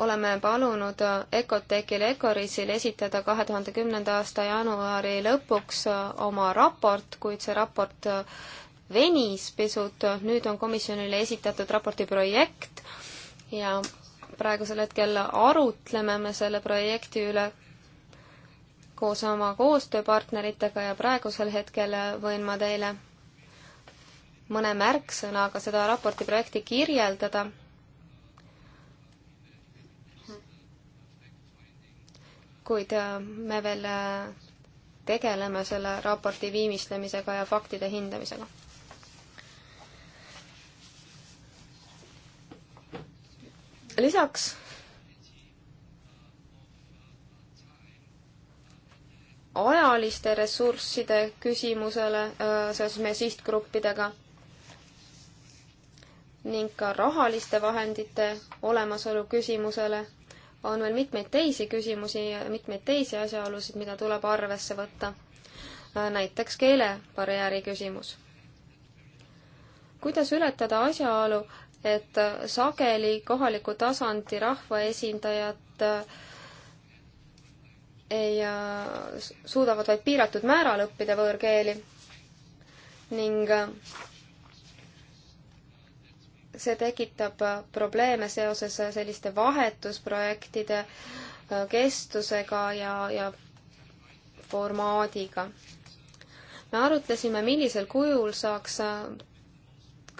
oleme palunud Ecotechil Ecorisil esitada kahe tuhande kümnenda aasta jaanuari lõpuks oma raport, kuid see raport venis pisut, nüüd on komisjonile esitatud raporti projekt ja praegusel hetkel arutleme me selle projekti üle koos oma koostööpartneritega ja praegusel hetkel võin ma teile mõne märksõnaga seda raporti projekti kirjeldada. kuid äh, me veel äh, tegeleme selle raporti viimistlemisega ja faktide hindamisega. lisaks ajaliste ressursside küsimusele äh, seoses meie sihtgruppidega ning ka rahaliste vahendite olemasolu küsimusele on veel mitmeid teisi küsimusi ja mitmeid teisi asjaolusid, mida tuleb arvesse võtta. Äh, näiteks keelebarjääri küsimus. kuidas ületada asjaolu, et sageli kohaliku tasandi rahvaesindajad äh, ei, äh, suudavad vaid piiratud määral õppida võõrkeeli ning äh, see tekitab probleeme seoses selliste vahetusprojektide kestusega ja, ja formaadiga. me arutlesime, millisel kujul saaks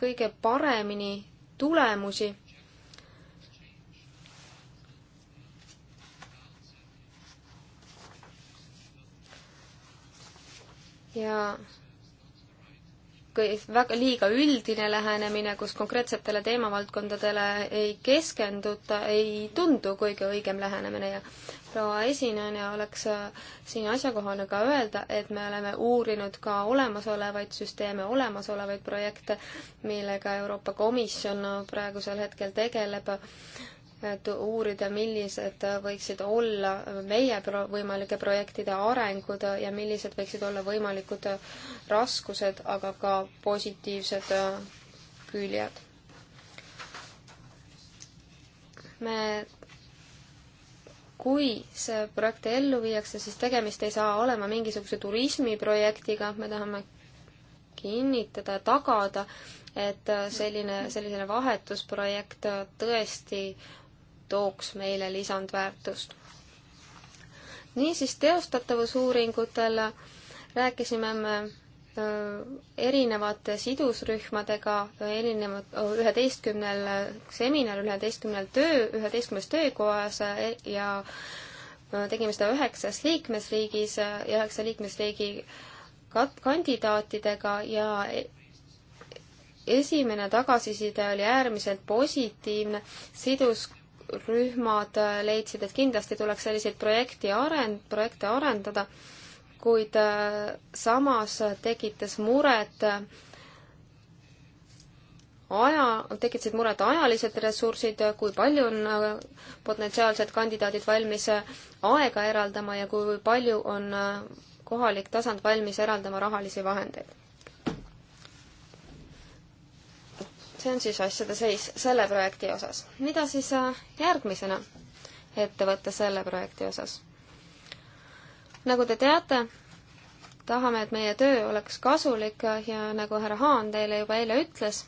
kõige paremini tulemusi. ja kui väga liiga üldine lähenemine, kus konkreetsetele teemavaldkondadele ei keskenduta, ei tundu kõige õigem lähenemine ja proua esinejana oleks äh, siin asjakohane ka öelda, et me oleme uurinud ka olemasolevaid süsteeme, olemasolevaid projekte, millega Euroopa Komisjon praegusel hetkel tegeleb, et uurida, millised võiksid olla meie pro võimalike projektide arengud ja millised võiksid olla võimalikud raskused, aga ka positiivsed äh, küljed. me kui see projekt ellu viiakse, siis tegemist ei saa olema mingisuguse turismiprojektiga, me tahame kinnitada, tagada, et selline, selline vahetusprojekt tõesti tooks meile lisandväärtust. niisiis teostatavusuuringutel rääkisime me Äh, erinevate sidusrühmadega erinevad, üheteistkümnel seminaril, üheteistkümnel töö, üheteistkümnes töökojas äh, ja äh, tegime seda üheksas liikmesriigis, üheksa liikmesriigi kat-, kandidaatidega ja e-, esimene tagasiside oli äärmiselt positiivne, sidus rühmad leidsid, et kindlasti tuleks selliseid projekti arend-, projekte arendada kuid äh, samas tekitas muret aja, tekitasid muret ajalised ressursid, kui palju on äh, potentsiaalsed kandidaadid valmis äh, aega eraldama ja kui palju on kohalik tasand valmis eraldama rahalisi vahendeid. see on siis asjade seis selle projekti osas. mida siis järgmisena ette võtta selle projekti osas? nagu te teate, tahame, et meie töö oleks kasulik ja nagu härra Haan teile juba eile ütles,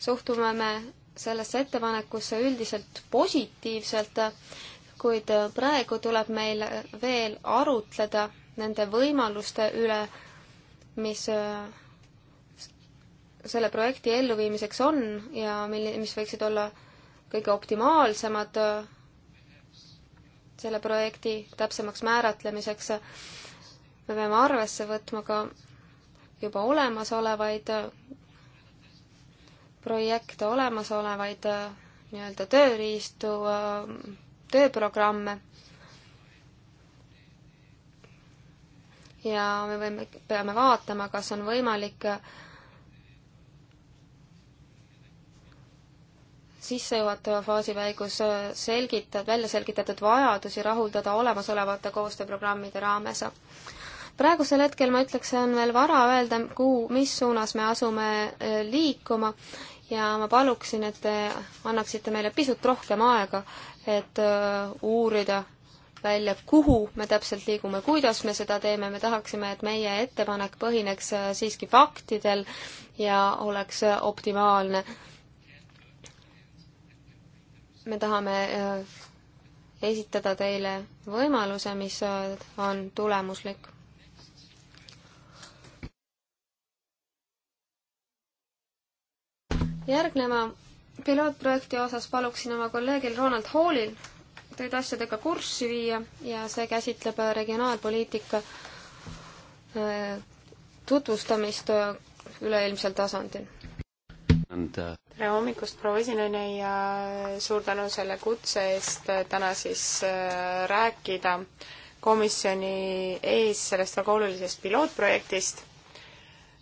suhtume me sellesse ettepanekusse üldiselt positiivselt, kuid praegu tuleb meil veel arutleda nende võimaluste üle, mis selle projekti elluviimiseks on ja milli-, mis võiksid olla kõige optimaalsemad selle projekti täpsemaks määratlemiseks me peame arvesse võtma ka juba olemasolevaid projekte, olemasolevaid äh, nii-öelda tööriistu, äh, tööprogramme. ja me võime, peame vaatama, kas on võimalik äh, sissejuhatava faasi käigus äh, selgitad, välja selgitatud vajadusi rahuldada olemasolevate koostööprogrammide raames. praegusel hetkel ma ütleks, on veel vara öelda, kuhu, mis suunas me asume äh, liikuma ja ma paluksin, et te annaksite meile pisut rohkem aega, et äh, uurida välja, kuhu me täpselt liigume, kuidas me seda teeme, me tahaksime, et meie ettepanek põhineks siiski faktidel ja oleks optimaalne me tahame äh, esitada teile võimaluse, mis äh, on tulemuslik. järgneva pilootprojekti osas paluksin oma kolleegil Ronald Hallil teid asjadega kurssi viia ja see käsitleb äh, regionaalpoliitika tutvustamist üleilmsel tasandil and uh... tere hommikust, proua esinaine ja suur tänu selle kutse eest täna siis äh, rääkida komisjoni ees sellest väga olulisest pilootprojektist.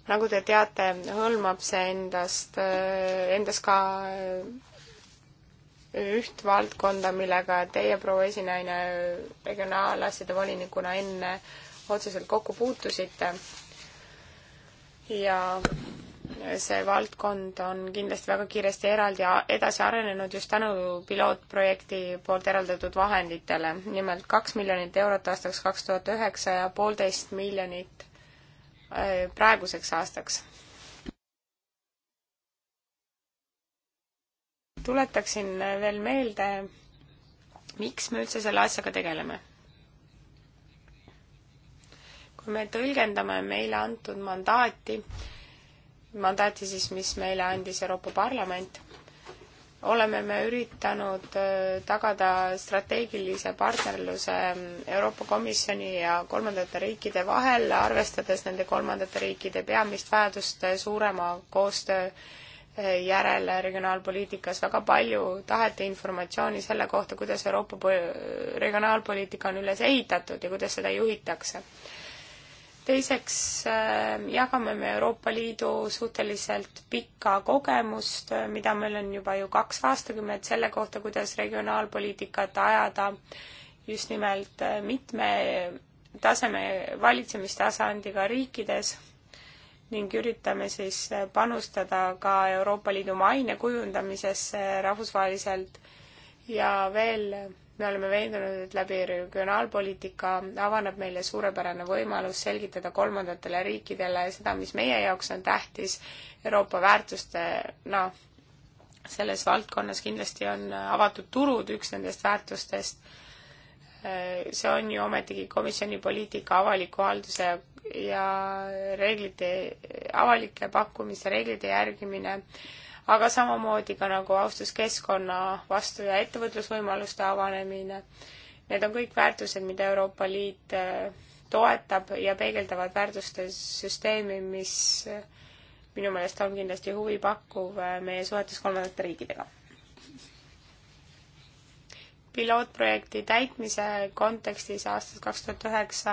nagu te teate, hõlmab see endast äh,, endas ka äh, üht valdkonda, millega teie, proua esinaine, regionaalasjade volinikuna enne otseselt kokku puutusite ja see valdkond on kindlasti väga kiiresti eraldi edasi arenenud just tänu pilootprojekti poolt eraldatud vahenditele. nimelt kaks miljonit eurot aastaks kaks tuhat üheksa ja poolteist miljonit äh, praeguseks aastaks. tuletaksin veel meelde, miks me üldse selle asjaga tegeleme. kui me tõlgendame meile antud mandaati, mandaati siis, mis meile andis Euroopa Parlament, oleme me üritanud äh, tagada strateegilise partnerluse mm, Euroopa Komisjoni ja kolmandate riikide vahel, arvestades nende kolmandate riikide peamist vajadust äh, suurema koostöö äh, järele regionaalpoliitikas väga palju taheti informatsiooni selle kohta, kuidas Euroopa regionaalpoliitika on üles ehitatud ja kuidas seda juhitakse teiseks ähm, jagame me Euroopa Liidu suhteliselt pikka kogemust, äh, mida meil on juba ju kaks aastakümmet selle kohta, kuidas regionaalpoliitikat ajada just nimelt äh, mitme taseme valitsemistasandiga riikides ning üritame siis äh, panustada ka Euroopa Liidu maine kujundamisesse rahvusvaheliselt ja veel me oleme veendunud, et läbi regionaalpoliitika avaneb meile suurepärane võimalus selgitada kolmandatele riikidele seda, mis meie jaoks on tähtis Euroopa väärtustena no,. selles valdkonnas kindlasti on avatud turud üks nendest väärtustest. see on ju ometigi komisjoni poliitika avaliku halduse ja reeglite, avalike pakkumiste reeglite järgimine aga samamoodi ka nagu austus keskkonna vastu ja ettevõtlusvõimaluste avanemine. Need on kõik väärtused, mida Euroopa Liit eh, toetab ja peegeldavad väärtuste süsteemi, mis eh, minu meelest on kindlasti huvipakkuv eh, meie suhetes kolmandate riikidega. pilootprojekti täitmise kontekstis aastast kaks tuhat üheksa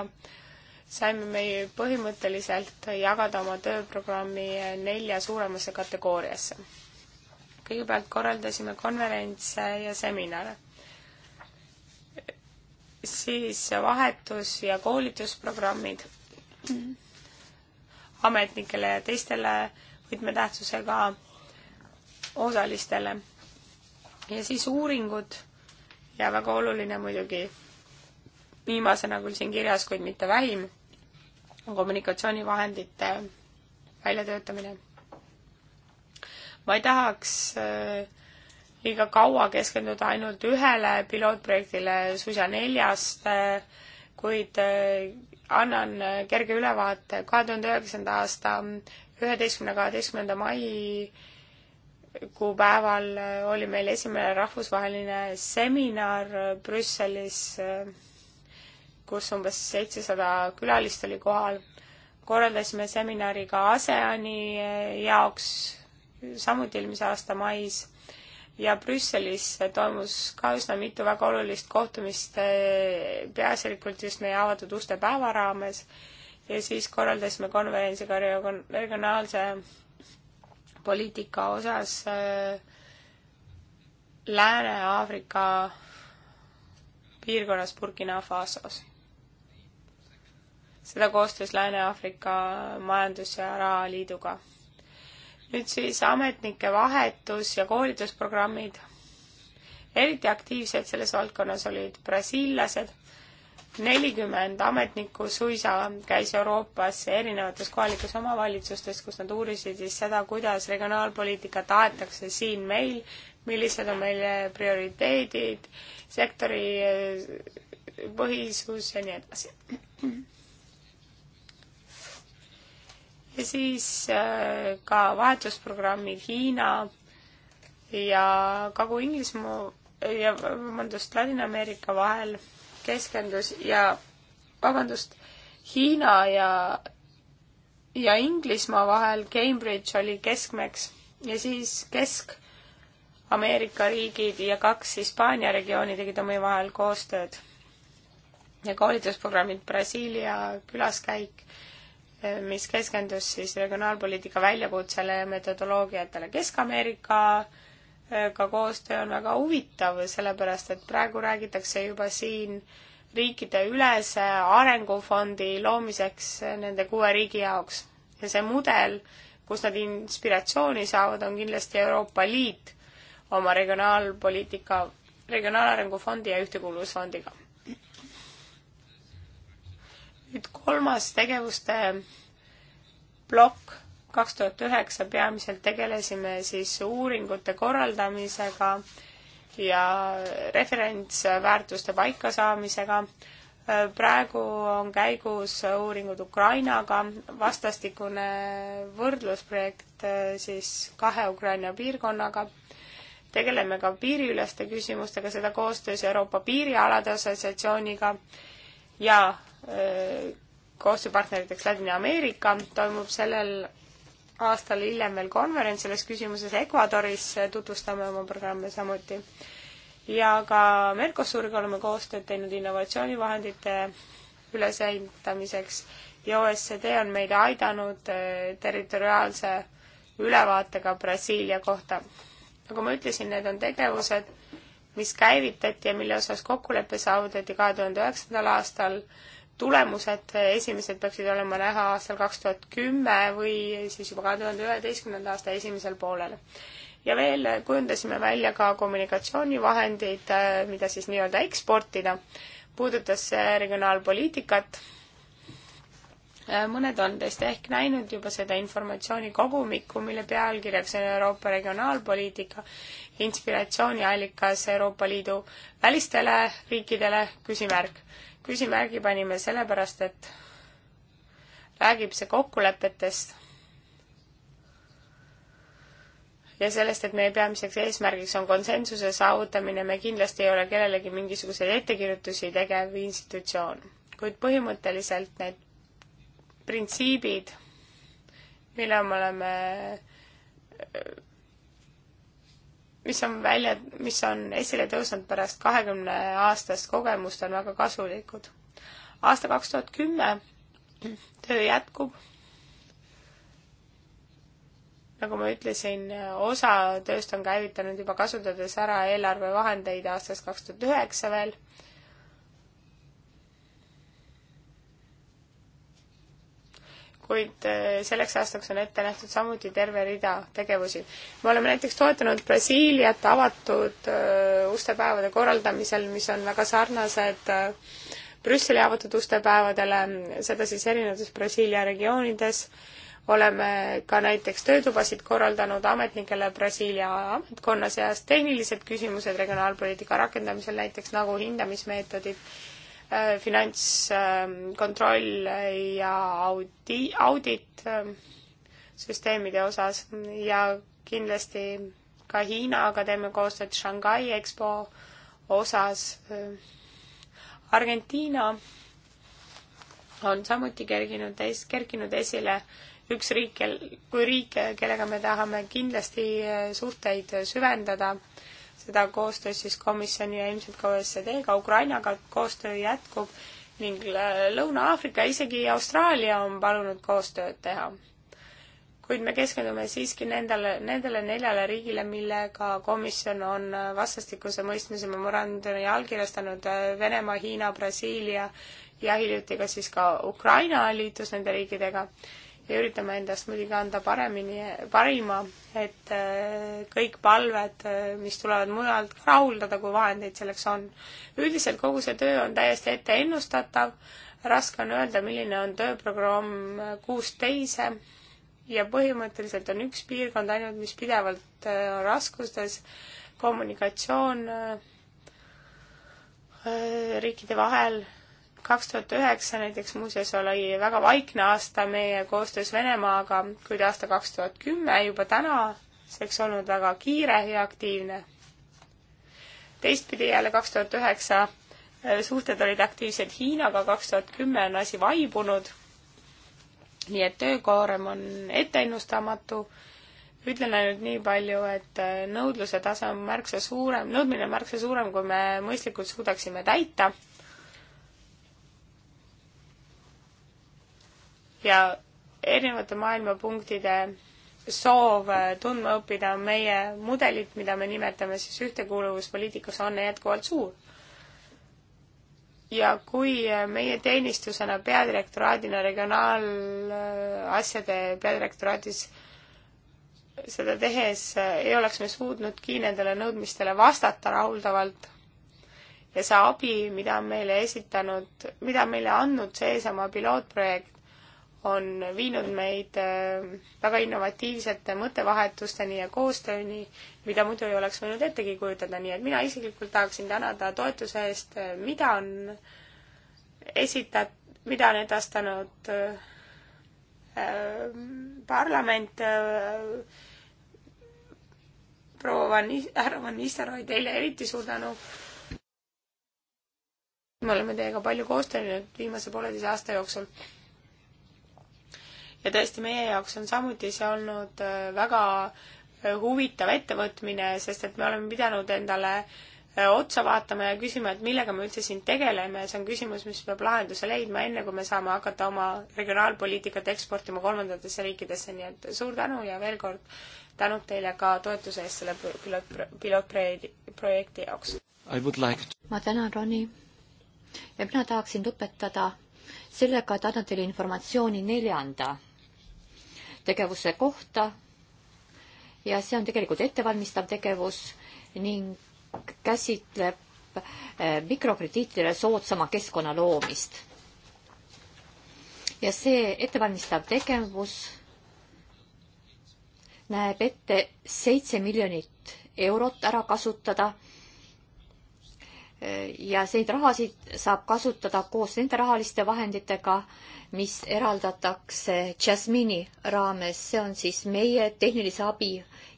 saime me põhimõtteliselt jagada oma tööprogrammi nelja suuremasse kategooriasse kõigepealt korraldasime konverentse ja seminare. siis vahetus- ja koolitusprogrammid ametnikele ja teistele võtmetähtsusega osalistele. ja siis uuringud ja väga oluline muidugi, viimasena küll siin kirjas, kuid mitte vähim, on kommunikatsioonivahendite väljatöötamine ma ei tahaks äh, liiga kaua keskenduda ainult ühele pilootprojektile suisa neljast, äh, kuid äh, annan kerge ülevaate kahe tuhande üheksanda aasta üheteistkümne, kaheteistkümnenda mai kuupäeval oli meil esimene rahvusvaheline seminar Brüsselis, kus umbes seitsesada külalist oli kohal. korraldasime seminari ka ASEAN-i jaoks samuti eelmise aasta mais ja Brüsselis toimus ka üsna mitu väga olulist kohtumist, eh, peaasjalikult just meie avatud uste päeva raames ja siis korraldasime konverentsi ka regionaalse poliitika osas eh, Lääne-Aafrika piirkonnas Burkina Fasos seda koostöös Lääne-Aafrika Majandus- ja Rahaliiduga nüüd siis ametnike vahetus ja koolitusprogrammid. eriti aktiivsed selles valdkonnas olid brasiillased. nelikümmend ametnikku suisa käis Euroopas erinevates kohalikes omavalitsustes, kus nad uurisid siis seda, kuidas regionaalpoliitikat aetakse siin meil, millised on meie prioriteedid, sektori eh, põhisus ja nii edasi ja siis äh, ka vahetusprogrammid Hiina ja Kagu-Inglismaa ja vabandust, Ladina-Ameerika vahel keskendus ja vabandust, Hiina ja, ja Inglismaa vahel Cambridge oli keskmeks ja siis Kesk-Ameerika riigid ja kaks Hispaania regiooni tegid omavahel koostööd. ja koolitusprogrammid Brasiilia külaskäik mis keskendus siis regionaalpoliitika väljakutsele ja metodoloogiatele. Kesk-Ameerikaga äh, koostöö on väga huvitav, sellepärast et praegu räägitakse juba siin riikideülese arengufondi loomiseks äh, nende kuue riigi jaoks. ja see mudel, kus nad inspiratsiooni saavad, on kindlasti Euroopa Liit oma regionaalpoliitika, regionaalarengu fondi ja ühtekuuluvusfondiga nüüd kolmas tegevuste plokk, kaks tuhat üheksa peamiselt tegelesime siis uuringute korraldamisega ja referentsväärtuste paikasaamisega. praegu on käigus uuringud Ukrainaga, vastastikune võrdlusprojekt eh, siis kahe Ukraina piirkonnaga tegeleme ka piiriüleste küsimustega, seda koostöös Euroopa Piirialade Assotsiatsiooniga ja koostööpartneriteks Ladina-Ameerika, toimub sellel aastal hiljem veel konverents selles küsimuses Ecuadoris, tutvustame oma programme samuti. ja ka Mercosuriga oleme koostööd teinud innovatsioonivahendite ülesehitamiseks ja OSCD on meid aidanud äh, territoriaalse ülevaatega Brasiilia kohta. nagu ma ütlesin, need on tegevused, mis käivitati ja mille osas kokkulepe saavutati kahe tuhande üheksandal aastal tulemused, esimesed peaksid olema näha aastal kaks tuhat kümme või siis juba kahe tuhande üheteistkümnenda aasta esimesel poolel. ja veel kujundasime välja ka kommunikatsioonivahendid, mida siis nii-öelda eksportida. puudutas see regionaalpoliitikat, mõned on teist ehk näinud juba seda informatsioonikogumikku, mille pealkirjaks on Euroopa regionaalpoliitika inspiratsiooniallikas Euroopa Liidu välistele riikidele, küsimärk küsimärgi panime sellepärast, et räägib see kokkulepetest ja sellest, et meie peamiseks eesmärgiks on konsensuse saavutamine, me kindlasti ei ole kellelegi mingisuguseid ettekirjutusi tegev institutsioon. kuid põhimõtteliselt need printsiibid, mille me oleme mis on välja, mis on esile tõusnud pärast kahekümne aastast kogemust, on väga kasulikud. aasta kaks tuhat kümme töö jätkub. nagu ma ütlesin, osa tööst on käivitanud juba kasutades ära eelarvevahendeid aastast kaks tuhat üheksa veel kuid äh, selleks aastaks on ette nähtud samuti terve rida tegevusi. me oleme näiteks toetanud Brasiiliat avatud äh, ustepäevade korraldamisel, mis on väga sarnased äh, Brüsseli avatud ustepäevadele, seda siis erinevates Brasiilia regioonides, oleme ka näiteks töötubasid korraldanud ametnikele Brasiilia ametkonna seas, tehnilised küsimused regionaalpoliitika rakendamisel näiteks nagu hindamismeetodid Äh, finantskontroll äh, ja audi-, audit ähm, süsteemide osas ja kindlasti ka Hiinaga teeme koostööd Shanghai EXPO osas. Äh, Argentiina on samuti kerginud, kerkinud esile üks riik, kui riik, kellega me tahame kindlasti suhteid süvendada seda koostöös siis komisjoni ja ilmselt ka OECD-ga, Ukrainaga koostöö jätkub ning Lõuna-Aafrika, isegi Austraalia on palunud koostööd teha. kuid me keskendume siiski nendele, nendele neljale riigile, millega komisjon on vastastikuse mõistmise memorandumi allkirjastanud Venemaa, Hiina, Brasiilia ja hiljuti ka siis ka Ukraina liitus nende riikidega ja üritame endast muidugi anda paremini, parima, et äh, kõik palved, äh, mis tulevad mujalt, rahuldada, kui vahendeid selleks on. üldiselt kogu see töö on täiesti ette ennustatav, raske on öelda, milline on tööprogramm kuus teise ja põhimõtteliselt on üks piirkond ainult, mis pidevalt äh, on raskustes, kommunikatsioon riikide vahel kaks tuhat üheksa näiteks muuseas oli väga vaikne aasta meie koostöös Venemaaga, kuid aasta kaks tuhat kümme juba tänaseks olnud väga kiire ja aktiivne. teistpidi jälle kaks tuhat üheksa äh, suhted olid aktiivsed Hiinaga, kaks tuhat kümme on asi vaibunud. nii et töökoorem on etteennustamatu. ütlen ainult nii palju, et äh, nõudluse tase on märksa suurem, nõudmine on märksa suurem, kui me mõistlikult suudaksime täita ja erinevate maailmapunktide soov tundma õppida meie mudelit, mida me nimetame siis ühtekuuluvuspoliitikas, on jätkuvalt suur. ja kui meie teenistusena peadirektoraadina regionaalasjade peadirektoraatis seda tehes ei oleks me suutnudki nendele nõudmistele vastata rahuldavalt ja see abi, mida on meile esitanud, mida on meile andnud seesama pilootprojekt, on viinud meid äh, väga innovatiivsete mõttevahetusteni ja koostööni, mida muidu ei oleks võinud ettegi kujutada, nii et mina isiklikult tahaksin tänada toetuse eest, äh, mida on esitat-, mida on edastanud äh, parlament proua Van, härra Van Nistelrooy, teile eriti suur tänu me oleme teiega palju koos teinud viimase pooleteise aasta jooksul ja tõesti, meie jaoks on samuti see olnud äh, väga äh, huvitav ettevõtmine, sest et me oleme pidanud endale äh, otsa vaatama ja küsima, et millega me üldse siin tegeleme ja see on küsimus, mis peab lahenduse leidma, enne kui me saame hakata oma regionaalpoliitikat eksportima kolmandatesse riikidesse, nii et suur tänu ja veel kord tänud teile ka toetuse eest selle piloot, pilootprojekti jaoks. Like to... ma tänan, Roni. ja mina tahaksin lõpetada sellega, et annan teile informatsiooni neljanda tegevuse kohta. ja see on tegelikult ettevalmistav tegevus ning käsitleb eh, mikrokrediitidele soodsama keskkonna loomist. ja see ettevalmistav tegevus näeb ette seitse miljonit eurot ära kasutada ja neid rahasid saab kasutada koos nende rahaliste vahenditega, mis eraldatakse Jasmini raames, see on siis meie tehnilise abi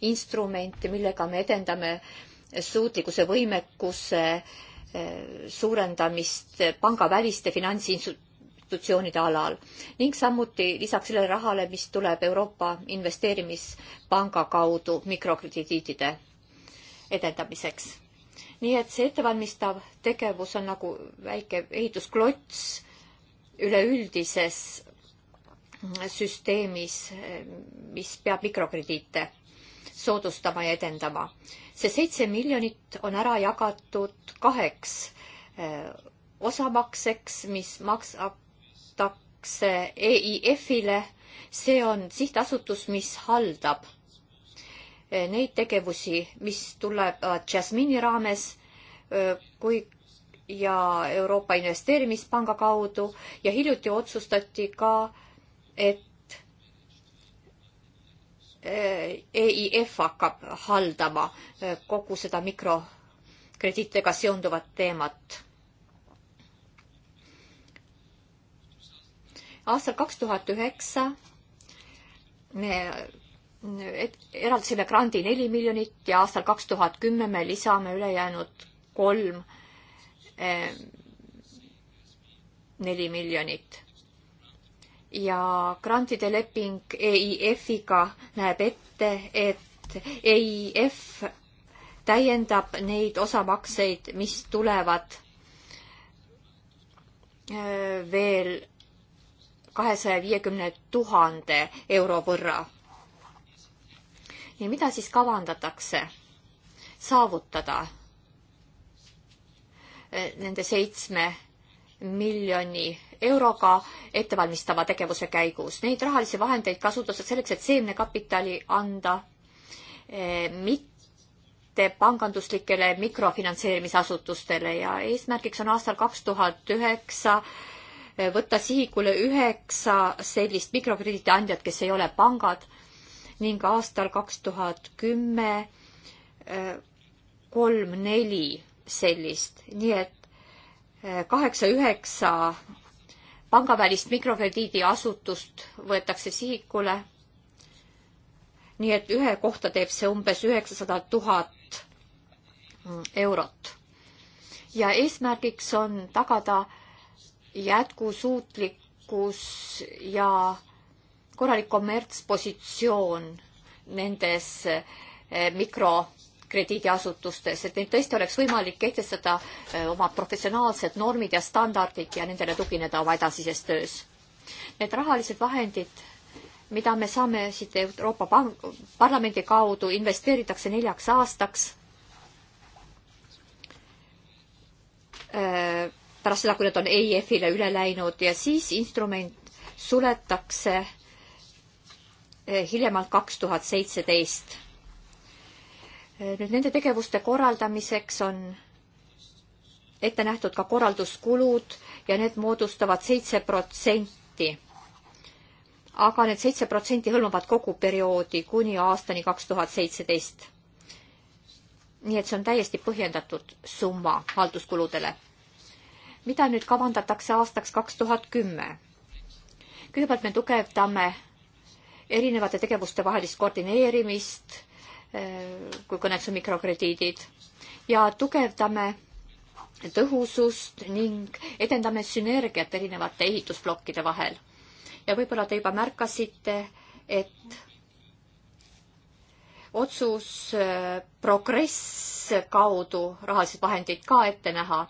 instrument, millega me edendame suutlikkuse võimekuse eh, suurendamist pangaväliste finantsinstitutsioonide alal ning samuti lisaks sellele rahale, mis tuleb Euroopa Investeerimispanga kaudu mikrokrediidide edendamiseks nii et see ettevalmistav tegevus on nagu väike ehitusklots üleüldises süsteemis, mis peab mikrokrediite soodustama ja edendama. see seitse miljonit on ära jagatud kaheks eh, osamakseks, mis maksatakse EIF-ile. see on sihtasutus, mis haldab Eh, neid tegevusi, mis tulevad äh, Jasmini raames äh, kui ja Euroopa Investeerimispanga kaudu ja hiljuti otsustati ka, et äh, EIF hakkab haldama kogu seda mikrokrediitidega seonduvat teemat. aastal kaks tuhat üheksa me eraldasime grandi neli miljonit ja aastal kaks tuhat kümme me lisame ülejäänud kolm eh, neli miljonit. ja grantide leping EIF-iga näeb ette, et EIF täiendab neid osamakseid, mis tulevad eh, veel kahesaja viiekümne tuhande euro võrra ja mida siis kavandatakse saavutada äh, nende seitsme miljoni euroga ettevalmistava tegevuse käigus. Neid rahalisi vahendeid kasutatakse selleks, et seemnekapitali anda äh, mitte panganduslikele mikrofinantseerimisasutustele ja eesmärgiks on aastal kaks tuhat üheksa äh, võtta sihikule üheksa sellist mikrokrediiti andjat, kes ei ole pangad ning aastal kaks tuhat kümme äh, kolm-neli sellist, nii et äh, kaheksa-üheksa pangavälist mikrokrediidiasutust võetakse sihikule. nii et ühe kohta teeb see umbes üheksasada tuhat mm, eurot. ja eesmärgiks on tagada jätkusuutlikkus ja äh, korralik kommertspositsioon nendes eh, mikrokrediidiasutustes, et neil tõesti oleks võimalik kehtestada eh, oma professionaalsed normid ja standardid ja nendele tugineda oma edasises töös. Need rahalised vahendid, mida me saame siit Euroopa Parlamendi kaudu, investeeritakse neljaks aastaks eh, pärast seda, kui nad on EIF-ile üle läinud ja siis instrument suletakse Eh, hiljemalt kaks tuhat seitseteist. Eh, nüüd nende tegevuste korraldamiseks on ette nähtud ka korralduskulud ja need moodustavad seitse protsenti. aga need seitse protsenti hõlmavad kogu perioodi kuni aastani kaks tuhat seitseteist. nii et see on täiesti põhjendatud summa halduskuludele. mida nüüd kavandatakse aastaks kaks tuhat kümme? kõigepealt me tugevdame erinevate tegevuste vahelist koordineerimist, eh, kui kõneks on mikrokrediidid ja tugevdame tõhusust ning edendame sünergiat erinevate ehitusplokkide vahel. ja võib-olla te juba märkasite, et otsus eh, progress kaudu rahalised vahendid ka ette näha.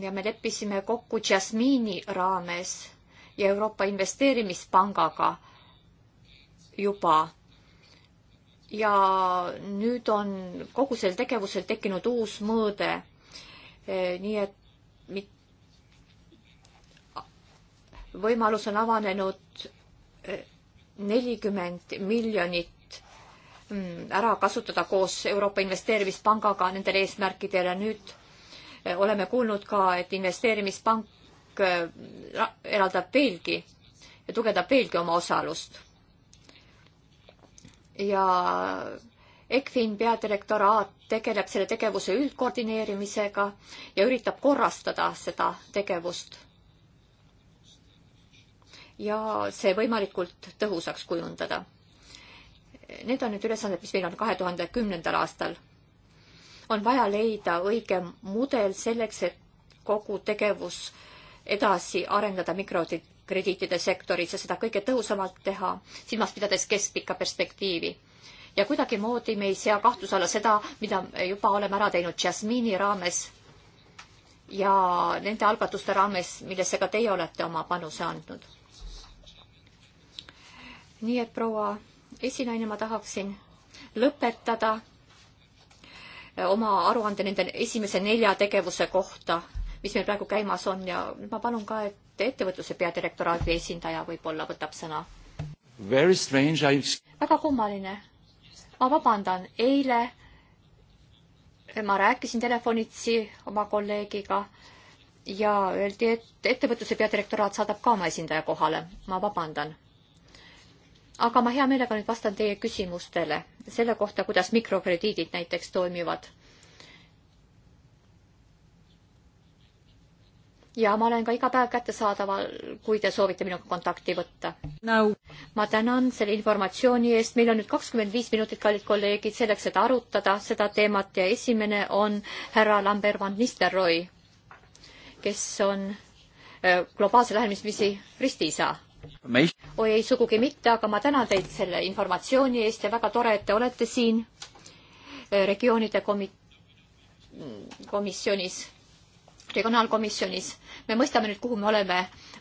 ja me leppisime kokku Jasmini raames ja Euroopa Investeerimispangaga juba. ja nüüd on kogu sellel tegevusel tekkinud uus mõõde. E, nii et mit, võimalus on avanenud e, nelikümmend miljonit mm, ära kasutada koos Euroopa Investeerimispangaga nendel eesmärkidel ja nüüd e, oleme kuulnud ka, et investeerimispank eraldab veelgi ja tugevdab veelgi oma osalust ja ECFIN peadirektoraat tegeleb selle tegevuse üldkoordineerimisega ja üritab korrastada seda tegevust. ja see võimalikult tõhusaks kujundada. Need on need ülesanded, mis meil on kahe tuhande kümnendal aastal. on vaja leida õige mudel selleks, et kogu tegevus edasi arendada mikrodit-, krediitide sektoris ja seda kõige tõhusamalt teha, silmas pidades keskpikka perspektiivi. ja kuidagimoodi me ei sea kahtluse alla seda, mida juba oleme ära teinud Jasmini raames ja nende algatuste raames, millesse ka teie olete oma panuse andnud. nii et proua esinaine, ma tahaksin lõpetada oma aruande nende esimese nelja tegevuse kohta, mis meil praegu käimas on ja ma palun ka, et ettevõtluse peadirektoraadi esindaja võib-olla võtab sõna. I... väga kummaline. ma vabandan, eile ma rääkisin telefonitsi oma kolleegiga ja öeldi, et ettevõtluse peadirektoraat saadab ka oma esindaja kohale. ma vabandan. aga ma hea meelega nüüd vastan teie küsimustele selle kohta, kuidas mikrokrediidid näiteks toimivad ja ma olen ka iga päev kättesaadaval, kui te soovite minuga kontakti võtta no.. ma tänan selle informatsiooni eest, meil on nüüd kakskümmend viis minutit, kallid kolleegid, selleks, et arutada seda teemat ja esimene on härra Lambert van Nistelrooy, kes on äh, globaalse lähenemisviisi ristiisa. oi ei, sugugi mitte, aga ma tänan teid selle informatsiooni eest ja väga tore, et te olete siin äh, regioonide komi-, mm, komisjonis regionaalkomisjonis. me mõistame nüüd, kuhu me oleme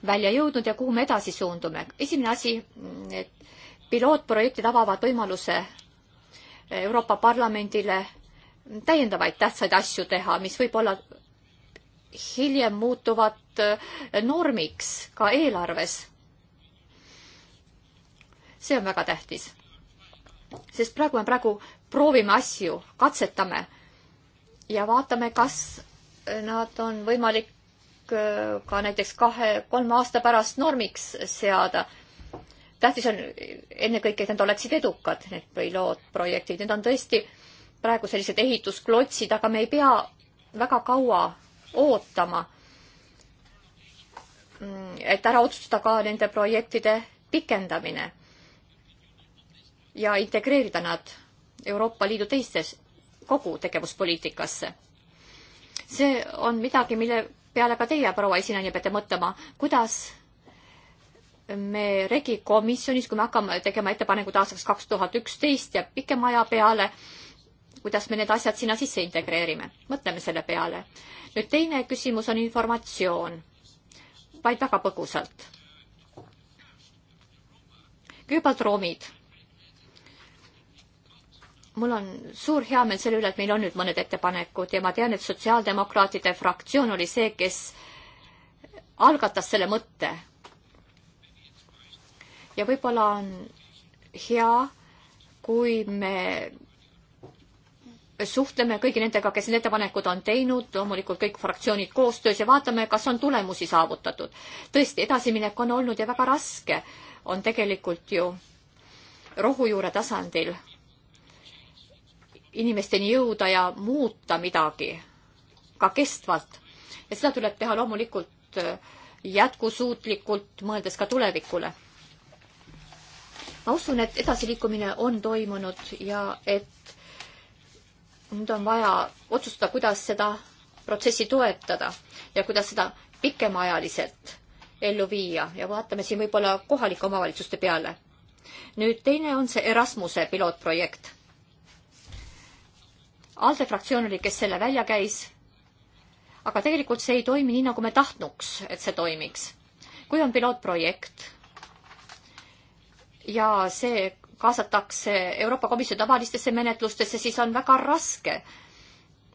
välja jõudnud ja kuhu me edasi suundume. esimene asi, et pilootprojektid avavad võimaluse Euroopa Parlamendile täiendavaid tähtsaid asju teha, mis võib-olla hiljem muutuvad normiks ka eelarves. see on väga tähtis. sest praegu me praegu proovime asju, katsetame ja vaatame, kas nad on võimalik äh, ka näiteks kahe-kolme aasta pärast normiks seada. tähtis on ennekõike, et need oleksid edukad, need pilootprojektid, need on tõesti praegu sellised ehitusklotsid, aga me ei pea väga kaua ootama, mm, et ära otsustada ka nende projektide pikendamine ja integreerida nad Euroopa Liidu teistes kogu tegevuspoliitikasse see on midagi, mille peale ka teie, proua esinaine, peate mõtlema, kuidas me Regi komisjonis, kui me hakkame tegema ettepanekud aastaks kaks tuhat üksteist ja pikema aja peale, kuidas me need asjad sinna sisse integreerime, mõtleme selle peale. nüüd teine küsimus on informatsioon, vaid väga põgusalt. kõigepealt romid mul on suur heameel selle üle, et meil on nüüd mõned ettepanekud ja ma tean, et sotsiaaldemokraatide fraktsioon oli see, kes algatas selle mõtte. ja võib-olla on hea, kui me suhtleme kõigi nendega, kes need ettepanekud on teinud, loomulikult kõik fraktsioonid koostöös ja vaatame, kas on tulemusi saavutatud. tõesti, edasiminek on olnud ja väga raske on tegelikult ju rohujuure tasandil inimesteni jõuda ja muuta midagi ka kestvalt. ja seda tuleb teha loomulikult äh, jätkusuutlikult, mõeldes ka tulevikule. ma usun, et edasiliikumine on toimunud ja et nüüd on vaja otsustada, kuidas seda protsessi toetada ja kuidas seda pikemaajaliselt ellu viia ja vaatame siin võib-olla kohalike omavalitsuste peale. nüüd teine on see Erasmuse pilootprojekt ALDE fraktsioon oli, kes selle välja käis. aga tegelikult see ei toimi nii, nagu me tahtnuks, et see toimiks. kui on pilootprojekt ja see kaasatakse Euroopa Komisjoni tavalistesse menetlustesse, siis on väga raske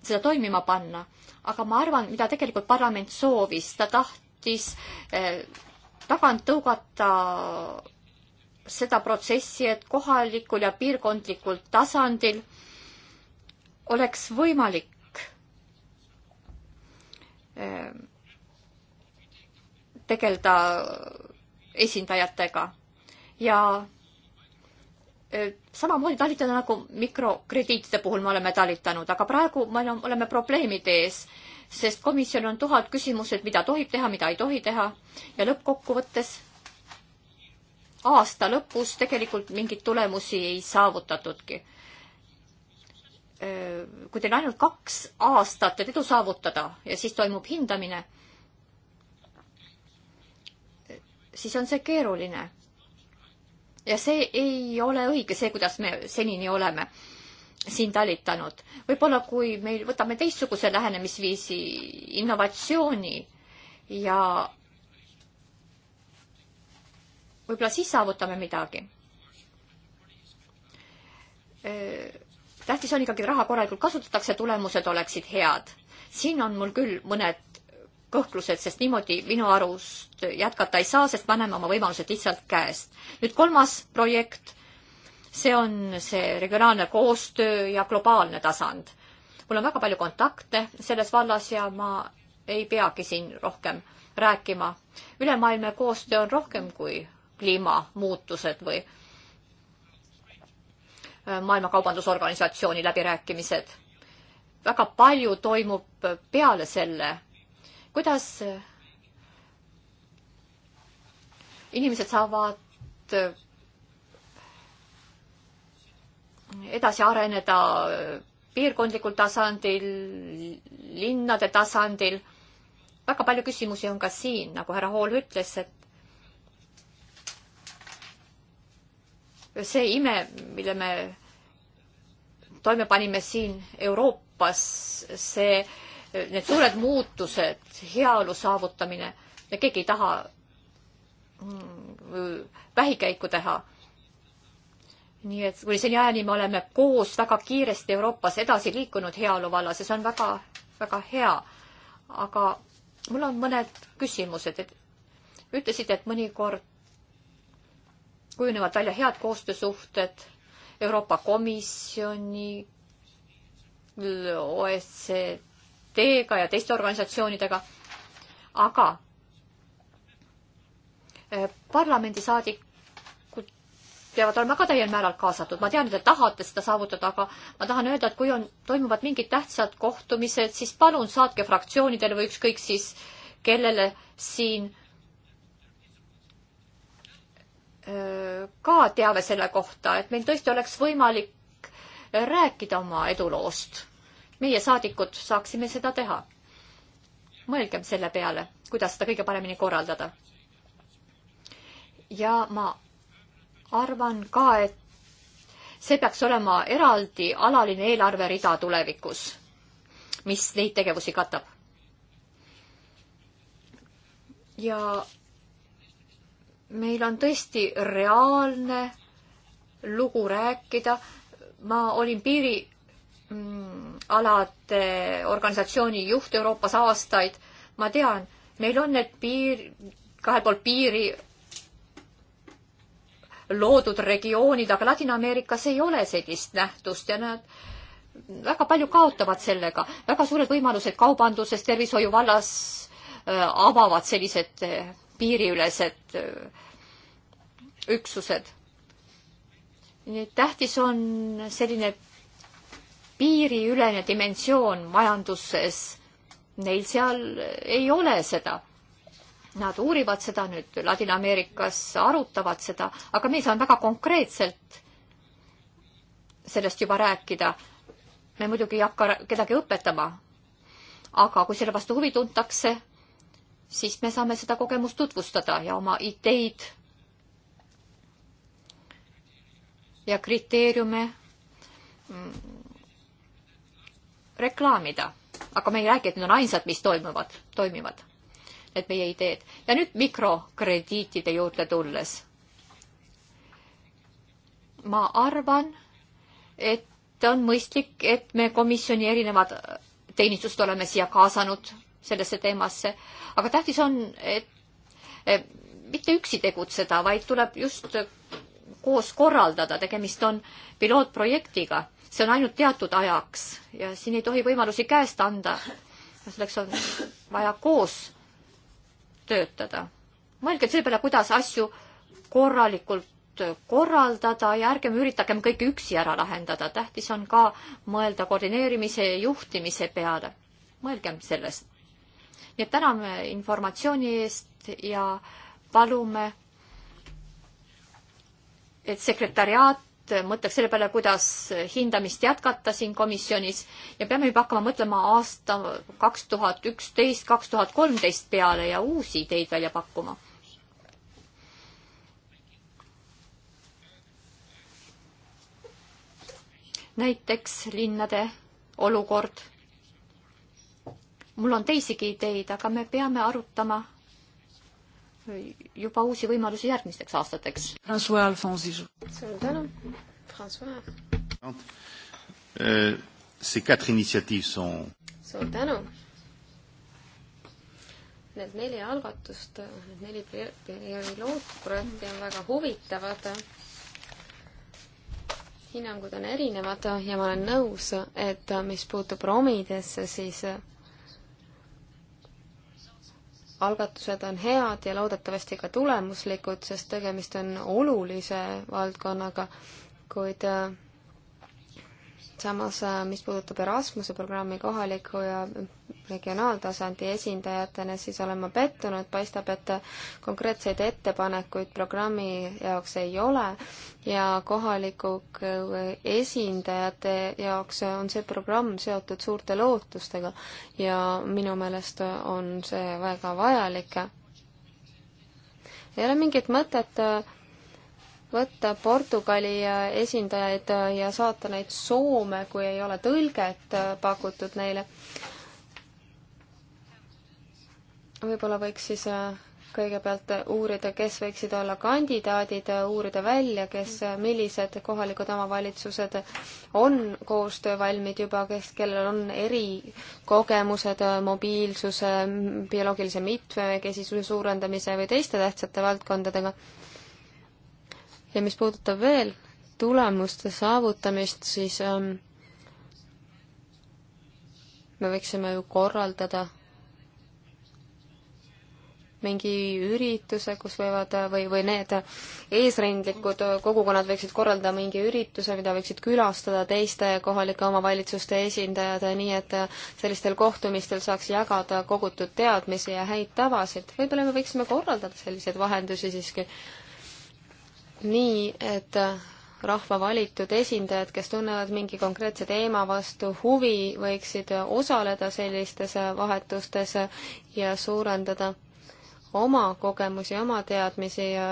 seda toimima panna. aga ma arvan, mida tegelikult parlament soovis, ta tahtis eh, tagant tõugata seda protsessi, et kohalikul ja piirkondlikul tasandil eh, oleks võimalik eh, tegeleda esindajatega ja eh, samamoodi talitada nagu mikrokrediitide puhul me oleme talitanud, aga praegu me oleme probleemide ees, sest komisjon on tuhat küsimused, mida tohib teha, mida ei tohi teha ja lõppkokkuvõttes aasta lõpus tegelikult mingeid tulemusi ei saavutatudki. Äh, kui teil ainult kaks aastat, et edu saavutada ja siis toimub hindamine, siis on see keeruline. ja see ei ole õige, see, kuidas me senini oleme siin talitanud. võib-olla kui meil, võtame teistsuguse lähenemisviisi, innovatsiooni ja võib-olla siis saavutame midagi äh, tähtis on ikkagi, et raha korralikult kasutatakse, tulemused oleksid head. siin on mul küll mõned kõhklused, sest niimoodi minu arust jätkata ei saa, sest me anname oma võimalused lihtsalt käest. nüüd kolmas projekt, see on see regionaalne koostöö ja globaalne tasand. mul on väga palju kontakte selles vallas ja ma ei peagi siin rohkem rääkima. ülemaailmne koostöö on rohkem kui kliimamuutused või Maailma Kaubandusorganisatsiooni läbirääkimised. väga palju toimub peale selle. kuidas inimesed saavad edasi areneda piirkondlikul tasandil, linnade tasandil. väga palju küsimusi on ka siin, nagu härra Hool ütles, et see ime, mille me toime panime siin Euroopas, see, need suured muutused, heaolu saavutamine, keegi ei taha mm, vähikäiku teha. nii et kuni seni ajani me oleme koos väga kiiresti Euroopas edasi liikunud heaolu vallas ja see on väga, väga hea. aga mul on mõned küsimused, et ütlesite, et mõnikord kujunevad välja head koostöösuhted Euroopa Komisjoni, OECD-ga ja teiste organisatsioonidega, aga eh, parlamendisaadikud peavad olema ka täiel määral kaasatud. ma tean, et te tahate seda saavutada, aga ma tahan öelda, et kui on, toimuvad mingid tähtsad kohtumised, siis palun saatke fraktsioonidele või ükskõik siis kellele siin ka teave selle kohta, et meil tõesti oleks võimalik rääkida oma eduloost. meie saadikud saaksime seda teha. mõelgem selle peale, kuidas seda kõige paremini korraldada. ja ma arvan ka, et see peaks olema eraldi alaline eelarverida tulevikus, mis neid tegevusi katab. ja meil on tõesti reaalne lugu rääkida. ma olin piirialade mm, organisatsiooni juht Euroopas aastaid. ma tean, meil on need piir, kahel pool piiri loodud regioonid, aga Ladina-Ameerikas ei ole sellist nähtust ja nad väga palju kaotavad sellega. väga suured võimalused kaubanduses, tervishoiu vallas äh, avavad sellised äh, piiriülesed äh, üksused. nii et tähtis on selline piiriülene dimensioon majanduses. Neil seal ei ole seda. Nad uurivad seda nüüd Ladina-Ameerikas, arutavad seda, aga me saame väga konkreetselt sellest juba rääkida. me muidugi ei hakka kedagi õpetama. aga kui selle vastu huvi tuntakse siis me saame seda kogemust tutvustada ja oma ideid ja kriteeriume mm, reklaamida. aga me ei räägi, et need on ainsad, mis toimuvad, toimivad, need meie ideed. ja nüüd mikrokrediitide juurde tulles. ma arvan, et on mõistlik, et me komisjoni erinevad teenistused oleme siia kaasanud sellesse teemasse, aga tähtis on, et mitte üksi tegutseda, vaid tuleb just koos korraldada, tegemist on pilootprojektiga, see on ainult teatud ajaks ja siin ei tohi võimalusi käest anda. selleks on vaja koos töötada. mõelge selle peale, kuidas asju korralikult korraldada ja ärgem üritagem kõike üksi ära lahendada, tähtis on ka mõelda koordineerimise ja juhtimise peale. mõelgem sellest nii et täname informatsiooni eest ja palume, et sekretariaat mõtleks selle peale, kuidas hindamist jätkata siin komisjonis ja peame juba hakkama mõtlema aasta kaks tuhat üksteist, kaks tuhat kolmteist peale ja uusi ideid välja pakkuma. näiteks linnade olukord mul on teisigi ideid, aga me peame arutama juba uusi võimalusi järgmisteks aastateks. François Alfonsi. suur tänu, François. Euh, ces quatre initiatiives sont suur tänu. Need neli algatust, need neli pilootprojekti on väga huvitavad. hinnangud on erinevad ja ma olen nõus, et mis puutub romidesse, siis algatused on head ja loodetavasti ka tulemuslikud, sest tegemist on olulise valdkonnaga, kuid äh, samas, äh, mis puudutab Erasmuse programmi kohaliku ja regionaaltasandi esindajatena, siis olen ma pettunud, paistab, et konkreetseid ettepanekuid programmi jaoks ei ole ja kohaliku esindajate jaoks on see programm seotud suurte lootustega ja minu meelest on see väga vajalik. ei ole mingit mõtet äh, võtta Portugali esindajaid ja saata neid Soome, kui ei ole tõlget pakutud neile. võib-olla võiks siis äh, kõigepealt uurida, kes võiksid olla kandidaadid, uurida välja, kes, millised kohalikud omavalitsused on koostöövalmid juba, kes, kellel on erikogemused mobiilsuse, bioloogilise mitmekesisuse suurendamise või teiste tähtsate valdkondadega ja mis puudutab veel tulemuste saavutamist, siis ähm, me võiksime ju korraldada mingi ürituse, kus võivad äh, või, või need eesrindlikud äh, kogukonnad võiksid korraldada mingi ürituse, mida võiksid külastada teiste kohalike omavalitsuste esindajad, nii et äh, sellistel kohtumistel saaks jagada kogutud teadmisi ja häid tavasid. võib-olla me võiksime korraldada selliseid vahendusi siiski nii, et rahva valitud esindajad, kes tunnevad mingi konkreetse teema vastu huvi, võiksid osaleda sellistes vahetustes ja suurendada oma kogemusi, oma teadmisi ja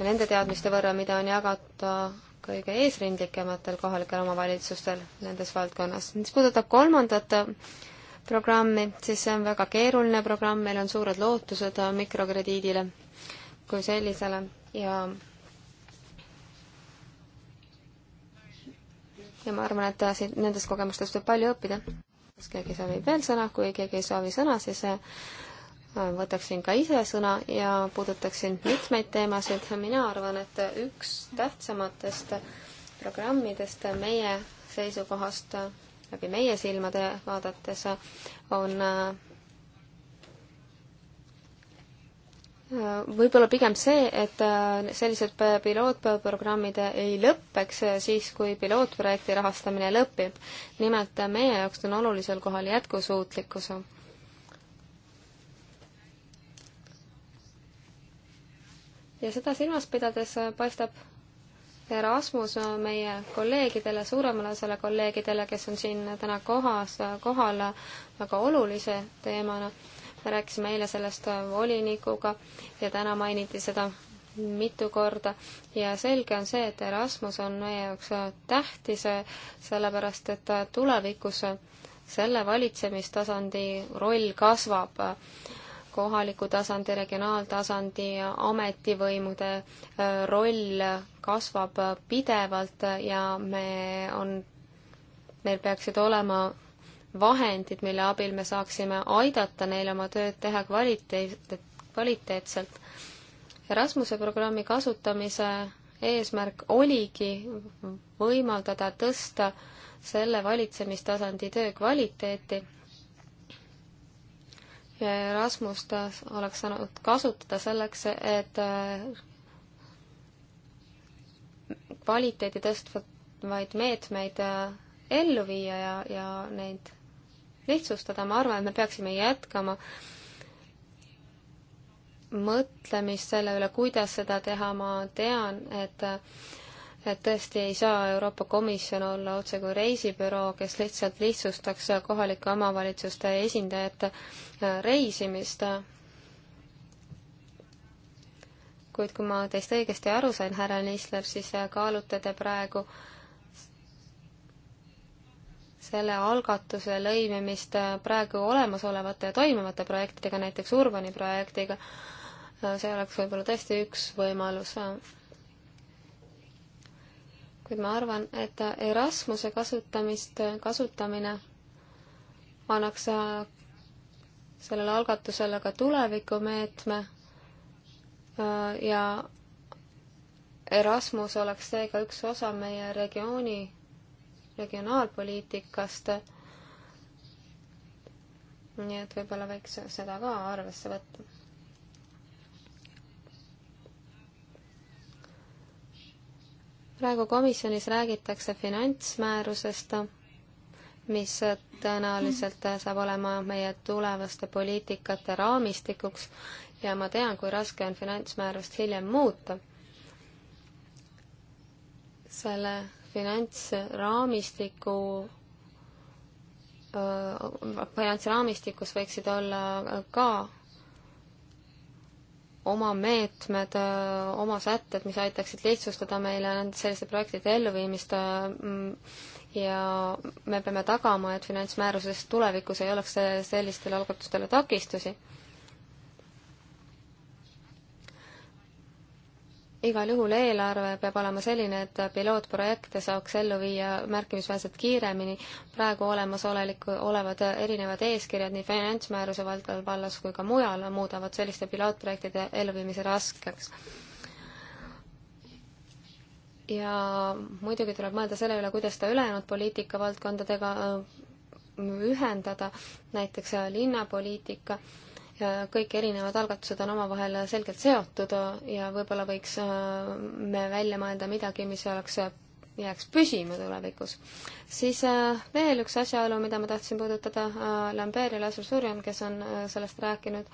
nende teadmiste võrra, mida on jagata kõige eesrindlikematel kohalikel omavalitsustel nendes valdkonnas. mis puudutab kolmandat programmi, siis see on väga keeruline programm, meil on suured lootused mikrokrediidile kui sellisele ja ja ma arvan, et siit nendest kogemustest võib palju õppida. kas keegi soovib veel sõna, kui keegi ei soovi sõna, siis äh, võtaksin ka ise sõna ja puudutaksin mitmeid teemasid. mina arvan, et üks tähtsamatest programmidest meie seisukohast, läbi meie silmade vaadates, on äh, võib-olla pigem see, et äh, sellised pilootprogrammid ei lõpeks äh, siis, kui pilootprojekti rahastamine lõpeb. nimelt äh, meie jaoks on olulisel kohal jätkusuutlikkus. ja seda silmas pidades paistab Erasmus meie kolleegidele, suuremale osale kolleegidele, kes on siin täna kohas, kohal väga olulise teemana rääkisime eile sellest volinikuga ja täna mainiti seda mitu korda ja selge on see, et Erasmus on meie jaoks tähtis, sellepärast et tulevikus selle valitsemistasandi roll kasvab kohaliku tasandi, regionaaltasandi, ametivõimude roll kasvab pidevalt ja me on, meil peaksid olema vahendid, mille abil me saaksime aidata neil oma tööd teha kvaliteet, kvaliteetselt. Erasmuse programmi kasutamise eesmärk oligi võimaldada tõsta selle valitsemistasandi töö kvaliteeti ja Erasmust oleks saanud kasutada selleks, et äh, kvaliteedi tõstvaid meetmeid äh, ellu viia ja, ja neid lihtsustada, ma arvan, et me peaksime jätkama mõtlemist selle üle, kuidas seda teha, ma tean, et et tõesti ei saa Euroopa Komisjon olla otse kui reisibüroo, kes lihtsalt lihtsustaks kohalike omavalitsuste esindajate äh, reisimist. kuid kui ma teist õigesti aru sain, härra Niisler, siis kaalute te praegu äh, selle algatuse lõimimist praegu olemasolevate ja toimivate projektidega, näiteks Urbani projektiga, see oleks võib-olla tõesti üks võimalus. kuid ma arvan, et Erasmuse kasutamist, kasutamine annaks sellele algatusele ka tulevikumeetme ja Erasmus oleks seega üks osa meie regiooni regionaalpoliitikast. nii et võib-olla võiks seda ka arvesse võtta. praegu komisjonis räägitakse finantsmäärusest, mis tõenäoliselt saab olema meie tulevaste poliitikate raamistikuks ja ma tean, kui raske on finantsmäärust hiljem muuta. selle finantsraamistiku finantsraamistikus võiksid olla ka oma meetmed, oma sätted, mis aitaksid lihtsustada meile nende selliste projektide elluviimist mm, ja me peame tagama, et finantsmääruses tulevikus ei oleks sellistele algatustele takistusi igal juhul eelarve peab olema selline, et pilootprojekte saaks ellu viia märkimisväärselt kiiremini. praegu olemasolevaliku, olevad erinevad eeskirjad nii finantsmääruse valdkonnas kui ka mujal muudavad selliste pilootprojektide elluviimise raskeks. ja muidugi tuleb mõelda selle üle, kuidas seda ülejäänud poliitikavaldkondadega äh, ühendada, näiteks linnapoliitika ja kõik erinevad algatused on omavahel selgelt seotud ja võib-olla võiks äh, me välja mõelda midagi, mis oleks, jääks püsima tulevikus. siis äh, veel üks asjaolu, mida ma tahtsin puudutada, äh, Lambert ja Lazar Surjan, kes on sellest rääkinud,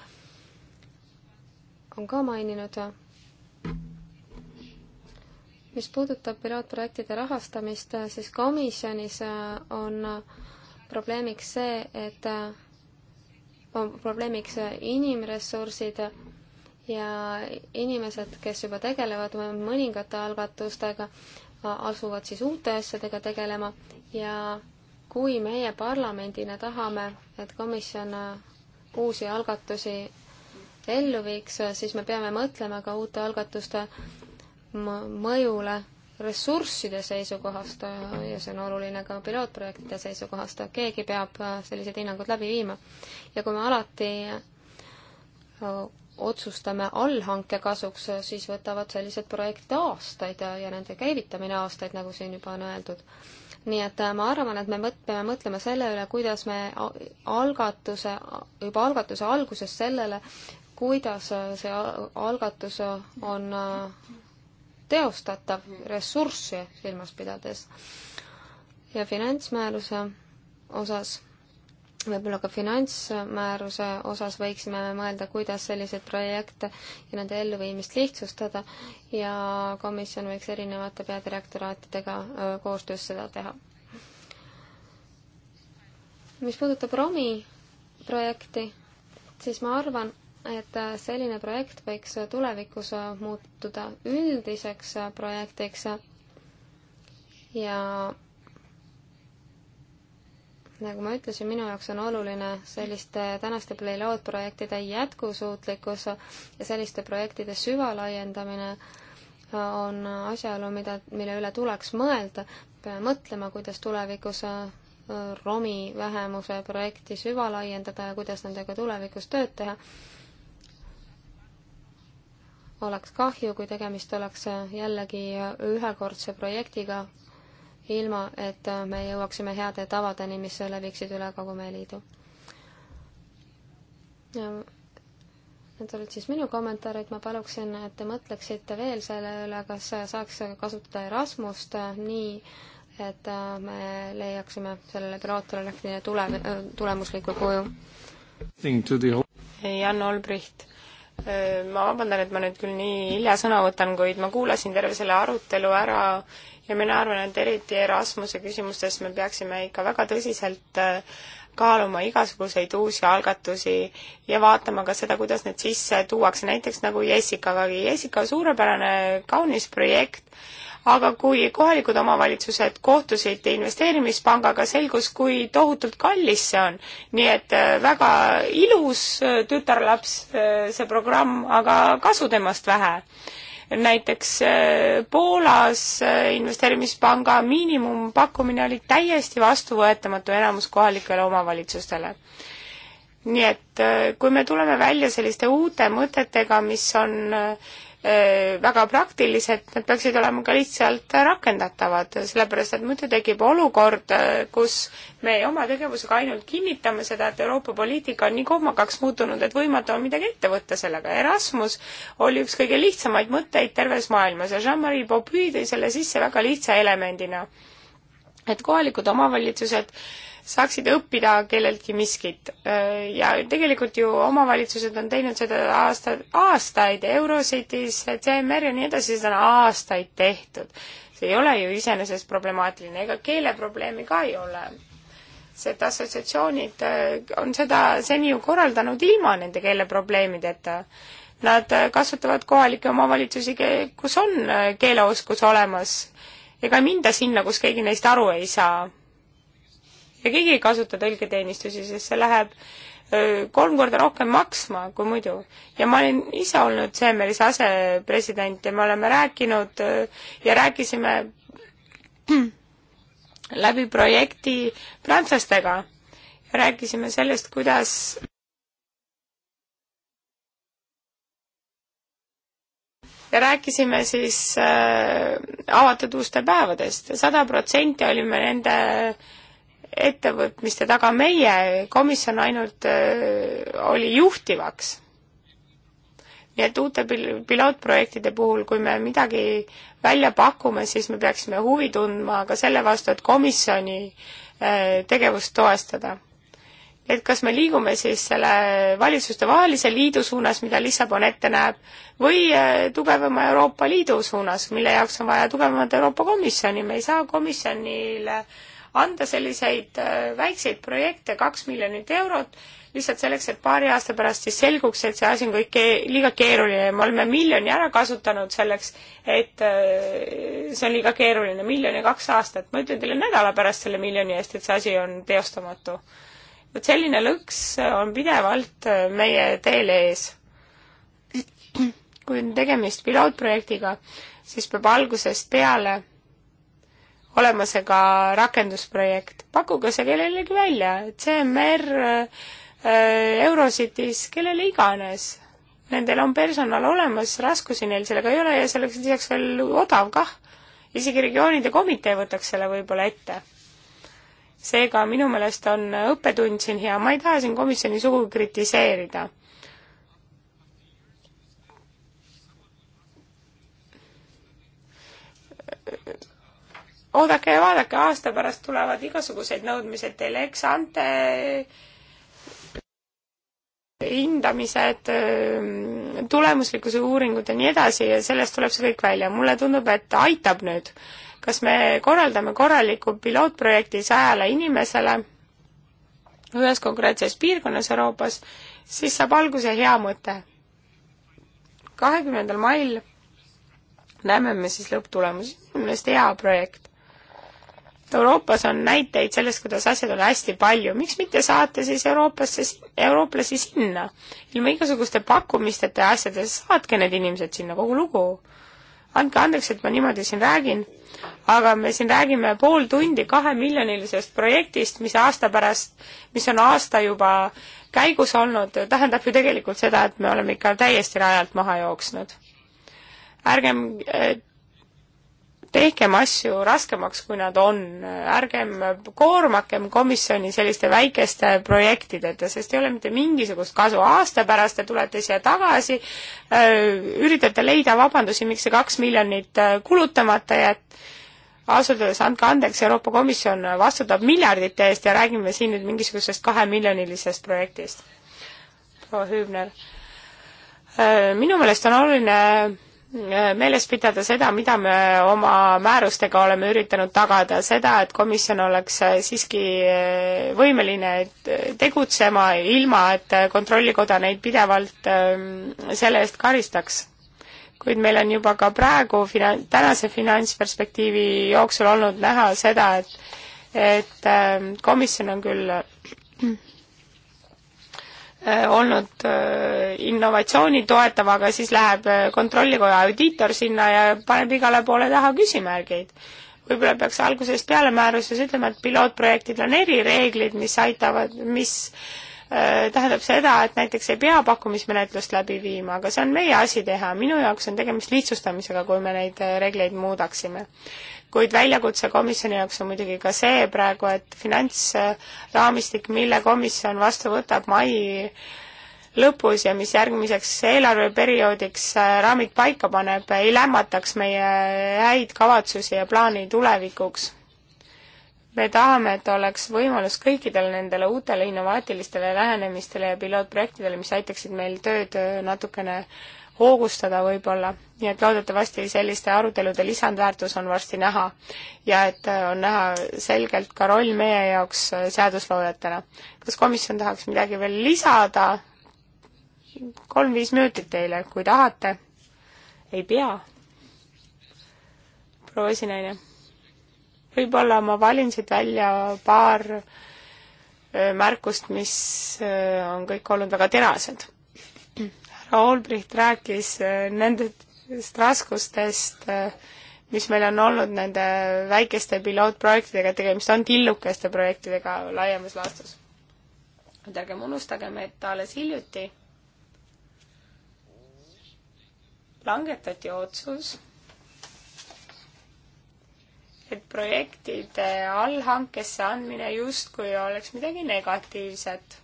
on ka maininud, mis puudutab pilootprojektide rahastamist, siis komisjonis on probleemiks see, et on probleemiks inimressursid ja inimesed, kes juba tegelevad mõningate algatustega, asuvad siis uute asjadega tegelema ja kui meie parlamendina tahame, et komisjon uusi algatusi ellu viiks, siis me peame mõtlema ka uute algatuste mõjule ressursside seisukohast äh, ja see on oluline ka pilootprojektide seisukohast, äh, keegi peab äh, sellised hinnangud läbi viima. ja kui me alati otsustame allhanke kasuks, siis võtavad sellised projektid aastaid ja nende käivitamine aastaid, nagu siin juba on öeldud. nii et ma arvan, et me peame mõtlema selle üle, kuidas me algatuse, juba algatuse alguses sellele, kuidas see algatus on teostatav ressurssi silmas pidades. ja finantsmääruse osas, võib-olla ka finantsmääruse osas võiksime me mõelda, kuidas selliseid projekte ja nende elluviimist lihtsustada ja komisjon võiks erinevate peadirektoraatidega koostöös seda teha. mis puudutab ROMi projekti, siis ma arvan, et äh, selline projekt võiks äh, tulevikus äh, muutuda üldiseks projektiks ja nagu ma ütlesin, minu jaoks on oluline selliste tänaste pilootprojektide jätkusuutlikkus ja selliste projektide süvalaiendamine on asjaolu, mida, mille üle tuleks mõelda, mõtlema, kuidas tulevikus romi vähemuse projekti süvalaiendada ja kuidas nendega tulevikus tööd teha oleks kahju, kui tegemist oleks jällegi ühekordse projektiga, ilma et me jõuaksime heade tavadeni, mis leviksid üle kogu meie liidu. Need olid siis minu kommentaarid, ma paluksin, et te mõtleksite veel selle üle, kas saaks kasutada Erasmust nii, et me leiaksime sellele pilootprojektile tule, tulemusliku kuju. Jan Olbricht Äh, ma vabandan, et ma nüüd küll nii hilja sõna võtan, kuid ma kuulasin terve selle arutelu ära ja mina arvan, et eriti Erasmuse küsimustes me peaksime ikka väga tõsiselt äh, kaaluma igasuguseid uusi algatusi ja vaatama ka seda, kuidas need sisse tuuakse, näiteks nagu Jessicagagi. Jessica on suurepärane, kaunis projekt aga kui kohalikud omavalitsused kohtusid investeerimispangaga, selgus, kui tohutult kallis see on. nii et äh, väga ilus äh, tütarlaps äh, see programm, aga kasu temast vähe näiteks Poolas investeerimispanga miinimumpakkumine oli täiesti vastuvõetamatu enamus kohalikele omavalitsustele. nii et kui me tuleme välja selliste uute mõtetega, mis on äh, Äh, väga praktilised, need peaksid olema ka lihtsalt rakendatavad, sellepärast et muidu tekib olukord, äh, kus me oma tegevusega ainult kinnitame seda, et Euroopa poliitika on nii kohmakaks muutunud, et võimatu on midagi ette võtta sellega. Erasmus oli üks kõige lihtsamaid mõtteid terves maailmas ja Jean-Marie Popüü tõi selle sisse väga lihtsa elemendina et kohalikud omavalitsused saaksid õppida kelleltki miskit. ja tegelikult ju omavalitsused on teinud seda aasta, aastaid, Eurocities, CMR ja nii edasi, seda on aastaid tehtud. see ei ole ju iseenesest problemaatiline, ega keeleprobleemi ka ei ole. see, et assotsiatsioonid äh, on seda seni ju korraldanud ilma nende keeleprobleemideta. Nad äh, kasutavad kohalikke omavalitsusi, kus on äh, keeleoskus olemas. ega minda sinna, kus keegi neist aru ei saa ja keegi ei kasuta tõlketeenistusi, sest see läheb kolm korda rohkem maksma kui muidu. ja ma olen ise olnud Seemeris asepresident ja me oleme rääkinud ja rääkisime läbi projekti prantslastega ja rääkisime sellest, kuidas ja rääkisime siis äh, avatud uste päevadest. sada protsenti olime nende äh, ettevõtmiste taga meie, komisjon ainult äh, oli juhtivaks. nii et uute pil-, pilootprojektide puhul, kui me midagi välja pakume, siis me peaksime huvi tundma ka selle vastu, et komisjoni äh, tegevust toestada. et kas me liigume siis selle valitsustevahelise liidu suunas, mida Lissabon ette näeb, või äh, tugevama Euroopa Liidu suunas, mille jaoks on vaja tugevamat Euroopa Komisjoni, me ei saa komisjonile äh, anda selliseid äh, väikseid projekte, kaks miljonit eurot, lihtsalt selleks, et paari aasta pärast siis selguks, et see asi on kõik ke-, liiga keeruline ja me oleme miljoni ära kasutanud selleks, et äh, see on liiga keeruline, miljon ja kaks aastat. ma ütlen teile nädala pärast selle miljoni eest, et see asi on teostamatu. vot selline lõks on pidevalt äh, meie teel ees. kui on tegemist pilootprojektiga, siis peab algusest peale olemas ka rakendusprojekt, pakkuge see kellelegi välja, CMR, äh, Eurocities, kellele iganes. Nendel on personal olemas, raskusi neil sellega ei ole ja selleks lisaks veel odav kah. isegi regioonide komitee võtaks selle võib-olla ette. seega minu meelest on õppetund siin hea, ma ei taha siin komisjoni sugugi kritiseerida oodake ja vaadake, aasta pärast tulevad igasugused nõudmised teile, eks ante hindamised, ehm, tulemuslikkuse uuringud ja nii edasi ja sellest tuleb see kõik välja. mulle tundub, et aitab nüüd. kas me korraldame korraliku pilootprojekti sajale inimesele ühes konkreetses piirkonnas Euroopas, siis saab alguse hea mõte. kahekümnendal mail näeme me siis lõpptulemusi, minu meelest hea projekt. Euroopas on näiteid sellest, kuidas asjad on hästi palju, miks mitte saata siis Euroopasse, eurooplasi sinna? ilma igasuguste pakkumisteta ja asjadega, saatke need inimesed sinna, kogu lugu. andke andeks, et ma niimoodi siin räägin, aga me siin räägime pool tundi kahemiljonilisest projektist, mis aasta pärast, mis on aasta juba käigus olnud, tähendab ju tegelikult seda, et me oleme ikka täiesti rajalt maha jooksnud. ärgem tehkem asju raskemaks, kui nad on, ärgem koormakem komisjoni selliste väikeste projektideta, sest ei ole mitte mingisugust kasu. aasta pärast te tulete siia tagasi, äh, üritate leida vabandusi, miks see kaks miljonit äh, kulutamata jääb, ausalt öeldes andke andeks, Euroopa Komisjon vastutab miljardite eest ja räägime siin nüüd mingisugusest kahemiljonilisest projektist. proua Hüübner, äh, minu meelest on oluline Äh, meeles pidada seda, mida me oma määrustega oleme üritanud tagada, seda, et komisjon oleks äh, siiski äh, võimeline tegutsema, ilma et Kontrollikoda neid pidevalt ähm, selle eest karistaks. kuid meil on juba ka praegu fina-, tänase finantsperspektiivi jooksul olnud näha seda, et et ähm, komisjon on küll Äh, olnud äh, innovatsiooni toetav, aga siis läheb äh, kontrollikoja audiitor sinna ja paneb igale poole taha küsimärgid. võib-olla peaks algusest peale määruses ütlema, et pilootprojektidel on erireeglid, mis aitavad, mis tähendab seda, et näiteks ei pea pakkumismenetlust läbi viima, aga see on meie asi teha, minu jaoks on tegemist lihtsustamisega, kui me neid reegleid muudaksime kuid väljakutse komisjoni jaoks on muidugi ka see praegu, et finantsraamistik, mille komisjon vastu võtab mai lõpus ja mis järgmiseks eelarveperioodiks äh, raamid paika paneb, ei lämmataks meie häid kavatsusi ja plaani tulevikuks. me tahame, et oleks võimalus kõikidele nendele uutele innovaatilistele lähenemistele ja pilootprojektidele, mis aitaksid meil tööd äh, natukene hoogustada võib-olla, nii et loodetavasti selliste arutelude lisandväärtus on varsti näha ja et äh, on näha selgelt ka roll meie jaoks äh, seadusloojatena. kas komisjon tahaks midagi veel lisada? kolm-viis minutit teile, kui tahate. ei pea. proua esinaine, võib-olla ma valin siit välja paar äh, märkust, mis on kõik olnud väga terased ka Olbricht rääkis äh, nendest raskustest, äh, mis meil on olnud nende väikeste pilootprojektidega, tegemist on tillukeste projektidega laiemas laastus. et ärgem unustagem, et alles hiljuti langetati otsus, et projektide allhankesse andmine justkui oleks midagi negatiivset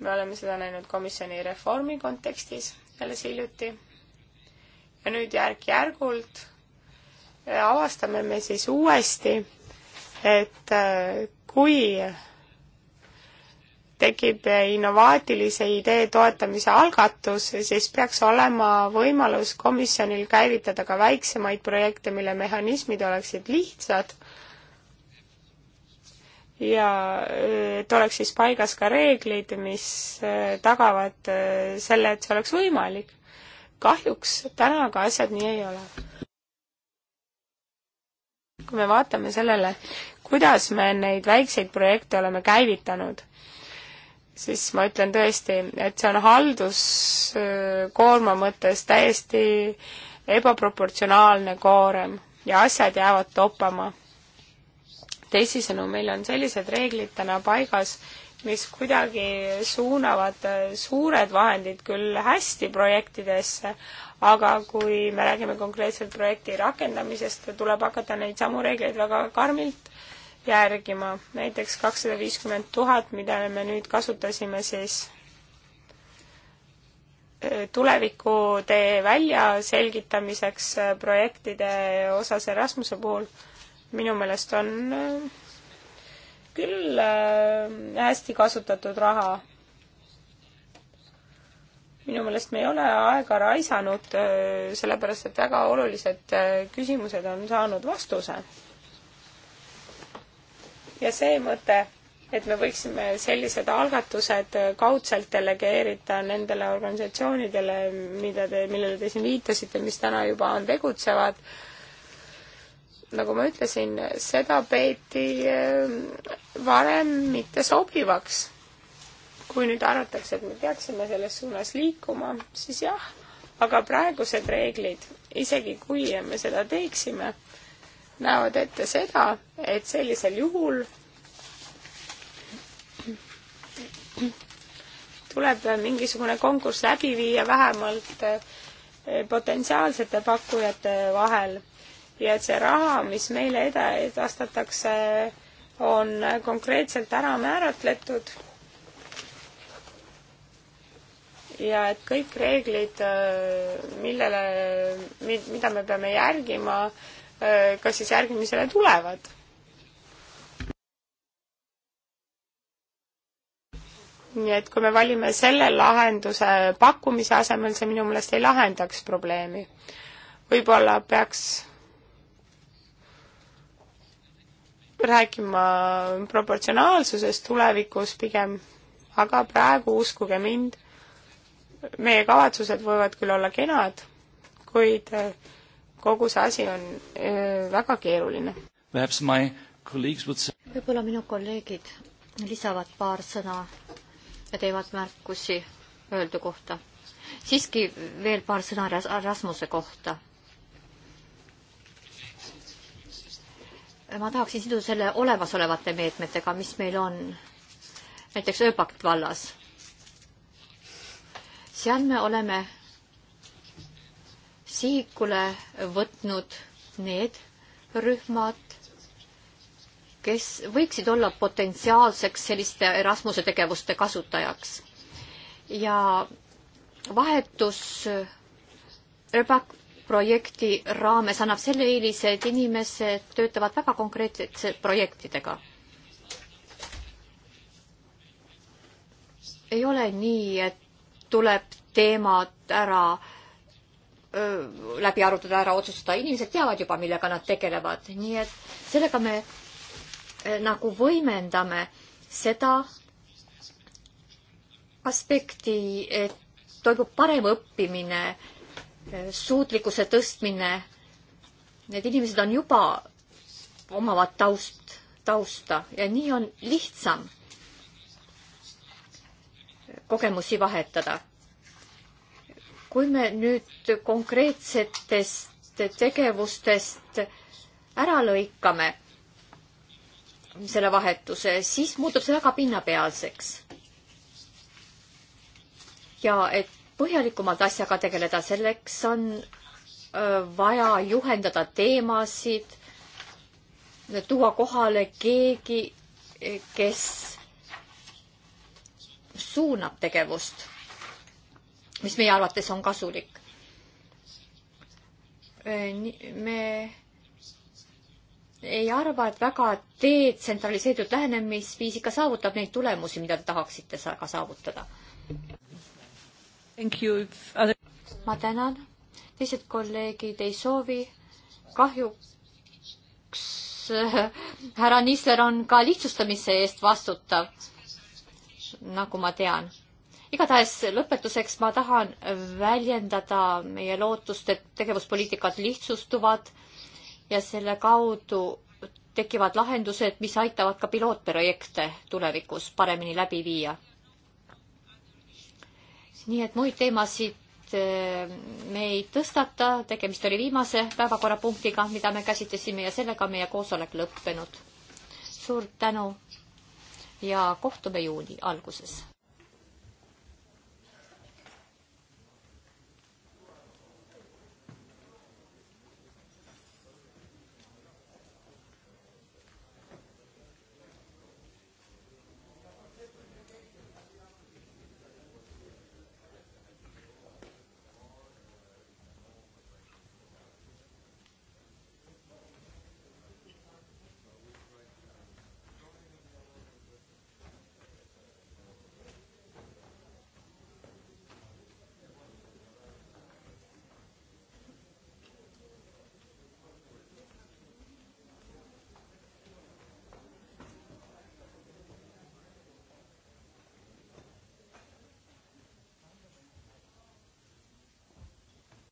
me oleme seda näinud komisjoni reformi kontekstis alles hiljuti. ja nüüd järk-järgult äh, avastame me siis uuesti, et äh, kui tekib innovaatilise idee toetamise algatus, siis peaks olema võimalus komisjonil käivitada ka väiksemaid projekte, mille mehhanismid oleksid lihtsad ja et oleks siis paigas ka reeglid, mis äh, tagavad äh, selle, et see oleks võimalik. kahjuks täna aga asjad nii ei ole. kui me vaatame sellele, kuidas me neid väikseid projekte oleme käivitanud, siis ma ütlen tõesti, et see on halduskoorma mõttes täiesti ebaproportsionaalne koorem ja asjad jäävad toppama teisisõnu, meil on sellised reeglid täna paigas, mis kuidagi suunavad äh, suured vahendid küll hästi projektidesse, aga kui me räägime konkreetselt projekti rakendamisest, tuleb hakata neid samu reegleid väga karmilt järgima. näiteks kakssada viiskümmend tuhat, mida me nüüd kasutasime siis äh, tulevikutee väljaselgitamiseks äh, projektide osas Erasmuse puhul minu meelest on äh, küll äh, hästi kasutatud raha. minu meelest me ei ole aega raisanud, äh, sellepärast et väga olulised küsimused on saanud vastuse. ja see mõte, et me võiksime sellised algatused kaudselt delegeerida nendele organisatsioonidele, mida te, millele te siin viitasite, mis täna juba on tegutsevad, nagu ma ütlesin, seda peeti eh, varem mittesobivaks. kui nüüd arvatakse, et me peaksime selles suunas liikuma, siis jah, aga praegused reeglid, isegi kui me seda teeksime, näevad ette seda, et sellisel juhul tuleb mingisugune konkurss läbi viia vähemalt eh, potentsiaalsete pakkujate vahel ja et see raha, mis meile eda-, edastatakse, on konkreetselt ära määratletud ja et kõik reeglid, äh, millele, mida me peame järgima, äh, kas siis järgimisele tulevad. nii et kui me valime selle lahenduse pakkumise asemel, see minu meelest ei lahendaks probleemi. võib-olla peaks rääkima proportsionaalsusest tulevikus pigem, aga praegu, uskuge mind, meie kavatsused võivad küll olla kenad, kuid äh, kogu see asi on äh, väga keeruline. võib-olla minu kolleegid lisavad paar sõna ja teevad märkusi öeldu kohta. siiski veel paar sõna Rasmuse kohta ma tahaksin siduda selle olemasolevate meetmetega, mis meil on näiteks ööpakt vallas. seal me oleme sihikule võtnud need rühmad, kes võiksid olla potentsiaalseks selliste Erasmuse tegevuste kasutajaks. ja vahetus ööpakt projekti raames annab selle eelise, et inimesed töötavad väga konkreetsete projektidega. ei ole nii, et tuleb teemad ära öö, läbi arutada, ära otsustada, inimesed teavad juba, millega nad tegelevad, nii et sellega me nagu võimendame seda aspekti, et toimub parem õppimine suutlikkuse tõstmine. Need inimesed on juba, omavad taust, tausta ja nii on lihtsam kogemusi vahetada. kui me nüüd konkreetsetest tegevustest ära lõikame selle vahetuse, siis muutub see väga pinnapealseks. ja et põhjalikumalt asjaga tegeleda, selleks on vaja juhendada teemasid, tuua kohale keegi, e, kes suunab tegevust, mis meie arvates on kasulik. me ei arva, et väga detsentraliseeritud lähenemisviis ikka saavutab neid tulemusi, mida te tahaksite ka saavutada ma tänan, teised kolleegid ei soovi, kahjuks äh, härra Nisser on ka lihtsustamise eest vastutav, nagu ma tean. igatahes lõpetuseks ma tahan väljendada meie lootust, et tegevuspoliitikad lihtsustuvad ja selle kaudu tekivad lahendused, mis aitavad ka pilootprojekte tulevikus paremini läbi viia nii et muid teemasid äh, me ei tõstata, tegemist oli viimase päevakorrapunktiga, mida me käsitlesime ja sellega meie koosolek lõppenud. suur tänu ja kohtume juuni alguses